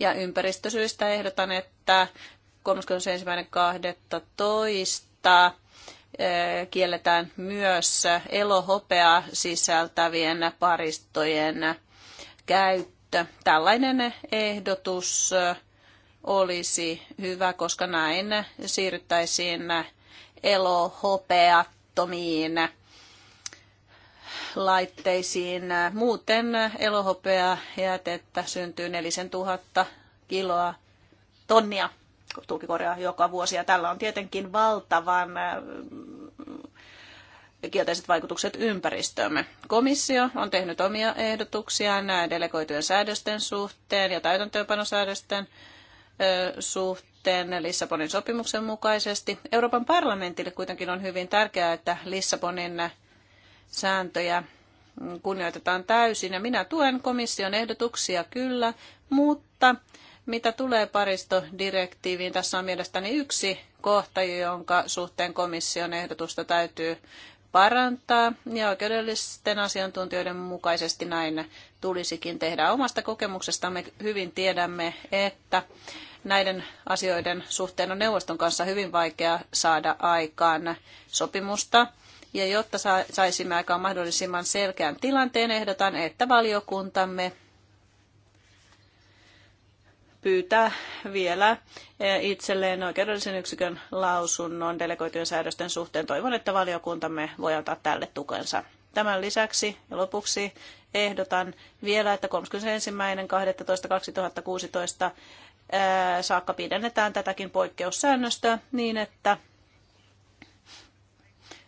Ja ympäristösyistä ehdotan, että 31.12. kielletään myös elohopea sisältävien paristojen käyttö. Tällainen ehdotus olisi hyvä, koska näin siirryttäisiin elohopeattomiin laitteisiin. Muuten elohopea jätettä syntyy nelisen tuhatta kiloa tonnia tulkikorjaa joka vuosi. Ja tällä on tietenkin valtavan äh, kielteiset vaikutukset ympäristöömme. Komissio on tehnyt omia ehdotuksiaan delegoitujen säädösten suhteen ja täytäntöönpanosäädösten suhteen suhteen Lissabonin sopimuksen mukaisesti. Euroopan parlamentille kuitenkin on hyvin tärkeää, että Lissabonin sääntöjä kunnioitetaan täysin. Ja minä tuen komission ehdotuksia kyllä, mutta mitä tulee paristodirektiiviin, tässä on mielestäni yksi kohta, jonka suhteen komission ehdotusta täytyy parantaa ja oikeudellisten asiantuntijoiden mukaisesti näin tulisikin tehdä. Omasta kokemuksestamme hyvin tiedämme, että näiden asioiden suhteen on neuvoston kanssa hyvin vaikea saada aikaan sopimusta. Ja jotta saisimme aikaan mahdollisimman selkeän tilanteen, ehdotan, että valiokuntamme pyytää vielä eh, itselleen oikeudellisen yksikön lausunnon delegoitujen säädösten suhteen. Toivon, että valiokuntamme voi antaa tälle tukensa. Tämän lisäksi ja lopuksi ehdotan vielä, että 31.12.2016 eh, saakka pidennetään tätäkin poikkeussäännöstä niin, että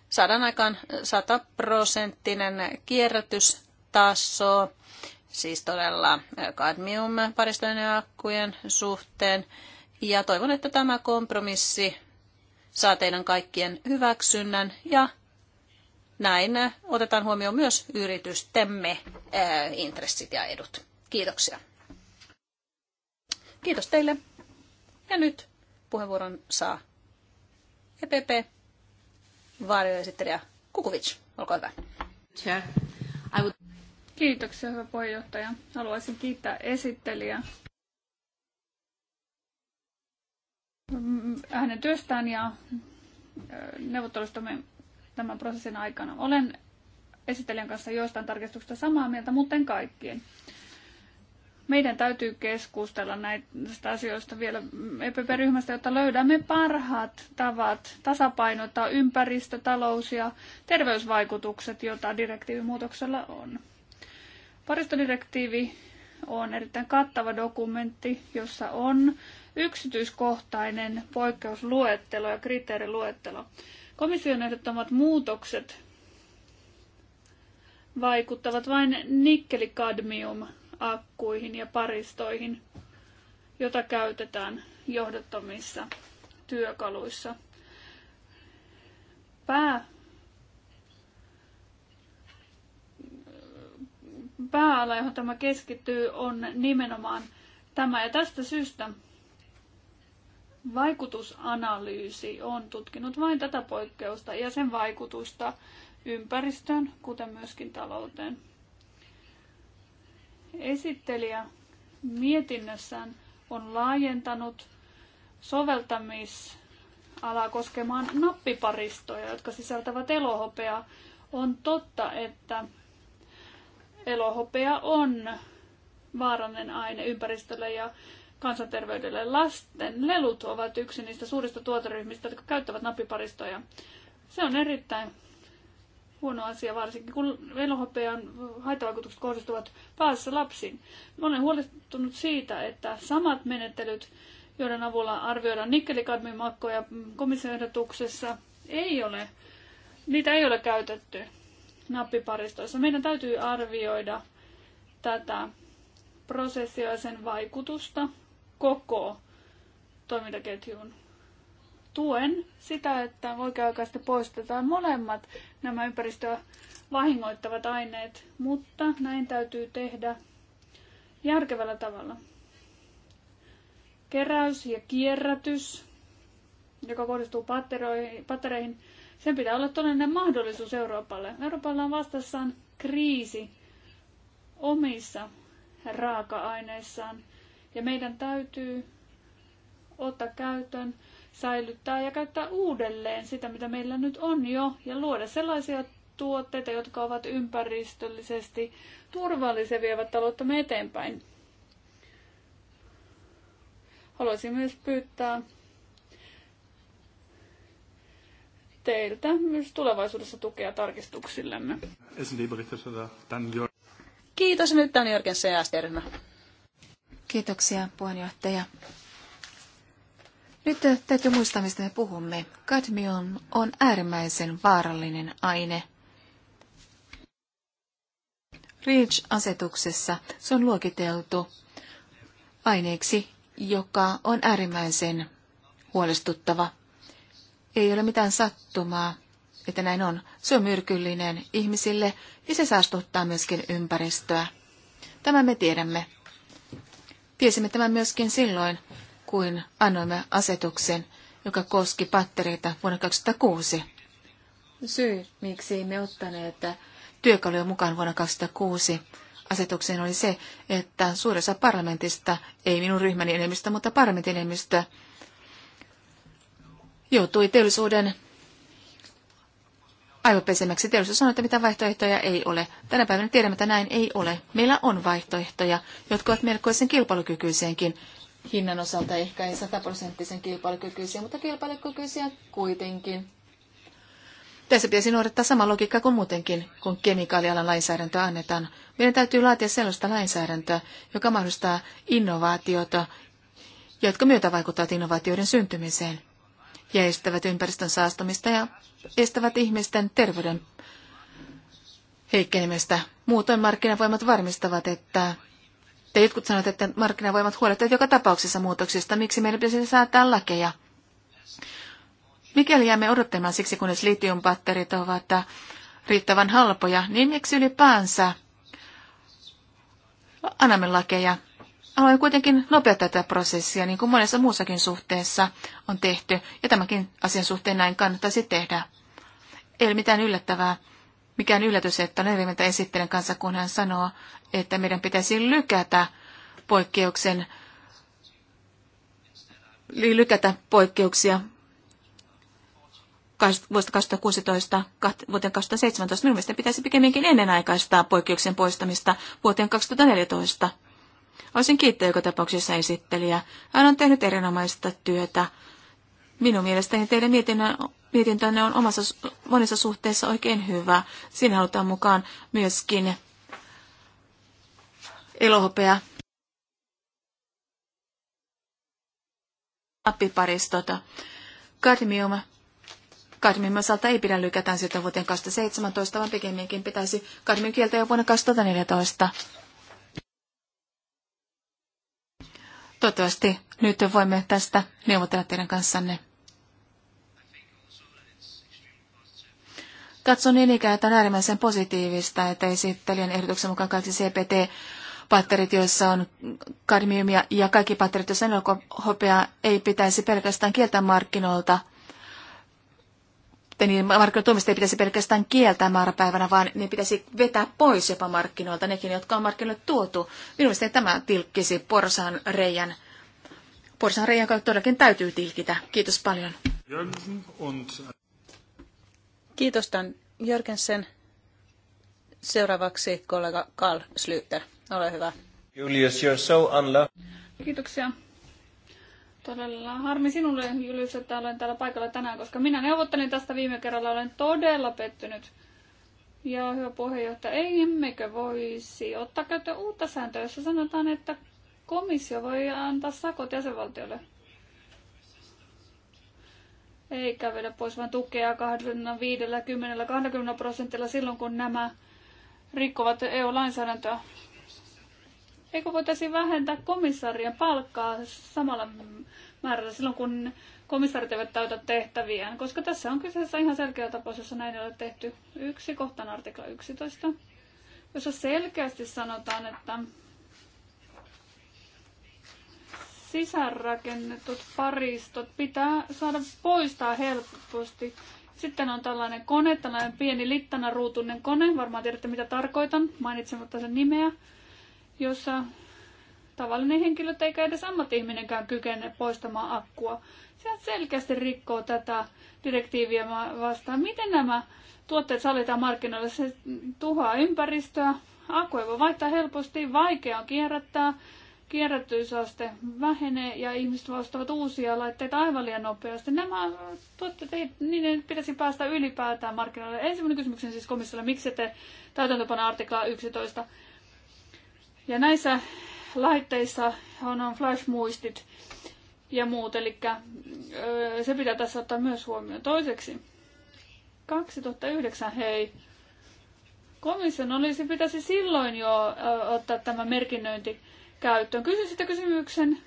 saadaan aikaan 100 prosenttinen kierrätystaso siis todella kadmium paristojen akkujen suhteen. Ja toivon, että tämä kompromissi saa teidän kaikkien hyväksynnän ja näin otetaan huomioon myös yritystemme intressit ja edut. Kiitoksia. Kiitos teille. Ja nyt puheenvuoron saa EPP varjoesittelijä Kukovic. Olkaa hyvä. Kiitoksia, hyvä puheenjohtaja. Haluaisin kiittää esittelijää hänen työstään ja neuvottelustamme tämän prosessin aikana. Olen esittelijän kanssa joistain tarkistuksista samaa mieltä, muuten kaikkien. Meidän täytyy keskustella näistä asioista vielä EPP-ryhmästä, jotta löydämme parhaat tavat tasapainottaa ympäristö, talous ja terveysvaikutukset, joita direktiivimuutoksella on. Paristodirektiivi on erittäin kattava dokumentti, jossa on yksityiskohtainen poikkeusluettelo ja kriteeriluettelo. Komission ehdottomat muutokset vaikuttavat vain nikkelikadmium-akkuihin ja paristoihin, jota käytetään johdottomissa työkaluissa. Pää pääala, johon tämä keskittyy, on nimenomaan tämä. Ja tästä syystä vaikutusanalyysi on tutkinut vain tätä poikkeusta ja sen vaikutusta ympäristöön, kuten myöskin talouteen. Esittelijä mietinnössään on laajentanut soveltamisalaa koskemaan nappiparistoja, jotka sisältävät elohopeaa. On totta, että elohopea on vaarallinen aine ympäristölle ja kansanterveydelle. Lasten lelut ovat yksi niistä suurista tuoteryhmistä, jotka käyttävät napiparistoja. Se on erittäin huono asia, varsinkin kun elohopean haittavaikutukset kohdistuvat päässä lapsiin. Olen huolestunut siitä, että samat menettelyt, joiden avulla arvioidaan nikkelikadmimakkoja komission ehdotuksessa, ei ole, niitä ei ole käytetty nappiparistoissa. Meidän täytyy arvioida tätä prosessia ja sen vaikutusta koko toimintaketjuun. Tuen sitä, että oikea-aikaisesti poistetaan molemmat nämä ympäristöä vahingoittavat aineet, mutta näin täytyy tehdä järkevällä tavalla. Keräys ja kierrätys, joka kohdistuu patteroihin, pattereihin, sen pitää olla todellinen mahdollisuus Euroopalle. Euroopalla on vastassaan kriisi omissa raaka-aineissaan ja meidän täytyy ottaa käytön, säilyttää ja käyttää uudelleen sitä, mitä meillä nyt on jo ja luoda sellaisia tuotteita, jotka ovat ympäristöllisesti turvallisia, vievät talouttamme eteenpäin. Haluaisin myös pyytää teiltä myös tulevaisuudessa tukea tarkistuksillemme. Kiitos. Nyt tämä Jörgen CS-ryhmä. Kiitoksia, puheenjohtaja. Nyt täytyy muistaa, mistä me puhumme. Kadmium on äärimmäisen vaarallinen aine. REACH-asetuksessa se on luokiteltu aineeksi, joka on äärimmäisen huolestuttava ei ole mitään sattumaa, että näin on. Se on myrkyllinen ihmisille ja se saastuttaa myöskin ympäristöä. Tämä me tiedämme. Tiesimme tämän myöskin silloin, kun annoimme asetuksen, joka koski pattereita vuonna 2006. Syy, miksi me ottaneet työkaluja mukaan vuonna 2006 asetukseen oli se, että suuressa parlamentista, ei minun ryhmäni enemmistö, mutta parlamentin enemmistö, joutui teollisuuden aivopesemäksi. Teollisuus sanoi, että mitä vaihtoehtoja ei ole. Tänä päivänä tiedämme, että näin ei ole. Meillä on vaihtoehtoja, jotka ovat melkoisen kilpailukykyisenkin. Hinnan osalta ehkä ei sataprosenttisen kilpailukykyisiä, mutta kilpailukykyisiä kuitenkin. Tässä pitäisi noudattaa sama logiikka kuin muutenkin, kun kemikaalialan lainsäädäntöä annetaan. Meidän täytyy laatia sellaista lainsäädäntöä, joka mahdollistaa innovaatiota, jotka myötä vaikuttavat innovaatioiden syntymiseen ja estävät ympäristön saastumista ja estävät ihmisten terveyden heikkenemistä. Muutoin markkinavoimat varmistavat, että te jotkut sanotte, että markkinavoimat huolehtivat joka tapauksessa muutoksista. Miksi meidän pitäisi säätää lakeja? Mikäli jäämme odottamaan siksi, kunnes litiumpatterit ovat riittävän halpoja, niin miksi ylipäänsä annamme lakeja Aloin kuitenkin nopeuttaa tätä prosessia, niin kuin monessa muussakin suhteessa on tehty, ja tämäkin asian suhteen näin kannattaisi tehdä. Ei ole mitään yllättävää, mikään yllätys, että Nevimeltä esittelen kanssa, kun hän sanoo, että meidän pitäisi lykätä poikkeuksen, lykätä poikkeuksia vuodesta 2016 vuoteen 2017. Minun mielestäni pitäisi pikemminkin ennenaikaistaa poikkeuksen poistamista vuoteen 2014. Olisin kiittää joka tapauksessa esittelijä. Hän on tehnyt erinomaista työtä. Minun mielestäni teidän mietintönne on omassa, monissa suhteissa oikein hyvä. Siinä halutaan mukaan myöskin elohopea Appiparistota. Kadmium. Kadmium osalta ei pidä lykätä sitä vuoteen 2017, vaan pikemminkin pitäisi kadmium kieltä jo vuonna 2014. Toivottavasti nyt voimme tästä neuvotella teidän kanssanne. Katson niin ikään, että on äärimmäisen positiivista, että esittelijän ehdotuksen mukaan kaikki CPT patterit, joissa on kadmiumia ja kaikki patterit, joissa on hopeaa, ei pitäisi pelkästään kieltää markkinoilta – niin markkinoitumista ei pitäisi pelkästään kieltää määräpäivänä, vaan ne pitäisi vetää pois jopa markkinoilta, nekin, jotka on markkinoille tuotu. Minun mielestäni tämä tilkkisi porsaan reijän. Porsaan reijän todellakin täytyy tilkitä. Kiitos paljon. Kiitos Dan Jörgensen. Seuraavaksi kollega Karl Slyter. Ole hyvä. Julius, you're so unlucky. Kiitoksia. Todella harmi sinulle, Julius, että olen täällä paikalla tänään, koska minä neuvottelin tästä viime kerralla. Olen todella pettynyt. Ja hyvä puheenjohtaja, ei emmekö voisi ottaa käyttöön uutta sääntöä, jossa sanotaan, että komissio voi antaa sakot jäsenvaltiolle. Eikä kävele pois vaan tukea 25 20 prosentilla silloin, kun nämä rikkovat EU-lainsäädäntöä. Eikö voitaisiin vähentää komissaarien palkkaa samalla määrällä silloin, kun komissaarit eivät täytä tehtäviään? Koska tässä on kyseessä ihan selkeä tapaus, jossa näin ei ole tehty. Yksi kohtaan artikla 11, jossa selkeästi sanotaan, että sisäänrakennetut paristot pitää saada poistaa helposti. Sitten on tällainen kone, tällainen pieni littana ruutunen kone, varmaan tiedätte mitä tarkoitan, mainitsematta sen nimeä jossa tavallinen henkilö eikä edes ammattiihminenkään kykene poistamaan akkua. Se selkeästi rikkoo tätä direktiiviä vastaan. Miten nämä tuotteet salitaan markkinoille? Se tuhoaa ympäristöä, akku ei voi vaihtaa helposti, vaikea on kierrättää, kierrättyysaste vähenee ja ihmiset vastaavat uusia laitteita aivan liian nopeasti. Nämä tuotteet, ei, niiden pitäisi päästä ylipäätään markkinoille. Ensimmäinen kysymys siis komissiolle, miksi te täytäntöpana artiklaa 11 ja näissä laitteissa on, on flash-muistit ja muut, eli se pitää tässä ottaa myös huomioon. Toiseksi, 2009 hei, komission olisi pitäisi silloin jo ottaa tämä merkinnöinti käyttöön. Kysyin sitä kysymyksen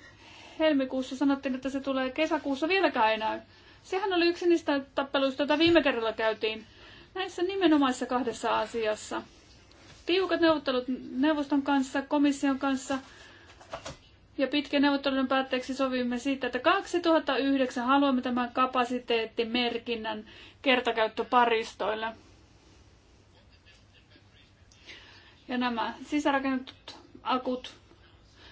helmikuussa, sanottiin, että se tulee kesäkuussa, vieläkään ei näy. Sehän oli yksi niistä tappeluista, joita viime kerralla käytiin näissä nimenomaisissa kahdessa asiassa tiukat neuvottelut neuvoston kanssa, komission kanssa. Ja pitkän neuvottelun päätteeksi sovimme siitä, että 2009 haluamme tämän kapasiteettimerkinnän kertakäyttöparistoille. Ja nämä sisärakennetut akut,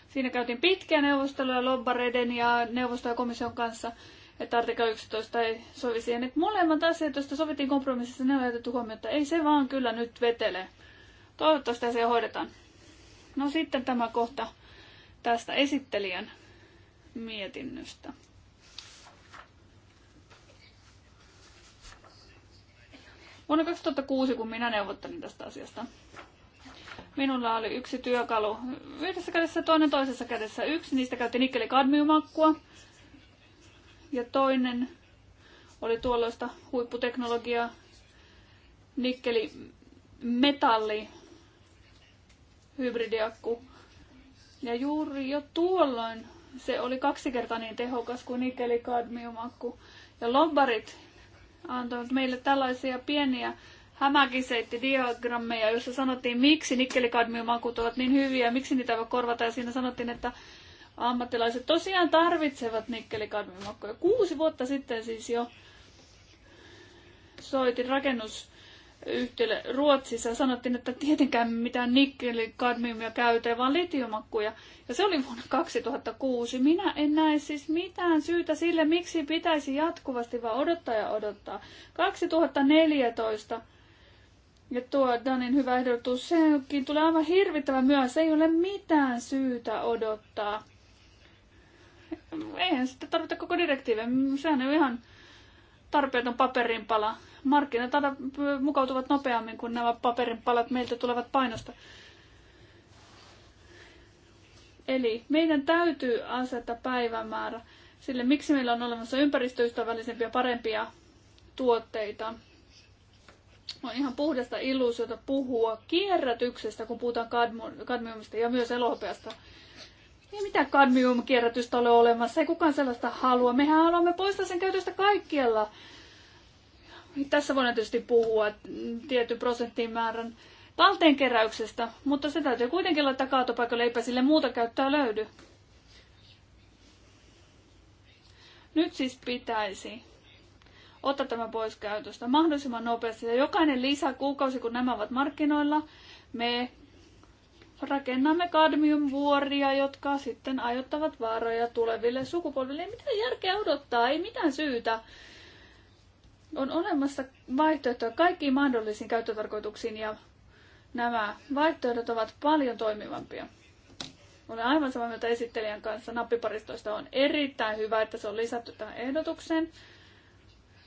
siinä käytiin pitkiä neuvosteluja lobbareiden ja neuvoston ja komission kanssa, että artikla 11 ei sovi siihen. Että molemmat asiat, joista sovittiin kompromississa, ne on jätetty huomioon, että ei se vaan kyllä nyt vetele. Toivottavasti se hoidetaan. No sitten tämä kohta tästä esittelijän mietinnöstä. Vuonna 2006, kun minä neuvottelin tästä asiasta, minulla oli yksi työkalu. Yhdessä kädessä toinen toisessa kädessä. Yksi niistä käytti nikkeli-kadmiumakkua ja toinen oli tuolloista huipputeknologiaa nikkeli metalli hybridiakku. Ja juuri jo tuolloin se oli kaksi kertaa niin tehokas kuin nikeli-kadmiumakku. Ja lobbarit antoivat meille tällaisia pieniä hämäkiseittidiagrammeja, diagrammeja joissa sanottiin, miksi nikkelikadmiumakut ovat niin hyviä, miksi niitä voi korvata, ja siinä sanottiin, että ammattilaiset tosiaan tarvitsevat nikkelikadmiumakkoja. Kuusi vuotta sitten siis jo soitin rakennus yhtiölle Ruotsissa sanottiin, että tietenkään mitään kadmiumia käytä, vaan litiumakkuja. Ja se oli vuonna 2006. Minä en näe siis mitään syytä sille, miksi pitäisi jatkuvasti vaan odottaa ja odottaa. 2014 ja tuo Danin hyvä ehdotus, sekin tulee aivan hirvittävän myöhässä. Ei ole mitään syytä odottaa. Eihän sitä tarvita koko direktiiviä. Sehän on ihan tarpeeton paperinpala markkinat aina mukautuvat nopeammin, kun nämä paperin palat meiltä tulevat painosta. Eli meidän täytyy asettaa päivämäärä sille, miksi meillä on olemassa ympäristöystävällisempiä, parempia tuotteita. On ihan puhdasta illuusiota puhua kierrätyksestä, kun puhutaan kadmiumista ja myös elohopeasta. Ei mitään kadmiumkierrätystä ole olemassa, ei kukaan sellaista halua. Mehän haluamme poistaa sen käytöstä kaikkialla tässä voidaan tietysti puhua tietyn prosenttimäärän keräyksestä, mutta se täytyy kuitenkin laittaa kaatopaikalle, eipä sille muuta käyttöä löydy. Nyt siis pitäisi ottaa tämä pois käytöstä mahdollisimman nopeasti. Ja jokainen kuukausi, kun nämä ovat markkinoilla, me rakennamme kadmiumvuoria, jotka sitten aiottavat vaaroja tuleville sukupolville. Ei mitään järkeä odottaa, ei mitään syytä on olemassa vaihtoehtoja kaikkiin mahdollisiin käyttötarkoituksiin ja nämä vaihtoehdot ovat paljon toimivampia. Olen aivan samaa mieltä esittelijän kanssa. Nappiparistoista on erittäin hyvä, että se on lisätty tähän ehdotukseen.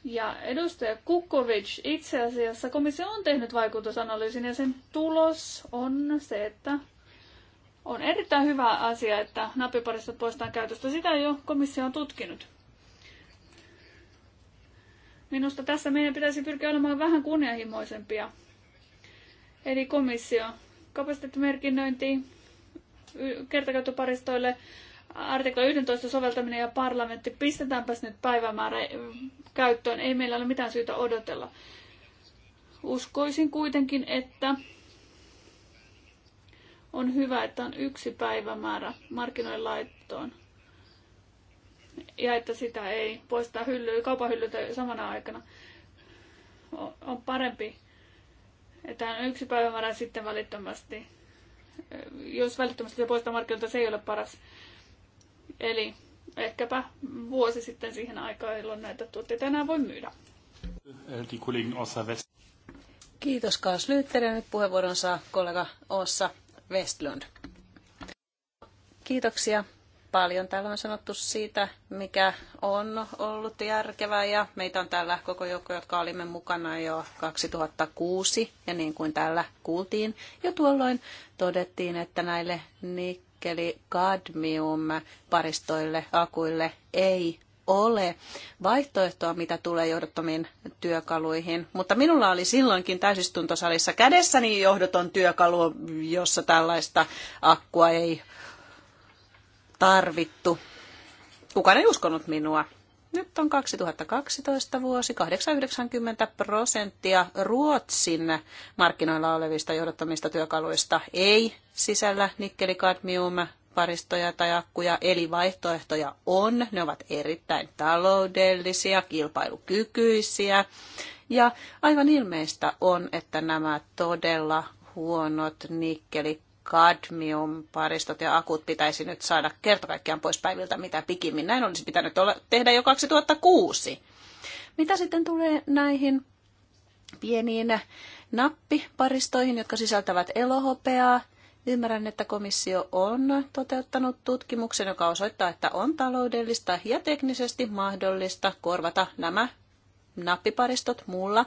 Ja edustaja Kukovic itse asiassa komissio on tehnyt vaikutusanalyysin ja sen tulos on se, että on erittäin hyvä asia, että nappiparistot poistetaan käytöstä. Sitä jo komissio on tutkinut. Minusta tässä meidän pitäisi pyrkiä olemaan vähän kunnianhimoisempia. Eli komissio, kapasiteettimerkinnöinti, kertakäyttöparistoille, artikla 11 soveltaminen ja parlamentti, pistetäänpäs nyt päivämäärä eh, käyttöön, ei meillä ole mitään syytä odotella. Uskoisin kuitenkin, että on hyvä, että on yksi päivämäärä markkinoiden laittoon ja että sitä ei poistaa hyllyä, kaupan hyllyltä samana aikana. On parempi, että on yksi päivämäärä sitten välittömästi. Jos välittömästi se poistaa markkinoilta, se ei ole paras. Eli ehkäpä vuosi sitten siihen aikaan, jolloin näitä tuotteita enää voi myydä. Kiitos Kaas Lyytteri. nyt puheenvuoron saa kollega Ossa Westlund. Kiitoksia Paljon täällä on sanottu siitä, mikä on ollut järkevää ja meitä on täällä koko joukko, jotka olimme mukana jo 2006 ja niin kuin täällä kuultiin jo tuolloin todettiin, että näille nikkeli kadmium paristoille akuille ei ole vaihtoehtoa, mitä tulee johdottomiin työkaluihin. Mutta minulla oli silloinkin täysistuntosalissa kädessäni johdoton työkalu, jossa tällaista akkua ei tarvittu. Kukaan ei uskonut minua. Nyt on 2012 vuosi, 890 prosenttia Ruotsin markkinoilla olevista johdottomista työkaluista ei sisällä nikkelikadmium paristoja tai akkuja, eli vaihtoehtoja on. Ne ovat erittäin taloudellisia, kilpailukykyisiä ja aivan ilmeistä on, että nämä todella huonot nikkeli kadmium, paristot ja akut pitäisi nyt saada kertakaikkiaan pois päiviltä mitä pikimmin. Näin olisi pitänyt olla, tehdä jo 2006. Mitä sitten tulee näihin pieniin nappiparistoihin, jotka sisältävät elohopeaa, Ymmärrän, että komissio on toteuttanut tutkimuksen, joka osoittaa, että on taloudellista ja teknisesti mahdollista korvata nämä nappiparistot muulla.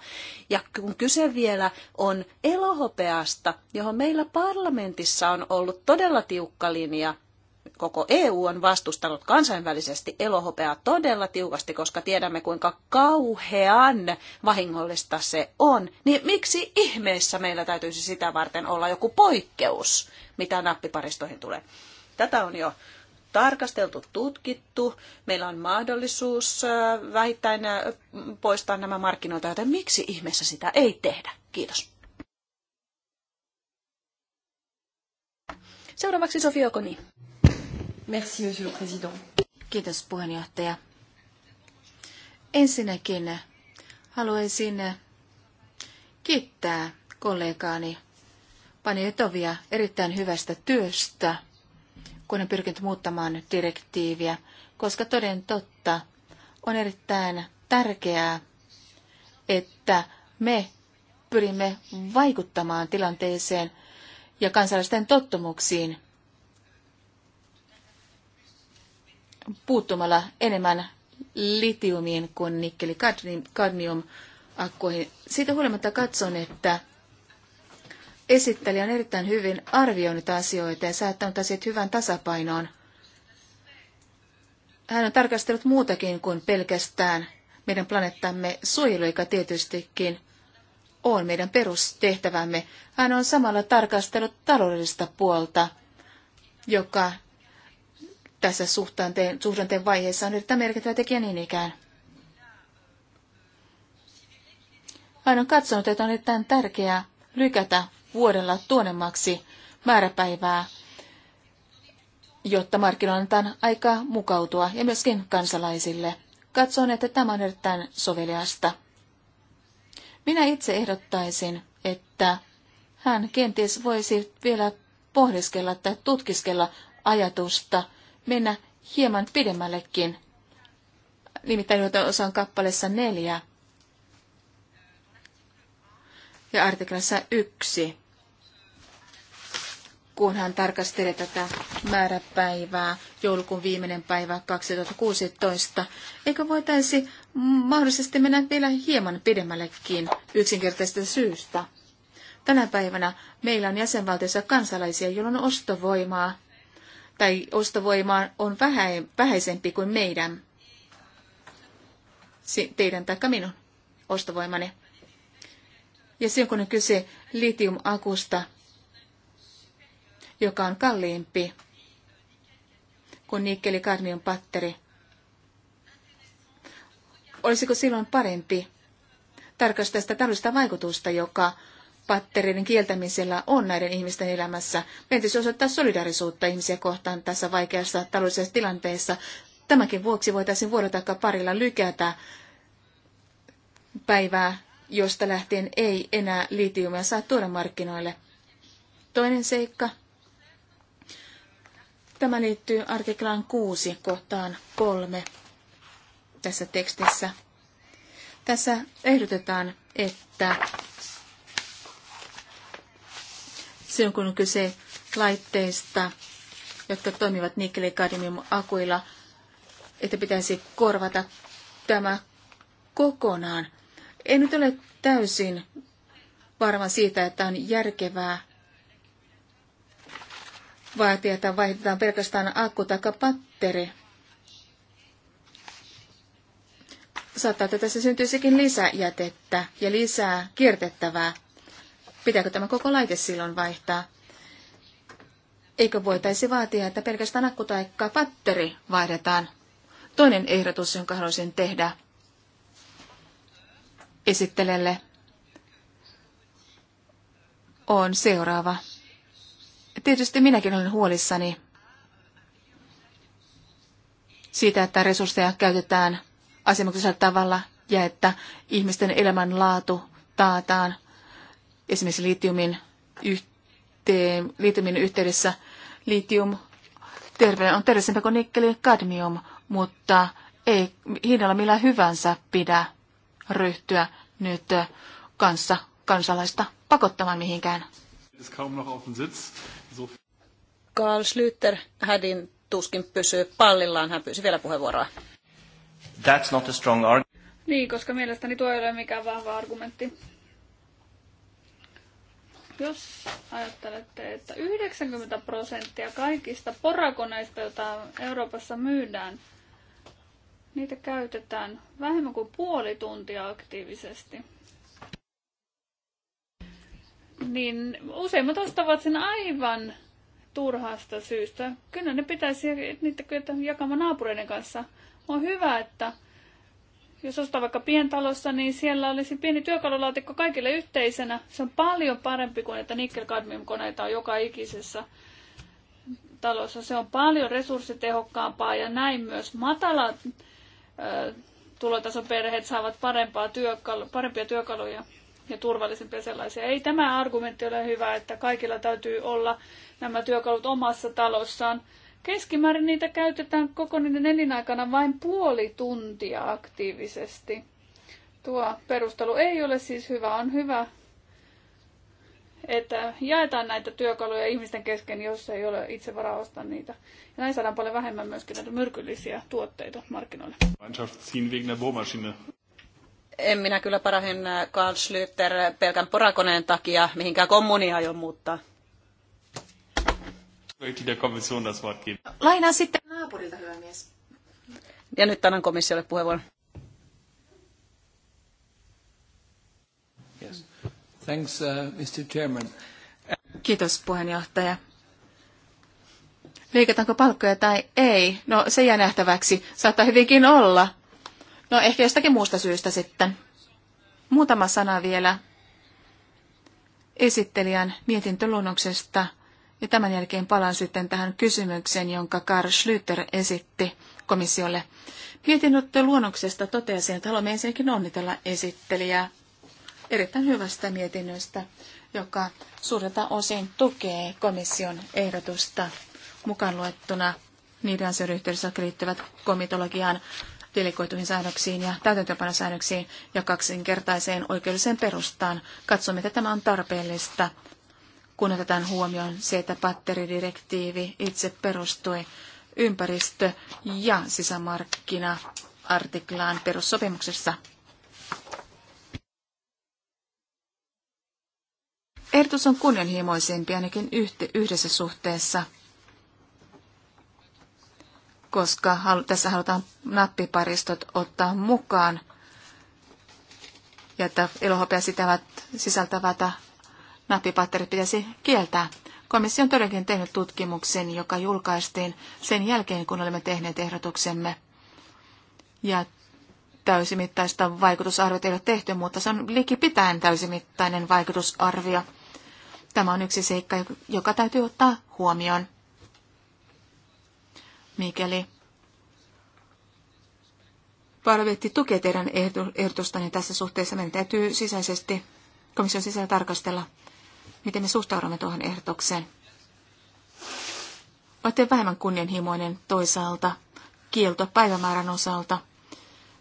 Ja kun kyse vielä on elohopeasta, johon meillä parlamentissa on ollut todella tiukka linja, koko EU on vastustanut kansainvälisesti elohopeaa todella tiukasti, koska tiedämme kuinka kauhean vahingollista se on, niin miksi ihmeessä meillä täytyisi sitä varten olla joku poikkeus, mitä nappiparistoihin tulee? Tätä on jo tarkasteltu, tutkittu. Meillä on mahdollisuus väittäin poistaa nämä markkinoita, joten miksi ihmeessä sitä ei tehdä? Kiitos. Seuraavaksi Sofia Okoni. Merci, monsieur le président. Kiitos, puheenjohtaja. Ensinnäkin haluaisin kiittää kollegaani Pani Etovia erittäin hyvästä työstä kun on pyrkinyt muuttamaan direktiiviä, koska toden totta on erittäin tärkeää, että me pyrimme vaikuttamaan tilanteeseen ja kansalaisten tottumuksiin puuttumalla enemmän litiumiin kuin nikkeli-kadmium-akkuihin. Siitä huolimatta katson, että esittelijä on erittäin hyvin arvioinut asioita ja saattanut asiat hyvän tasapainoon. Hän on tarkastellut muutakin kuin pelkästään meidän planeettamme suojelu, joka tietystikin on meidän perustehtävämme. Hän on samalla tarkastellut taloudellista puolta, joka tässä suhdanteen, suhdanteen vaiheessa on erittäin merkittävä tekijä niin ikään. Hän on katsonut, että on erittäin tärkeää lykätä vuodella tuonemmaksi määräpäivää, jotta markkinoilla annetaan aikaa mukautua ja myöskin kansalaisille. Katson, että tämä on erittäin soveliasta. Minä itse ehdottaisin, että hän kenties voisi vielä pohdiskella tai tutkiskella ajatusta, mennä hieman pidemmällekin. Nimittäin osan kappaleessa neljä ja artiklassa yksi kun hän tarkastelee tätä määräpäivää, joulukuun viimeinen päivä 2016. Eikö voitaisi mahdollisesti mennä vielä hieman pidemmällekin yksinkertaisesta syystä? Tänä päivänä meillä on jäsenvaltiossa kansalaisia, joilla on ostovoimaa, tai ostovoima on vähäisempi kuin meidän, teidän tai minun ostovoimani. Ja silloin kun on kyse litiumakusta, joka on kalliimpi kuin nikkeli karmion patteri. Olisiko silloin parempi tarkastaa sitä taloudellista vaikutusta, joka patterien kieltämisellä on näiden ihmisten elämässä. Meidän täytyy osoittaa solidarisuutta ihmisiä kohtaan tässä vaikeassa taloudellisessa tilanteessa. Tämäkin vuoksi voitaisiin vuodotakka parilla lykätä päivää, josta lähtien ei enää litiumia saa tuoda markkinoille. Toinen seikka – Tämä liittyy artiklaan 6 kohtaan 3 tässä tekstissä. Tässä ehdotetaan, että silloin kun on kyse laitteista, jotka toimivat nikkelikadmium-akuilla, että pitäisi korvata tämä kokonaan. En nyt ole täysin varma siitä, että on järkevää vaatii, että vaihdetaan pelkästään akku tai patteri. Saattaa, että tässä syntyisikin lisäjätettä ja lisää kiertettävää. Pitääkö tämä koko laite silloin vaihtaa? Eikö voitaisi vaatia, että pelkästään akku tai patteri vaihdetaan? Toinen ehdotus, jonka haluaisin tehdä esittelelle, on seuraava. Tietysti minäkin olen huolissani siitä, että resursseja käytetään asianmukaisella tavalla ja että ihmisten elämänlaatu taataan esimerkiksi litiumin, yhteen, litiumin yhteydessä. Litium terve, on terveellisempi kuin nikkeli kadmium, mutta ei hinnalla millä hyvänsä pidä ryhtyä nyt kanssa kansalaista pakottamaan mihinkään. Karl Schlüter, hädin tuskin pysyy pallillaan, hän pyysi vielä puheenvuoroa. That's not a strong argument. Niin, koska mielestäni tuo ei ole mikään vahva argumentti. Jos ajattelette, että 90 prosenttia kaikista porakoneista, joita Euroopassa myydään, niitä käytetään vähemmän kuin puoli tuntia aktiivisesti niin useimmat ostavat sen aivan turhasta syystä. Kyllä ne pitäisi niitä kyetä jakamaan naapureiden kanssa. On hyvä, että jos ostaa vaikka pientalossa, niin siellä olisi pieni työkalulaatikko kaikille yhteisenä. Se on paljon parempi kuin, että nickel cadmium koneita on joka ikisessä talossa. Se on paljon resurssitehokkaampaa ja näin myös matala tulotason perheet saavat parempaa työkalu, parempia työkaluja ja turvallisempia sellaisia. Ei tämä argumentti ole hyvä, että kaikilla täytyy olla nämä työkalut omassa talossaan. Keskimäärin niitä käytetään koko niiden elinaikana vain puoli tuntia aktiivisesti. Tuo perustelu ei ole siis hyvä. On hyvä, että jaetaan näitä työkaluja ihmisten kesken, jos ei ole itse varaa ostaa niitä. Ja näin saadaan paljon vähemmän myöskin näitä myrkyllisiä tuotteita markkinoille en minä kyllä parahin Karl äh, Schlüter pelkän porakoneen takia mihinkään kommunia jo muuttaa. Lainaa sitten naapurilta, hyvä mies. Ja nyt annan komissiolle puheenvuoron. Yes. Thanks, uh, Mr. Chairman. Kiitos puheenjohtaja. Leikataanko palkkoja tai ei? No se jää nähtäväksi. Saattaa hyvinkin olla. No ehkä jostakin muusta syystä sitten. Muutama sana vielä esittelijän mietintöluonnoksesta ja tämän jälkeen palaan sitten tähän kysymykseen, jonka Karl Schlüter esitti komissiolle. luonnoksesta totesin, että haluamme ensinnäkin onnitella esittelijää erittäin hyvästä mietinnöstä, joka suurelta osin tukee komission ehdotusta mukaan luettuna niiden asioiden yhteydessä, jotka liittyvät komitologiaan, delegoituihin säännöksiin ja täytäntöönpanosäännöksiin ja kaksinkertaiseen oikeudelliseen perustaan. Katsomme, että tämä on tarpeellista, kun otetaan huomioon se, että batteridirektiivi itse perustui ympäristö- ja sisämarkkina-artiklaan perussopimuksessa. Ehdotus on kunnianhimoisempi ainakin yhdessä suhteessa – koska tässä halutaan nappiparistot ottaa mukaan ja että elohopea sitävät, sisältävät nappipatterit pitäisi kieltää. Komissio on todellakin tehnyt tutkimuksen, joka julkaistiin sen jälkeen, kun olemme tehneet ehdotuksemme. Ja täysimittaista vaikutusarviota ei ole tehty, mutta se on likipitäen täysimittainen vaikutusarvio. Tämä on yksi seikka, joka täytyy ottaa huomioon mikäli parlamentti tukee teidän ehdotustanne tässä suhteessa. Meidän täytyy sisäisesti, komission sisällä tarkastella, miten me suhtaudumme tuohon ehdotukseen. Olette vähemmän kunnianhimoinen toisaalta kielto päivämäärän osalta.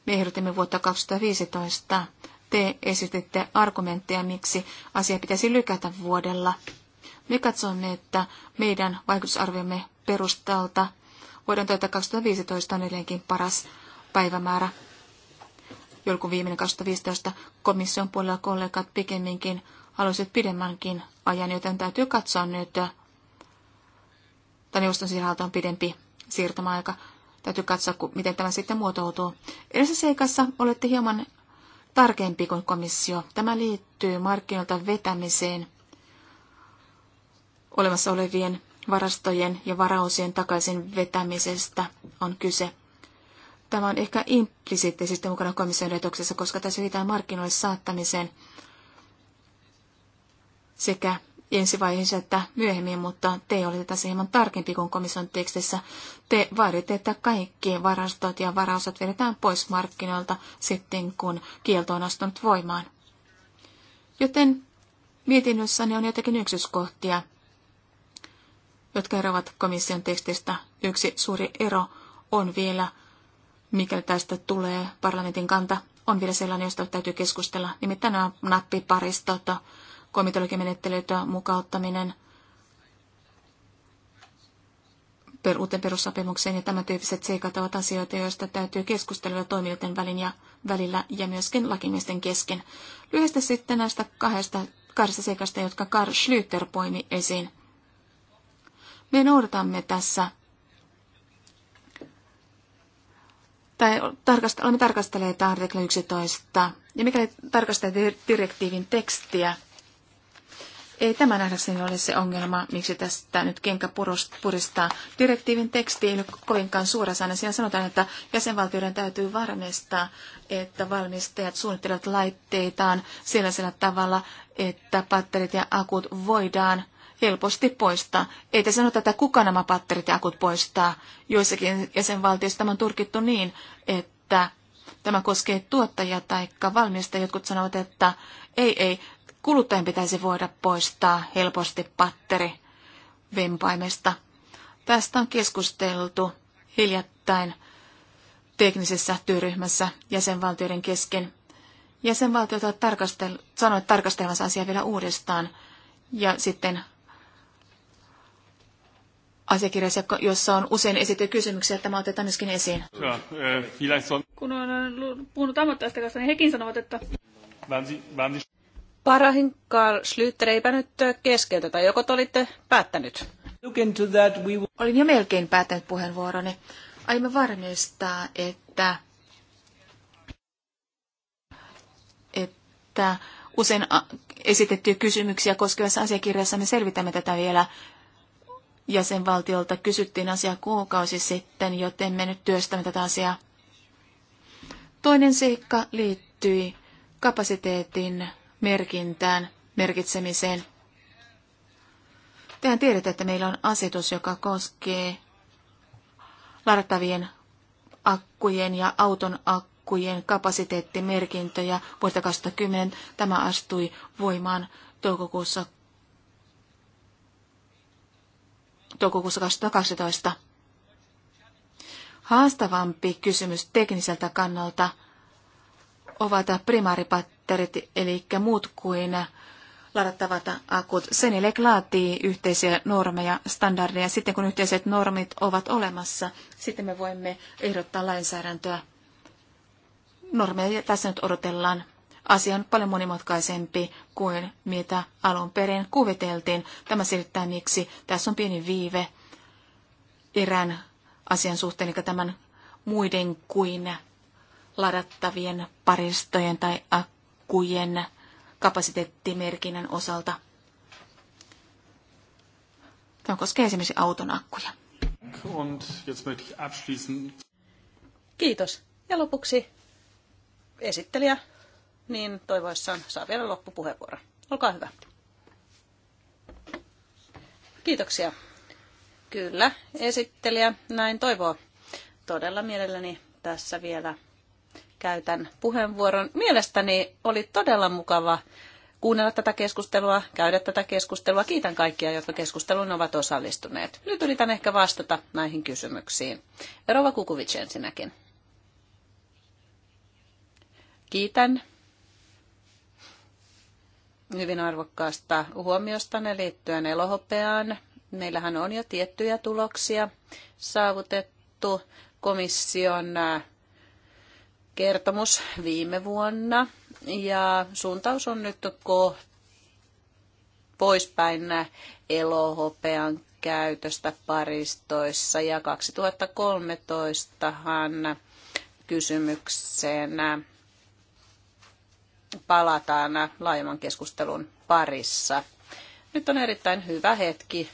Me ehdotimme vuotta 2015. Te esititte argumentteja, miksi asia pitäisi lykätä vuodella. Me katsomme, että meidän vaikutusarviomme perustalta Vuoden 2015 on edelleenkin paras päivämäärä. Joulukuun viimeinen 2015 komission puolella kollegat pikemminkin haluaisivat pidemmänkin ajan, joten täytyy katsoa nyt, äh, että neuvoston sisältä on pidempi siirtymäaika. Täytyy katsoa, miten tämä sitten muotoutuu. Edessä seikassa olette hieman tarkempi kuin komissio. Tämä liittyy markkinoilta vetämiseen olemassa olevien varastojen ja varausien takaisin vetämisestä on kyse. Tämä on ehkä implisiittisesti mukana komission retoksessa, koska tässä viitataan markkinoille saattamiseen sekä ensivaiheessa että myöhemmin, mutta te olette tässä hieman tarkempi kuin komission tekstissä. Te vaaditte, että kaikki varastot ja varausat vedetään pois markkinoilta sitten, kun kielto on astunut voimaan. Joten mietinnössäni on jotakin yksityiskohtia, jotka eroavat komission tekstistä. Yksi suuri ero on vielä, mikä tästä tulee parlamentin kanta, on vielä sellainen, josta täytyy keskustella. Nimittäin nämä nappiparistot, komitologimenettelyt, mukauttaminen per, uuteen perussopimukseen ja tämän tyyppiset seikat ovat asioita, joista täytyy keskustella toimijoiden välin ja, välillä ja myöskin lakimiesten kesken. Lyhyesti sitten näistä kahdesta, kahdesta seikasta, jotka Karl Schlüter poimi esiin. Me noudatamme tässä tai tarkast, olemme tarkastelleet artikla 11, ja mikäli tarkastelee direktiivin tekstiä, ei tämä nähdäkseni ole se ongelma, miksi tästä nyt kenkä puristaa. Direktiivin teksti ei ole kovinkaan suorasanainen. Siinä sanotaan, että jäsenvaltioiden täytyy varmistaa, että valmistajat suunnittelevat laitteitaan sellaisella tavalla, että patterit ja akut voidaan helposti poistaa. Ei te sanota, että kuka nämä patterit ja akut poistaa. Joissakin jäsenvaltioissa tämä on turkittu niin, että tämä koskee tuottajia tai valmista. Jotkut sanovat, että ei, ei, kuluttajan pitäisi voida poistaa helposti patteri vempaimesta. Tästä on keskusteltu hiljattain teknisessä työryhmässä jäsenvaltioiden kesken. Jäsenvaltiot tarkastel- sanoneet tarkastelevansa asiaa vielä uudestaan ja sitten asiakirjassa, jossa on usein esitetty kysymyksiä, että tämä otetaan myöskin esiin. Eh, Kun olen eh, puhunut ammattilaisten kanssa, niin hekin sanovat, että... Parahin Karl Schlüter päänyt nyt eh, tai joko te olitte päättänyt? Olin jo melkein päättänyt puheenvuoroni. Aiemme varmistaa, että, että usein esitettyjä kysymyksiä koskevassa asiakirjassa me selvitämme tätä vielä jäsenvaltiolta kysyttiin asiaa kuukausi sitten, joten me nyt työstämme tätä asiaa. Toinen seikka liittyi kapasiteetin merkintään, merkitsemiseen. Tehän tiedätte, että meillä on asetus, joka koskee ladattavien akkujen ja auton akkujen kapasiteettimerkintöjä vuodesta 2010. Tämä astui voimaan toukokuussa toukokuussa 2012. Haastavampi kysymys tekniseltä kannalta ovat primaaripatterit, eli muut kuin ladattavat akut. Senilek laatii yhteisiä normeja, standardeja. Sitten kun yhteiset normit ovat olemassa, sitten me voimme ehdottaa lainsäädäntöä. Normeja tässä nyt odotellaan. Asia on paljon monimutkaisempi kuin mitä alun perin kuviteltiin. Tämä selittää miksi. Tässä on pieni viive erään asian suhteen, eli tämän muiden kuin ladattavien paristojen tai akkujen kapasiteettimerkinnän osalta. Tämä koskee esimerkiksi auton akkuja. Kiitos. Ja lopuksi esittelijä niin toivoissaan saa vielä loppupuheenvuoro. Olkaa hyvä. Kiitoksia. Kyllä, esittelijä näin toivoo. Todella mielelläni tässä vielä käytän puheenvuoron. Mielestäni oli todella mukava kuunnella tätä keskustelua, käydä tätä keskustelua. Kiitän kaikkia, jotka keskusteluun ovat osallistuneet. Nyt yritän ehkä vastata näihin kysymyksiin. Rova Kukuvic ensinnäkin. Kiitän hyvin arvokkaasta huomiostanne liittyen elohopeaan. Meillähän on jo tiettyjä tuloksia saavutettu. Komission äh, kertomus viime vuonna ja suuntaus on nyt poispäin elohopean käytöstä paristoissa ja 2013 kysymyksenä palataan laajemman keskustelun parissa. Nyt on erittäin hyvä hetki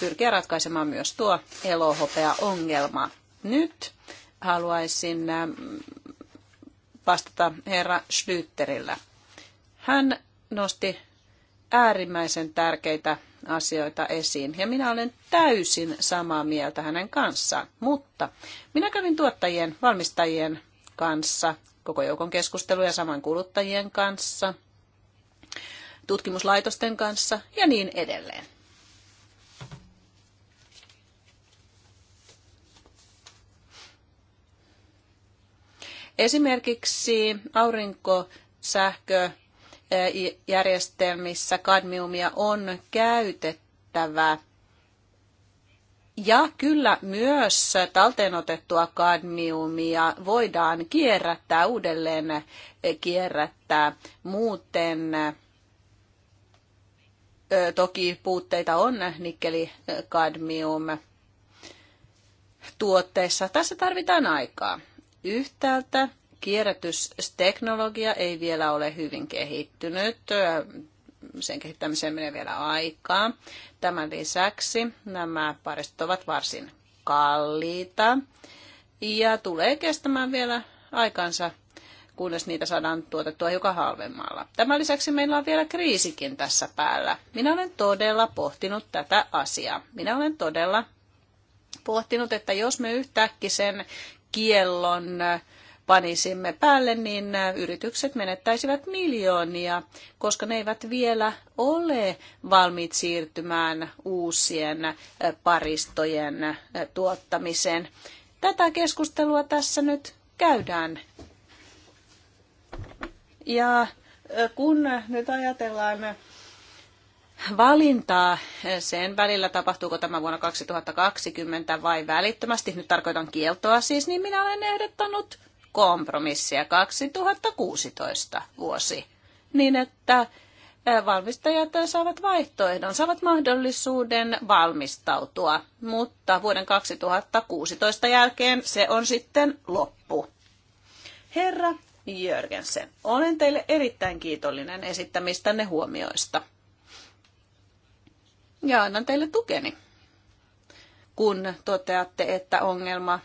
pyrkiä ratkaisemaan myös tuo elohopea-ongelma. Nyt haluaisin ähm, vastata herra Schlüterillä. Hän nosti äärimmäisen tärkeitä asioita esiin. Ja minä olen täysin samaa mieltä hänen kanssaan. Mutta minä kävin tuottajien, valmistajien kanssa koko joukon keskusteluja saman kuluttajien kanssa, tutkimuslaitosten kanssa ja niin edelleen. Esimerkiksi aurinkosähköjärjestelmissä kadmiumia on käytettävä ja kyllä myös talteenotettua kadmiumia voidaan kierrättää, uudelleen kierrättää. Muuten toki puutteita on nikkeli kadmium tuotteissa Tässä tarvitaan aikaa. Yhtäältä kierrätysteknologia ei vielä ole hyvin kehittynyt sen kehittämiseen menee vielä aikaa. Tämän lisäksi nämä paristot ovat varsin kalliita ja tulee kestämään vielä aikansa, kunnes niitä saadaan tuotettua joka halvemmalla. Tämän lisäksi meillä on vielä kriisikin tässä päällä. Minä olen todella pohtinut tätä asiaa. Minä olen todella pohtinut, että jos me yhtäkkiä sen kiellon panisimme päälle, niin yritykset menettäisivät miljoonia, koska ne eivät vielä ole valmiit siirtymään uusien paristojen tuottamiseen. Tätä keskustelua tässä nyt käydään. Ja kun nyt ajatellaan valintaa sen välillä, tapahtuuko tämä vuonna 2020 vai välittömästi, nyt tarkoitan kieltoa siis, niin minä olen ehdottanut kompromissia 2016 vuosi, niin että valmistajat saavat vaihtoehdon, saavat mahdollisuuden valmistautua, mutta vuoden 2016 jälkeen se on sitten loppu. Herra Jörgensen, olen teille erittäin kiitollinen esittämistänne huomioista. Ja annan teille tukeni, kun toteatte, että ongelma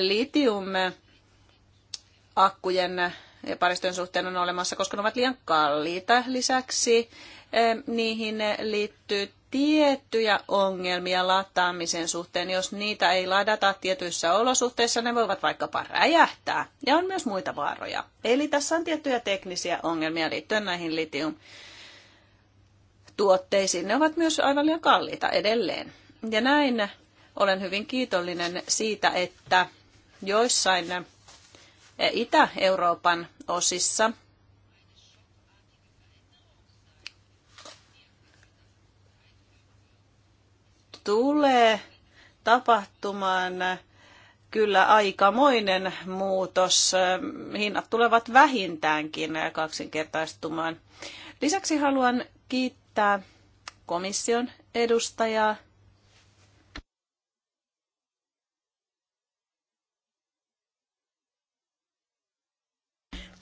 litium-akkujen ja paristojen suhteen on olemassa, koska ne ovat liian kalliita. Lisäksi eh, niihin liittyy tiettyjä ongelmia lataamisen suhteen. Jos niitä ei ladata tietyissä olosuhteissa, ne voivat vaikkapa räjähtää. Ja on myös muita vaaroja. Eli tässä on tiettyjä teknisiä ongelmia liittyen näihin litium tuotteisiin. Ne ovat myös aivan liian kalliita edelleen. Ja näin olen hyvin kiitollinen siitä, että joissain eh, Itä-Euroopan osissa tulee tapahtumaan eh, kyllä aikamoinen muutos. Eh, hinnat tulevat vähintäänkin kaksinkertaistumaan. Lisäksi haluan kiittää komission edustajaa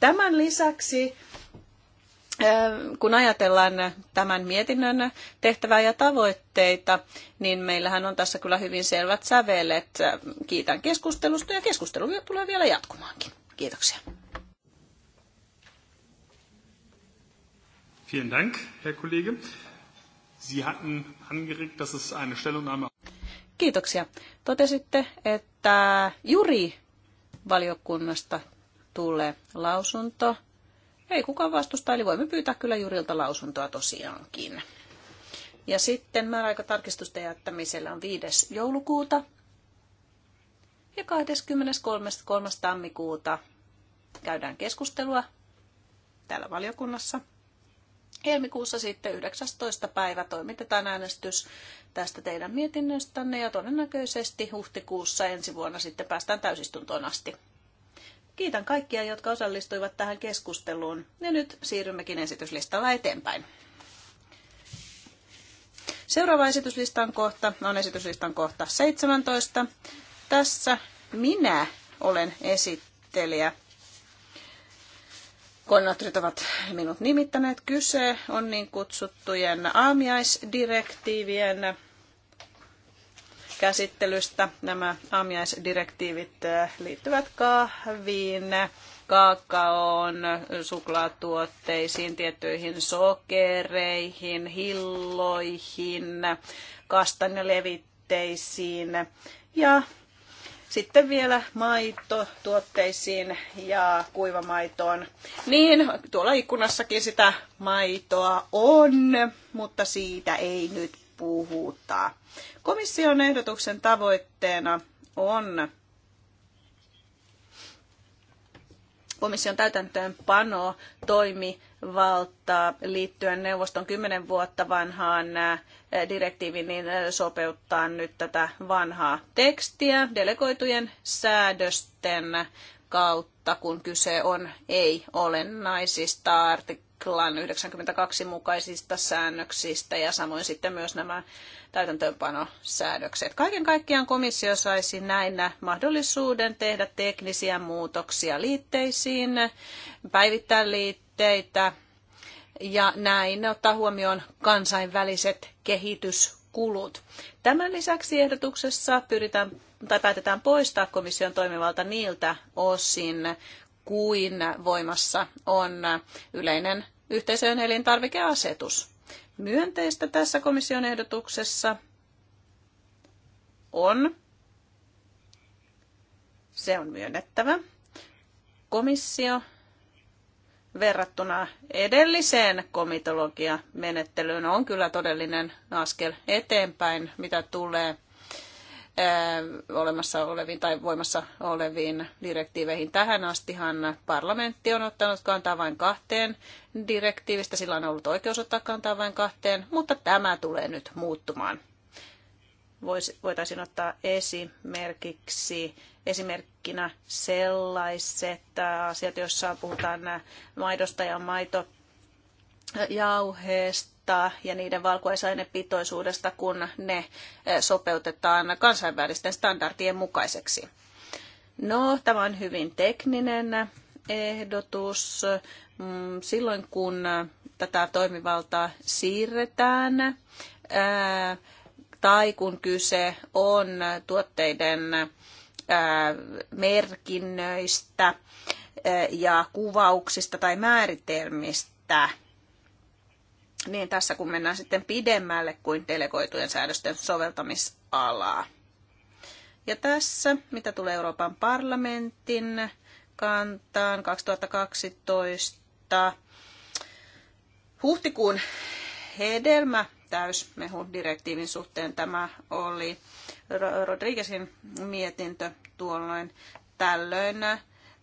Tämän lisäksi äh, kun ajatellaan tämän mietinnön tehtävää ja tavoitteita, niin meillähän on tässä kyllä hyvin selvät sävelet. Kiitän keskustelusta ja keskustelu tulee vielä jatkumaankin. Kiitoksia. Vielen Dank, Herr Kollege. Sie hatten angeregt, dass es eine Stellungnahme... Kiitoksia. Totesitte, että juri valiokunnasta Jutulle lausunto. Ei kukaan vastusta, eli voimme pyytää kyllä Jurilta lausuntoa tosiaankin. Ja sitten tarkistusten jättämisellä on 5. joulukuuta ja 23. tammikuuta käydään keskustelua täällä valiokunnassa. Helmikuussa sitten 19. päivä toimitetaan äänestys tästä teidän mietinnöstänne ja todennäköisesti huhtikuussa ensi vuonna sitten päästään täysistuntoon asti. Kiitän kaikkia, jotka osallistuivat tähän keskusteluun. Ja nyt siirrymmekin esityslistalla eteenpäin. Seuraava esityslistan kohta on esityslistan kohta 17. Tässä minä olen esittelijä. Konnatrit ovat minut nimittäneet. Kyse on niin kutsuttujen aamiaisdirektiivien käsittelystä. Nämä aamiaisdirektiivit äh, liittyvät kahviin, kaakaoon, suklaatuotteisiin, tiettyihin sokereihin, hilloihin, kastanjalevitteisiin ja sitten vielä maitotuotteisiin ja kuivamaitoon. Niin, tuolla ikkunassakin sitä maitoa on, mutta siitä ei nyt puhuttaa. Komission ehdotuksen tavoitteena on komission täytäntöönpano toimivaltaa liittyen neuvoston 10 vuotta vanhaan eh, direktiiviin niin eh, sopeuttaa nyt tätä vanhaa tekstiä delegoitujen säädösten kautta, kun kyse on ei-olennaisista artik- klan 92 mukaisista säännöksistä ja samoin sitten myös nämä täytäntöönpanosäädökset. Kaiken kaikkiaan komissio saisi näinä mahdollisuuden tehdä teknisiä muutoksia liitteisiin, päivittää liitteitä ja näin ottaa huomioon kansainväliset kehityskulut. Tämän lisäksi ehdotuksessa pyritään tai päätetään poistaa komission toimivalta niiltä osin, kuin voimassa on yleinen yhteisöjen elintarvikeasetus. Myönteistä tässä komission ehdotuksessa on, se on myönnettävä, komissio verrattuna edelliseen komitologiamenettelyyn on kyllä todellinen askel eteenpäin, mitä tulee olemassa oleviin tai voimassa oleviin direktiiveihin. Tähän astihan parlamentti on ottanut kantaa vain kahteen direktiivistä, sillä on ollut oikeus ottaa kantaa vain kahteen, mutta tämä tulee nyt muuttumaan. Voisi, voitaisiin ottaa esimerkiksi esimerkkinä sellaiset asiat, joissa puhutaan maidosta ja maito jauheesta hintaa ja niiden valkuaisainepitoisuudesta, kun ne eh, sopeutetaan kansainvälisten standardien mukaiseksi. No, tämä on hyvin tekninen ehdotus. Mm, silloin kun eh, tätä toimivaltaa siirretään eh, tai kun kyse on tuotteiden merkinnöistä ja kuvauksista tai määritelmistä, niin tässä kun mennään sitten pidemmälle kuin delegoitujen säädösten soveltamisalaa. Ja tässä, mitä tulee Euroopan parlamentin kantaan 2012, huhtikuun hedelmä täysmehun direktiivin suhteen tämä oli Rodriguezin mietintö tuolloin. Tällöin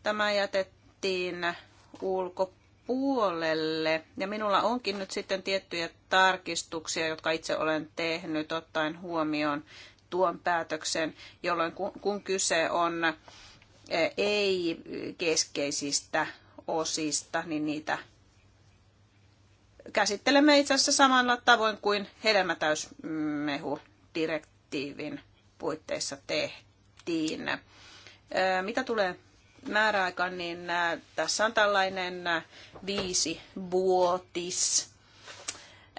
tämä jätettiin ulkopuolelle puolelle. Ja minulla onkin nyt sitten tiettyjä tarkistuksia, jotka itse olen tehnyt ottaen huomioon tuon päätöksen, jolloin kun kyse on eh, ei-keskeisistä osista, niin niitä käsittelemme itse asiassa samalla tavoin kuin hedelmätäysmehudirektiivin direktiivin puitteissa tehtiin. Eh, mitä tulee määräaika, niin äh, tässä on tällainen äh,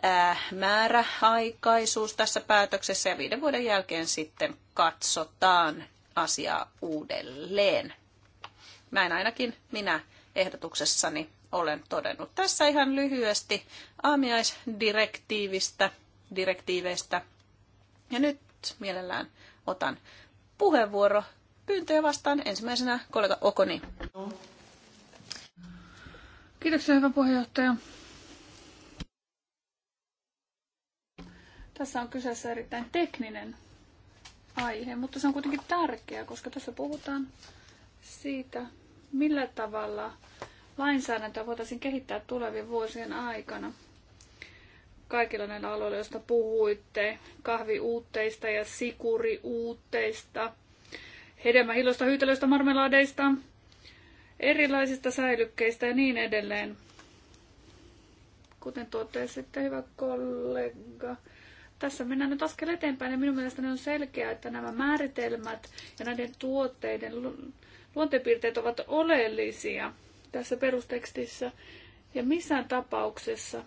äh, määräaikaisuus tässä päätöksessä ja viiden vuoden jälkeen sitten katsotaan asiaa uudelleen. Näin ainakin minä ehdotuksessani olen todennut. Tässä ihan lyhyesti aamiaisdirektiivistä, direktiiveistä. Ja nyt mielellään otan puheenvuoro pyyntöjä vastaan. Ensimmäisenä kollega Okoni. Kiitoksia, hyvä puheenjohtaja. Tässä on kyseessä erittäin tekninen aihe, mutta se on kuitenkin tärkeä, koska tässä puhutaan siitä, millä tavalla lainsäädäntöä voitaisiin kehittää tulevien vuosien aikana kaikilla näillä aloilla, joista puhuitte, kahviuutteista ja sikuriuutteista – hedelmähillosta, hyytelöistä, marmeladeista, erilaisista säilykkeistä ja niin edelleen. Kuten totesitte, hyvä kollega, tässä mennään nyt askel eteenpäin ja minun mielestäni on selkeää, että nämä määritelmät ja näiden tuotteiden luonteenpiirteet ovat oleellisia tässä perustekstissä ja missään tapauksessa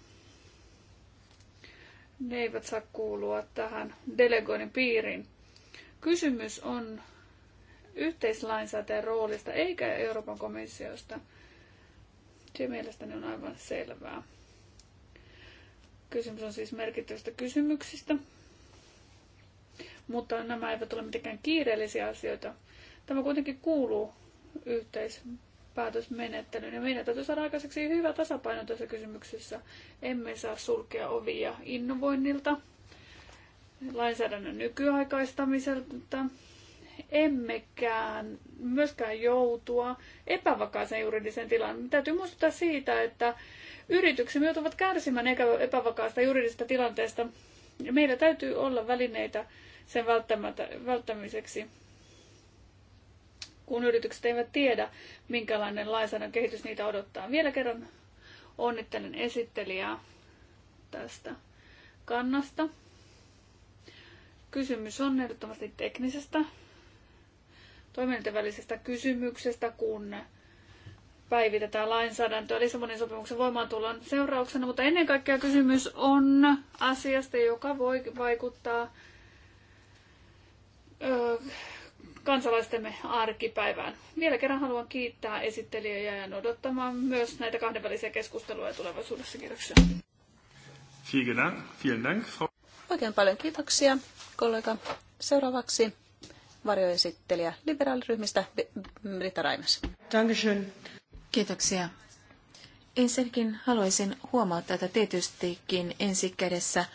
ne eivät saa kuulua tähän delegoinnin piiriin. Kysymys on yhteislainsäätäjän roolista eikä Euroopan komissiosta. Se mielestäni on aivan selvää. Kysymys on siis merkittävistä kysymyksistä, mutta nämä eivät ole mitenkään kiireellisiä asioita. Tämä kuitenkin kuuluu yhteispäätösmenettelyyn ja meidän täytyy saada aikaiseksi hyvä tasapaino tässä kysymyksessä. Emme saa sulkea ovia innovoinnilta, lainsäädännön nykyaikaistamiselta emmekään myöskään joutua epävakaaseen juridiseen tilaan. Täytyy muistuttaa siitä, että yrityksemme joutuvat kärsimään epävakaasta juridisesta tilanteesta. Meillä täytyy olla välineitä sen välttämiseksi, kun yritykset eivät tiedä, minkälainen lainsäädännön kehitys niitä odottaa. Vielä kerran onnittelen esittelijää tästä kannasta. Kysymys on ehdottomasti teknisestä toimijoiden välisestä kysymyksestä, kun päivitetään lainsäädäntöä Lissabonin sopimuksen voimaantulon seurauksena, mutta ennen kaikkea kysymys on asiasta, joka voi vaikuttaa ö, kansalaistemme arkipäivään. Vielä kerran haluan kiittää esittelijöitä ja odottamaan myös näitä kahdenvälisiä keskusteluja tulevaisuudessa. Kiitoksia. Oikein paljon kiitoksia, kollega. Seuraavaksi varjoesittelijä liberaaliryhmistä Britta Raimes. Kiitoksia. Ensinnäkin haluaisin huomauttaa, että tietystikin ensi kädessä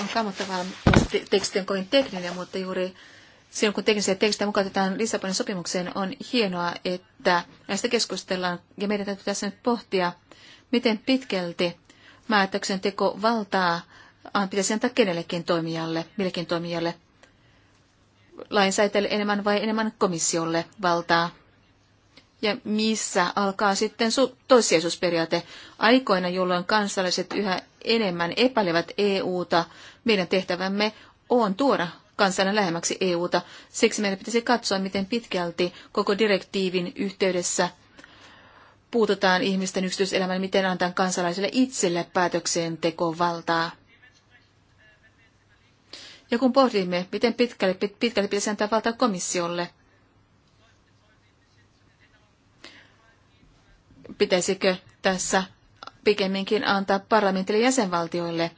on kammottavaa, jos teksti on kovin tekninen, mutta juuri silloin kun teknisiä tekstejä mukautetaan Lissabonin sopimukseen, on hienoa, että näistä keskustellaan. Ja meidän täytyy tässä nyt pohtia, miten pitkälti määrätöksentekovaltaa valtaa ah, pitäisi antaa kenellekin toimijalle, millekin toimijalle lainsäätäjälle enemmän vai enemmän komissiolle valtaa? Ja missä alkaa sitten su- toissijaisuusperiaate? Aikoina, jolloin kansalaiset yhä enemmän epäilevät EUta, meidän tehtävämme on tuoda kansana lähemmäksi EUta. Siksi meidän pitäisi katsoa, miten pitkälti koko direktiivin yhteydessä puututaan ihmisten yksityiselämään, miten antaa kansalaisille itselle päätöksentekovaltaa. Ja kun pohdimme, miten pitkälle, pitkälle pitäisi antaa valtaa komissiolle, pitäisikö tässä pikemminkin antaa parlamentille jäsenvaltioille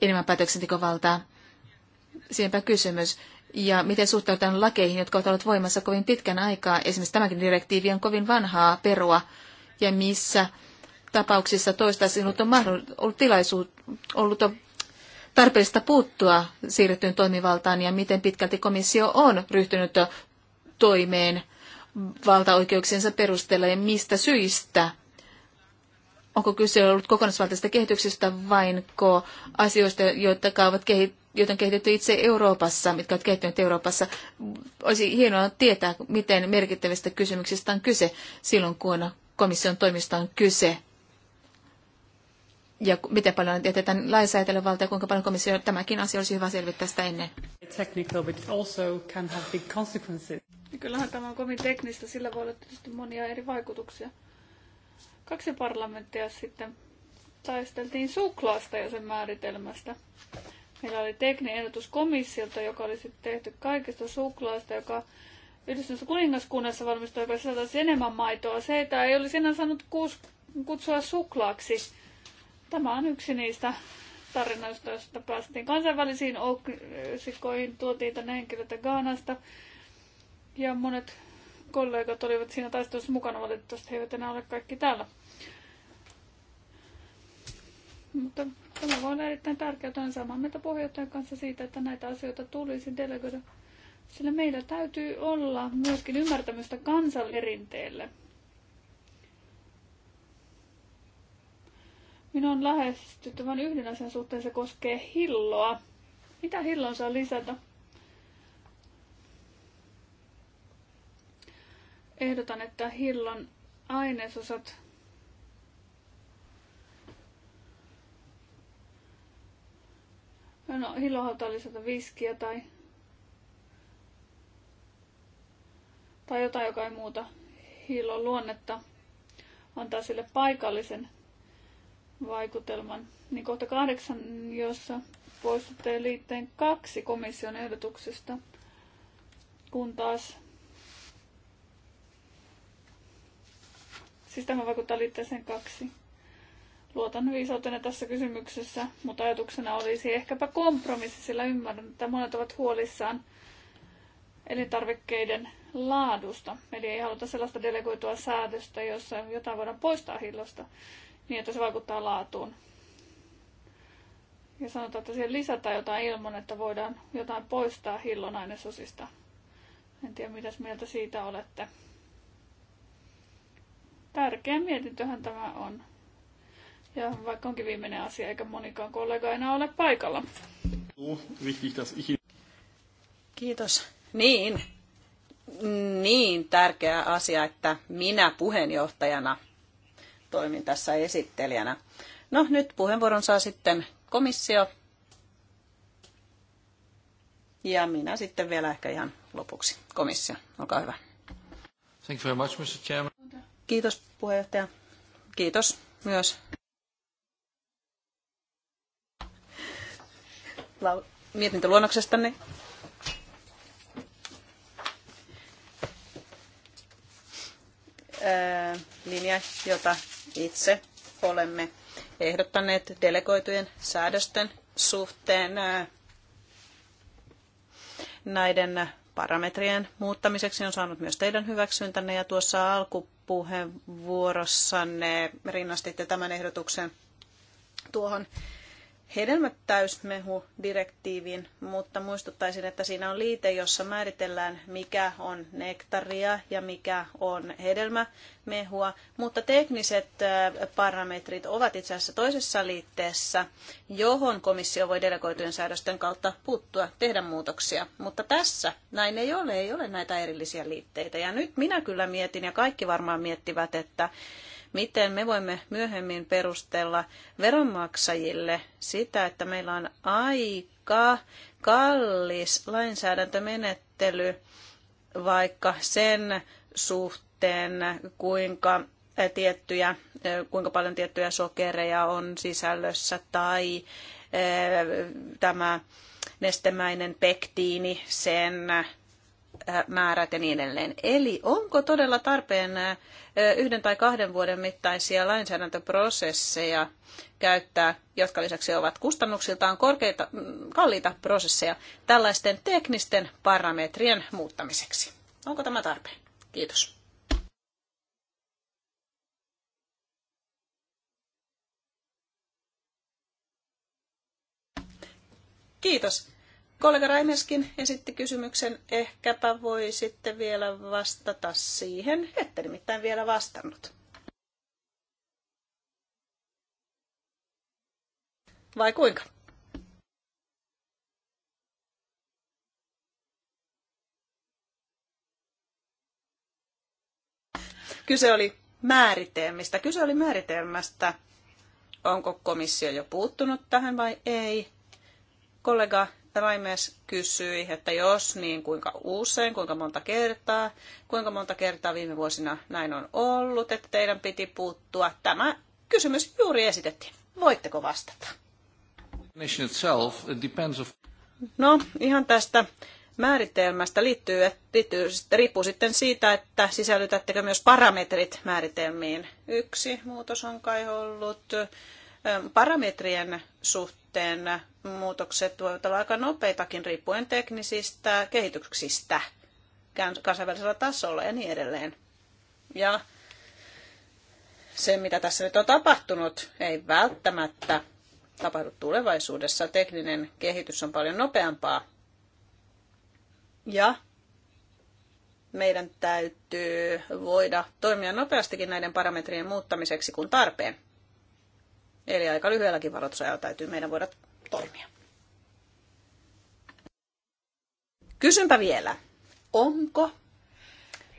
enemmän päätöksentekovaltaa? Siinäpä kysymys. Ja miten suhtaudutaan lakeihin, jotka ovat olleet voimassa kovin pitkän aikaa? Esimerkiksi tämäkin direktiivi on kovin vanhaa perua. Ja missä tapauksissa toistaiseksi on ollut tilaisuut, ollut tarpeellista puuttua siirrettyyn toimivaltaan ja miten pitkälti komissio on ryhtynyt toimeen valtaoikeuksiensa perusteella ja mistä syistä? Onko kyse ollut kokonaisvaltaisesta kehityksestä vainko asioista, joita ovat kehittyneet? joita on kehitetty itse Euroopassa, mitkä ovat kehittyneet Euroopassa. Olisi hienoa tietää, miten merkittävistä kysymyksistä on kyse silloin, kun komission toimista on kyse ja miten paljon jätetään lainsäätelyn valta ja kuinka paljon komissio tämäkin asia olisi hyvä selvittää sitä ennen. Technical, but also can have big consequences. Kyllähän tämä on kovin teknistä, sillä voi olla tietysti monia eri vaikutuksia. Kaksi parlamenttia sitten taisteltiin suklaasta ja sen määritelmästä. Meillä oli tekninen ehdotus komissiolta, joka oli sitten tehty kaikista suklaasta, joka yhdistyneessä kuningaskunnassa valmistui, joka sisältäisi enemmän maitoa. Se, että ei olisi enää saanut kutsua suklaaksi, Tämä on yksi niistä tarinoista, joista päästiin kansainvälisiin otsikoihin, tuotiin tänne henkilöitä Gaanasta. Ja monet kollegat olivat siinä taistelussa mukana, valitettavasti he eivät enää ole kaikki täällä. Mutta tämä voi olla erittäin tärkeää, olen samaa mieltä puheenjohtajan kanssa siitä, että näitä asioita tulisi delegoida. Sillä meillä täytyy olla myöskin ymmärtämystä kansanperinteelle. Minä on lähestyttävän yhden asian suhteen, se koskee hilloa. Mitä hilloon saa lisätä? Ehdotan, että hillon ainesosat No, hillo halutaan lisätä viskiä tai tai jotain, joka ei muuta hillon luonnetta, antaa sille paikallisen vaikutelman, niin kohta kahdeksan, jossa poistutte liitteen kaksi komission ehdotuksesta, kun taas Siis tämä vaikuttaa liitteeseen kaksi. Luotan viisautena tässä kysymyksessä, mutta ajatuksena olisi ehkäpä kompromissi, sillä ymmärrän, että monet ovat huolissaan elintarvikkeiden laadusta. Eli ei haluta sellaista delegoitua säädöstä, jossa jotain voidaan poistaa hillosta niin, että se vaikuttaa laatuun. Ja sanotaan, että siihen lisätään jotain ilman, että voidaan jotain poistaa hillon ainesosista. En tiedä, mitäs mieltä siitä olette. Tärkeä mietintöhän tämä on. Ja vaikka onkin viimeinen asia, eikä monikaan kollega enää ole paikalla. Kiitos. Niin, niin tärkeä asia, että minä puheenjohtajana toimin tässä esittelijänä. No nyt puheenvuoron saa sitten komissio. Ja minä sitten vielä ehkä ihan lopuksi komissio. Olkaa hyvä. Thank you very much, Mr. Chairman. Kiitos puheenjohtaja. Kiitos myös lau- mietintöluonnoksestanne. Öö, linja, jota itse olemme ehdottaneet delegoitujen säädösten suhteen näiden parametrien muuttamiseksi on saanut myös teidän hyväksyntänne ja tuossa alkupuheenvuorossanne rinnastitte tämän ehdotuksen tuohon täysmehu direktiivin mutta muistuttaisin, että siinä on liite, jossa määritellään, mikä on nektaria ja mikä on hedelmämehua, mutta tekniset äh, parametrit ovat itse asiassa toisessa liitteessä, johon komissio voi delegoitujen säädösten kautta puuttua, tehdä muutoksia. Mutta tässä näin ei ole, ei ole näitä erillisiä liitteitä. Ja nyt minä kyllä mietin, ja kaikki varmaan miettivät, että miten me voimme myöhemmin perustella veronmaksajille sitä, että meillä on aika kallis lainsäädäntömenettely, vaikka sen suhteen, kuinka tiettyjä, kuinka paljon tiettyjä sokereja on sisällössä tai eh, tämä nestemäinen pektiini, sen määrät ja niin edelleen. Eli onko todella tarpeen yhden tai kahden vuoden mittaisia lainsäädäntöprosesseja käyttää, jotka lisäksi ovat kustannuksiltaan korkeita, mm, kalliita prosesseja tällaisten teknisten parametrien muuttamiseksi? Onko tämä tarpeen? Kiitos. Kiitos. Kollega Raimeskin esitti kysymyksen, ehkäpä voi sitten vielä vastata siihen. Ette nimittäin vielä vastannut. Vai kuinka? Kyse oli määritelmistä. Kyse oli määritelmästä, onko komissio jo puuttunut tähän vai ei. Kollega Raimes kysyi, että jos, niin kuinka usein, kuinka monta kertaa, kuinka monta kertaa viime vuosina näin on ollut, että teidän piti puuttua. Tämä kysymys juuri esitettiin. Voitteko vastata? No, ihan tästä määritelmästä liittyy, liittyy, riippuu sitten siitä, että sisällytättekö myös parametrit määritelmiin. Yksi muutos on kai ollut parametrien suhteen muutokset voivat olla aika nopeitakin riippuen teknisistä kehityksistä kansainvälisellä tasolla ja niin edelleen. Ja se, mitä tässä nyt on tapahtunut, ei välttämättä tapahdu tulevaisuudessa. Tekninen kehitys on paljon nopeampaa. Ja meidän täytyy voida toimia nopeastikin näiden parametrien muuttamiseksi kuin tarpeen. Eli aika lyhyelläkin varoitusajalla täytyy meidän voida toimia. Kysynpä vielä, onko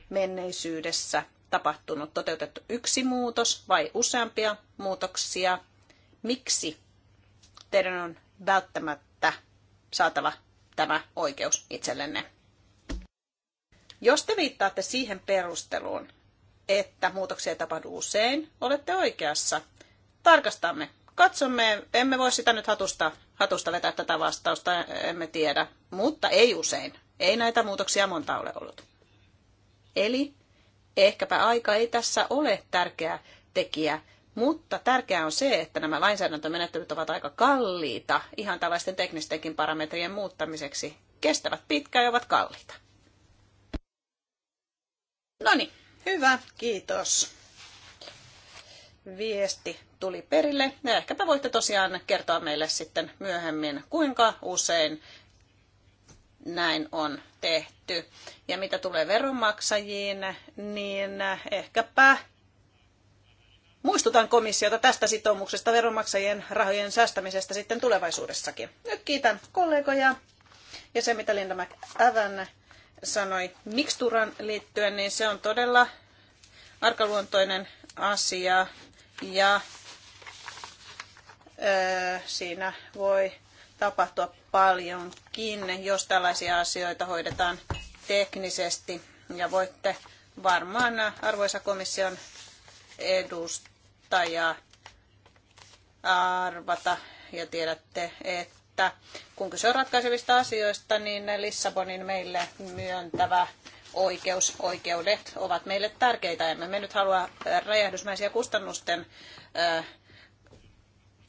menneisyydessä tapahtunut, toteutettu yksi muutos vai useampia muutoksia? Miksi teidän on välttämättä saatava tämä oikeus itsellenne? Jos te viittaatte siihen perusteluun, että muutoksia ei tapahdu usein, olette oikeassa tarkastamme. Katsomme, emme voi sitä nyt hatusta, hatusta vetää tätä vastausta, emme tiedä, mutta ei usein. Ei näitä muutoksia monta ole ollut. Eli ehkäpä aika ei tässä ole tärkeä tekijä, mutta tärkeää on se, että nämä lainsäädäntömenettelyt ovat aika kalliita ihan tällaisten teknistenkin parametrien muuttamiseksi. Kestävät pitkään ja ovat kalliita. No niin, hyvä, kiitos viesti tuli perille. Ja ehkäpä voitte tosiaan kertoa meille sitten myöhemmin, kuinka usein näin on tehty. Ja mitä tulee veronmaksajiin, niin ehkäpä muistutan komissiota tästä sitoumuksesta veronmaksajien rahojen säästämisestä sitten tulevaisuudessakin. Nyt kiitän kollegoja ja se mitä Linda McAvan sanoi miksturan liittyen, niin se on todella arkaluontoinen asia ja siinä voi tapahtua paljonkin, jos tällaisia asioita hoidetaan teknisesti. Ja voitte varmaan, arvoisa komission edustaja, arvata ja tiedätte, että kun kyse on ratkaisevista asioista, niin Lissabonin meille myöntävä oikeus, oikeudet ovat meille tärkeitä. Emme me nyt halua äh, räjähdysmäisiä kustannusten äh,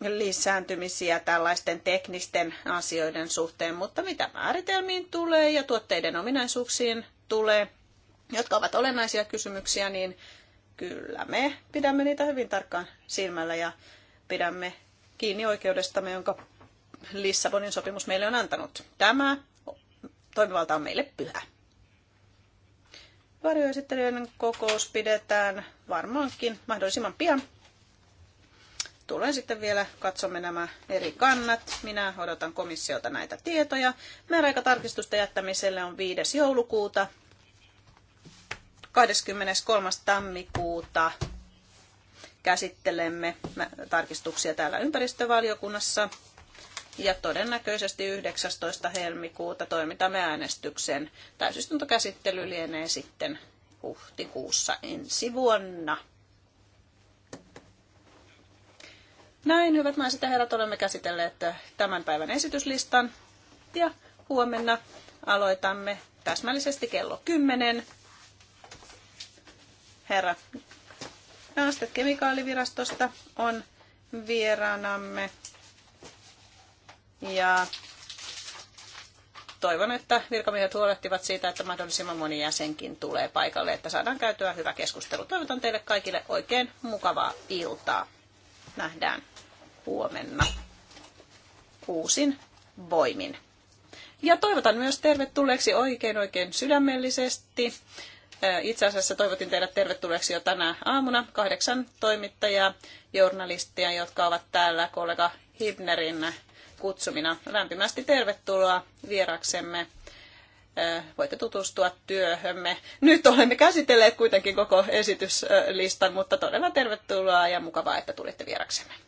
lisääntymisiä tällaisten teknisten asioiden suhteen, mutta mitä määritelmiin tulee ja tuotteiden ominaisuuksiin tulee, jotka ovat olennaisia kysymyksiä, niin kyllä me pidämme niitä hyvin tarkkaan silmällä ja pidämme kiinni oikeudestamme, jonka Lissabonin sopimus meille on antanut. Tämä toimivalta on meille pyhä. Varjoesittelijöiden kokous pidetään varmaankin mahdollisimman pian. Tulen sitten vielä, katsomme nämä eri kannat. Minä odotan komissiolta näitä tietoja. Määräaikatarkistusta jättämiselle on 5. joulukuuta 23. tammikuuta käsittelemme tarkistuksia täällä ympäristövaliokunnassa ja todennäköisesti 19. helmikuuta toimitamme äänestyksen. Täysistuntokäsittely lienee sitten huhtikuussa ensi vuonna. Näin, hyvät naiset ja herrat, olemme käsitelleet tämän päivän esityslistan. Ja huomenna aloitamme täsmällisesti kello 10. Herra Naastet kemikaalivirastosta on vieraanamme. Ja toivon, että virkamiehet huolehtivat siitä, että mahdollisimman moni jäsenkin tulee paikalle, että saadaan käytyä hyvä keskustelu. Toivotan teille kaikille oikein mukavaa iltaa. Nähdään huomenna uusin voimin. Ja toivotan myös tervetulleeksi oikein oikein sydämellisesti. Itse asiassa toivotin teidät tervetulleeksi jo tänä aamuna kahdeksan toimittajaa, journalistia, jotka ovat täällä kollega Hibnerin kutsumina. Lämpimästi tervetuloa vieraksemme. Voitte tutustua työhömme. Nyt olemme käsitelleet kuitenkin koko esityslistan, mutta todella tervetuloa ja mukavaa, että tulitte vieraksemme.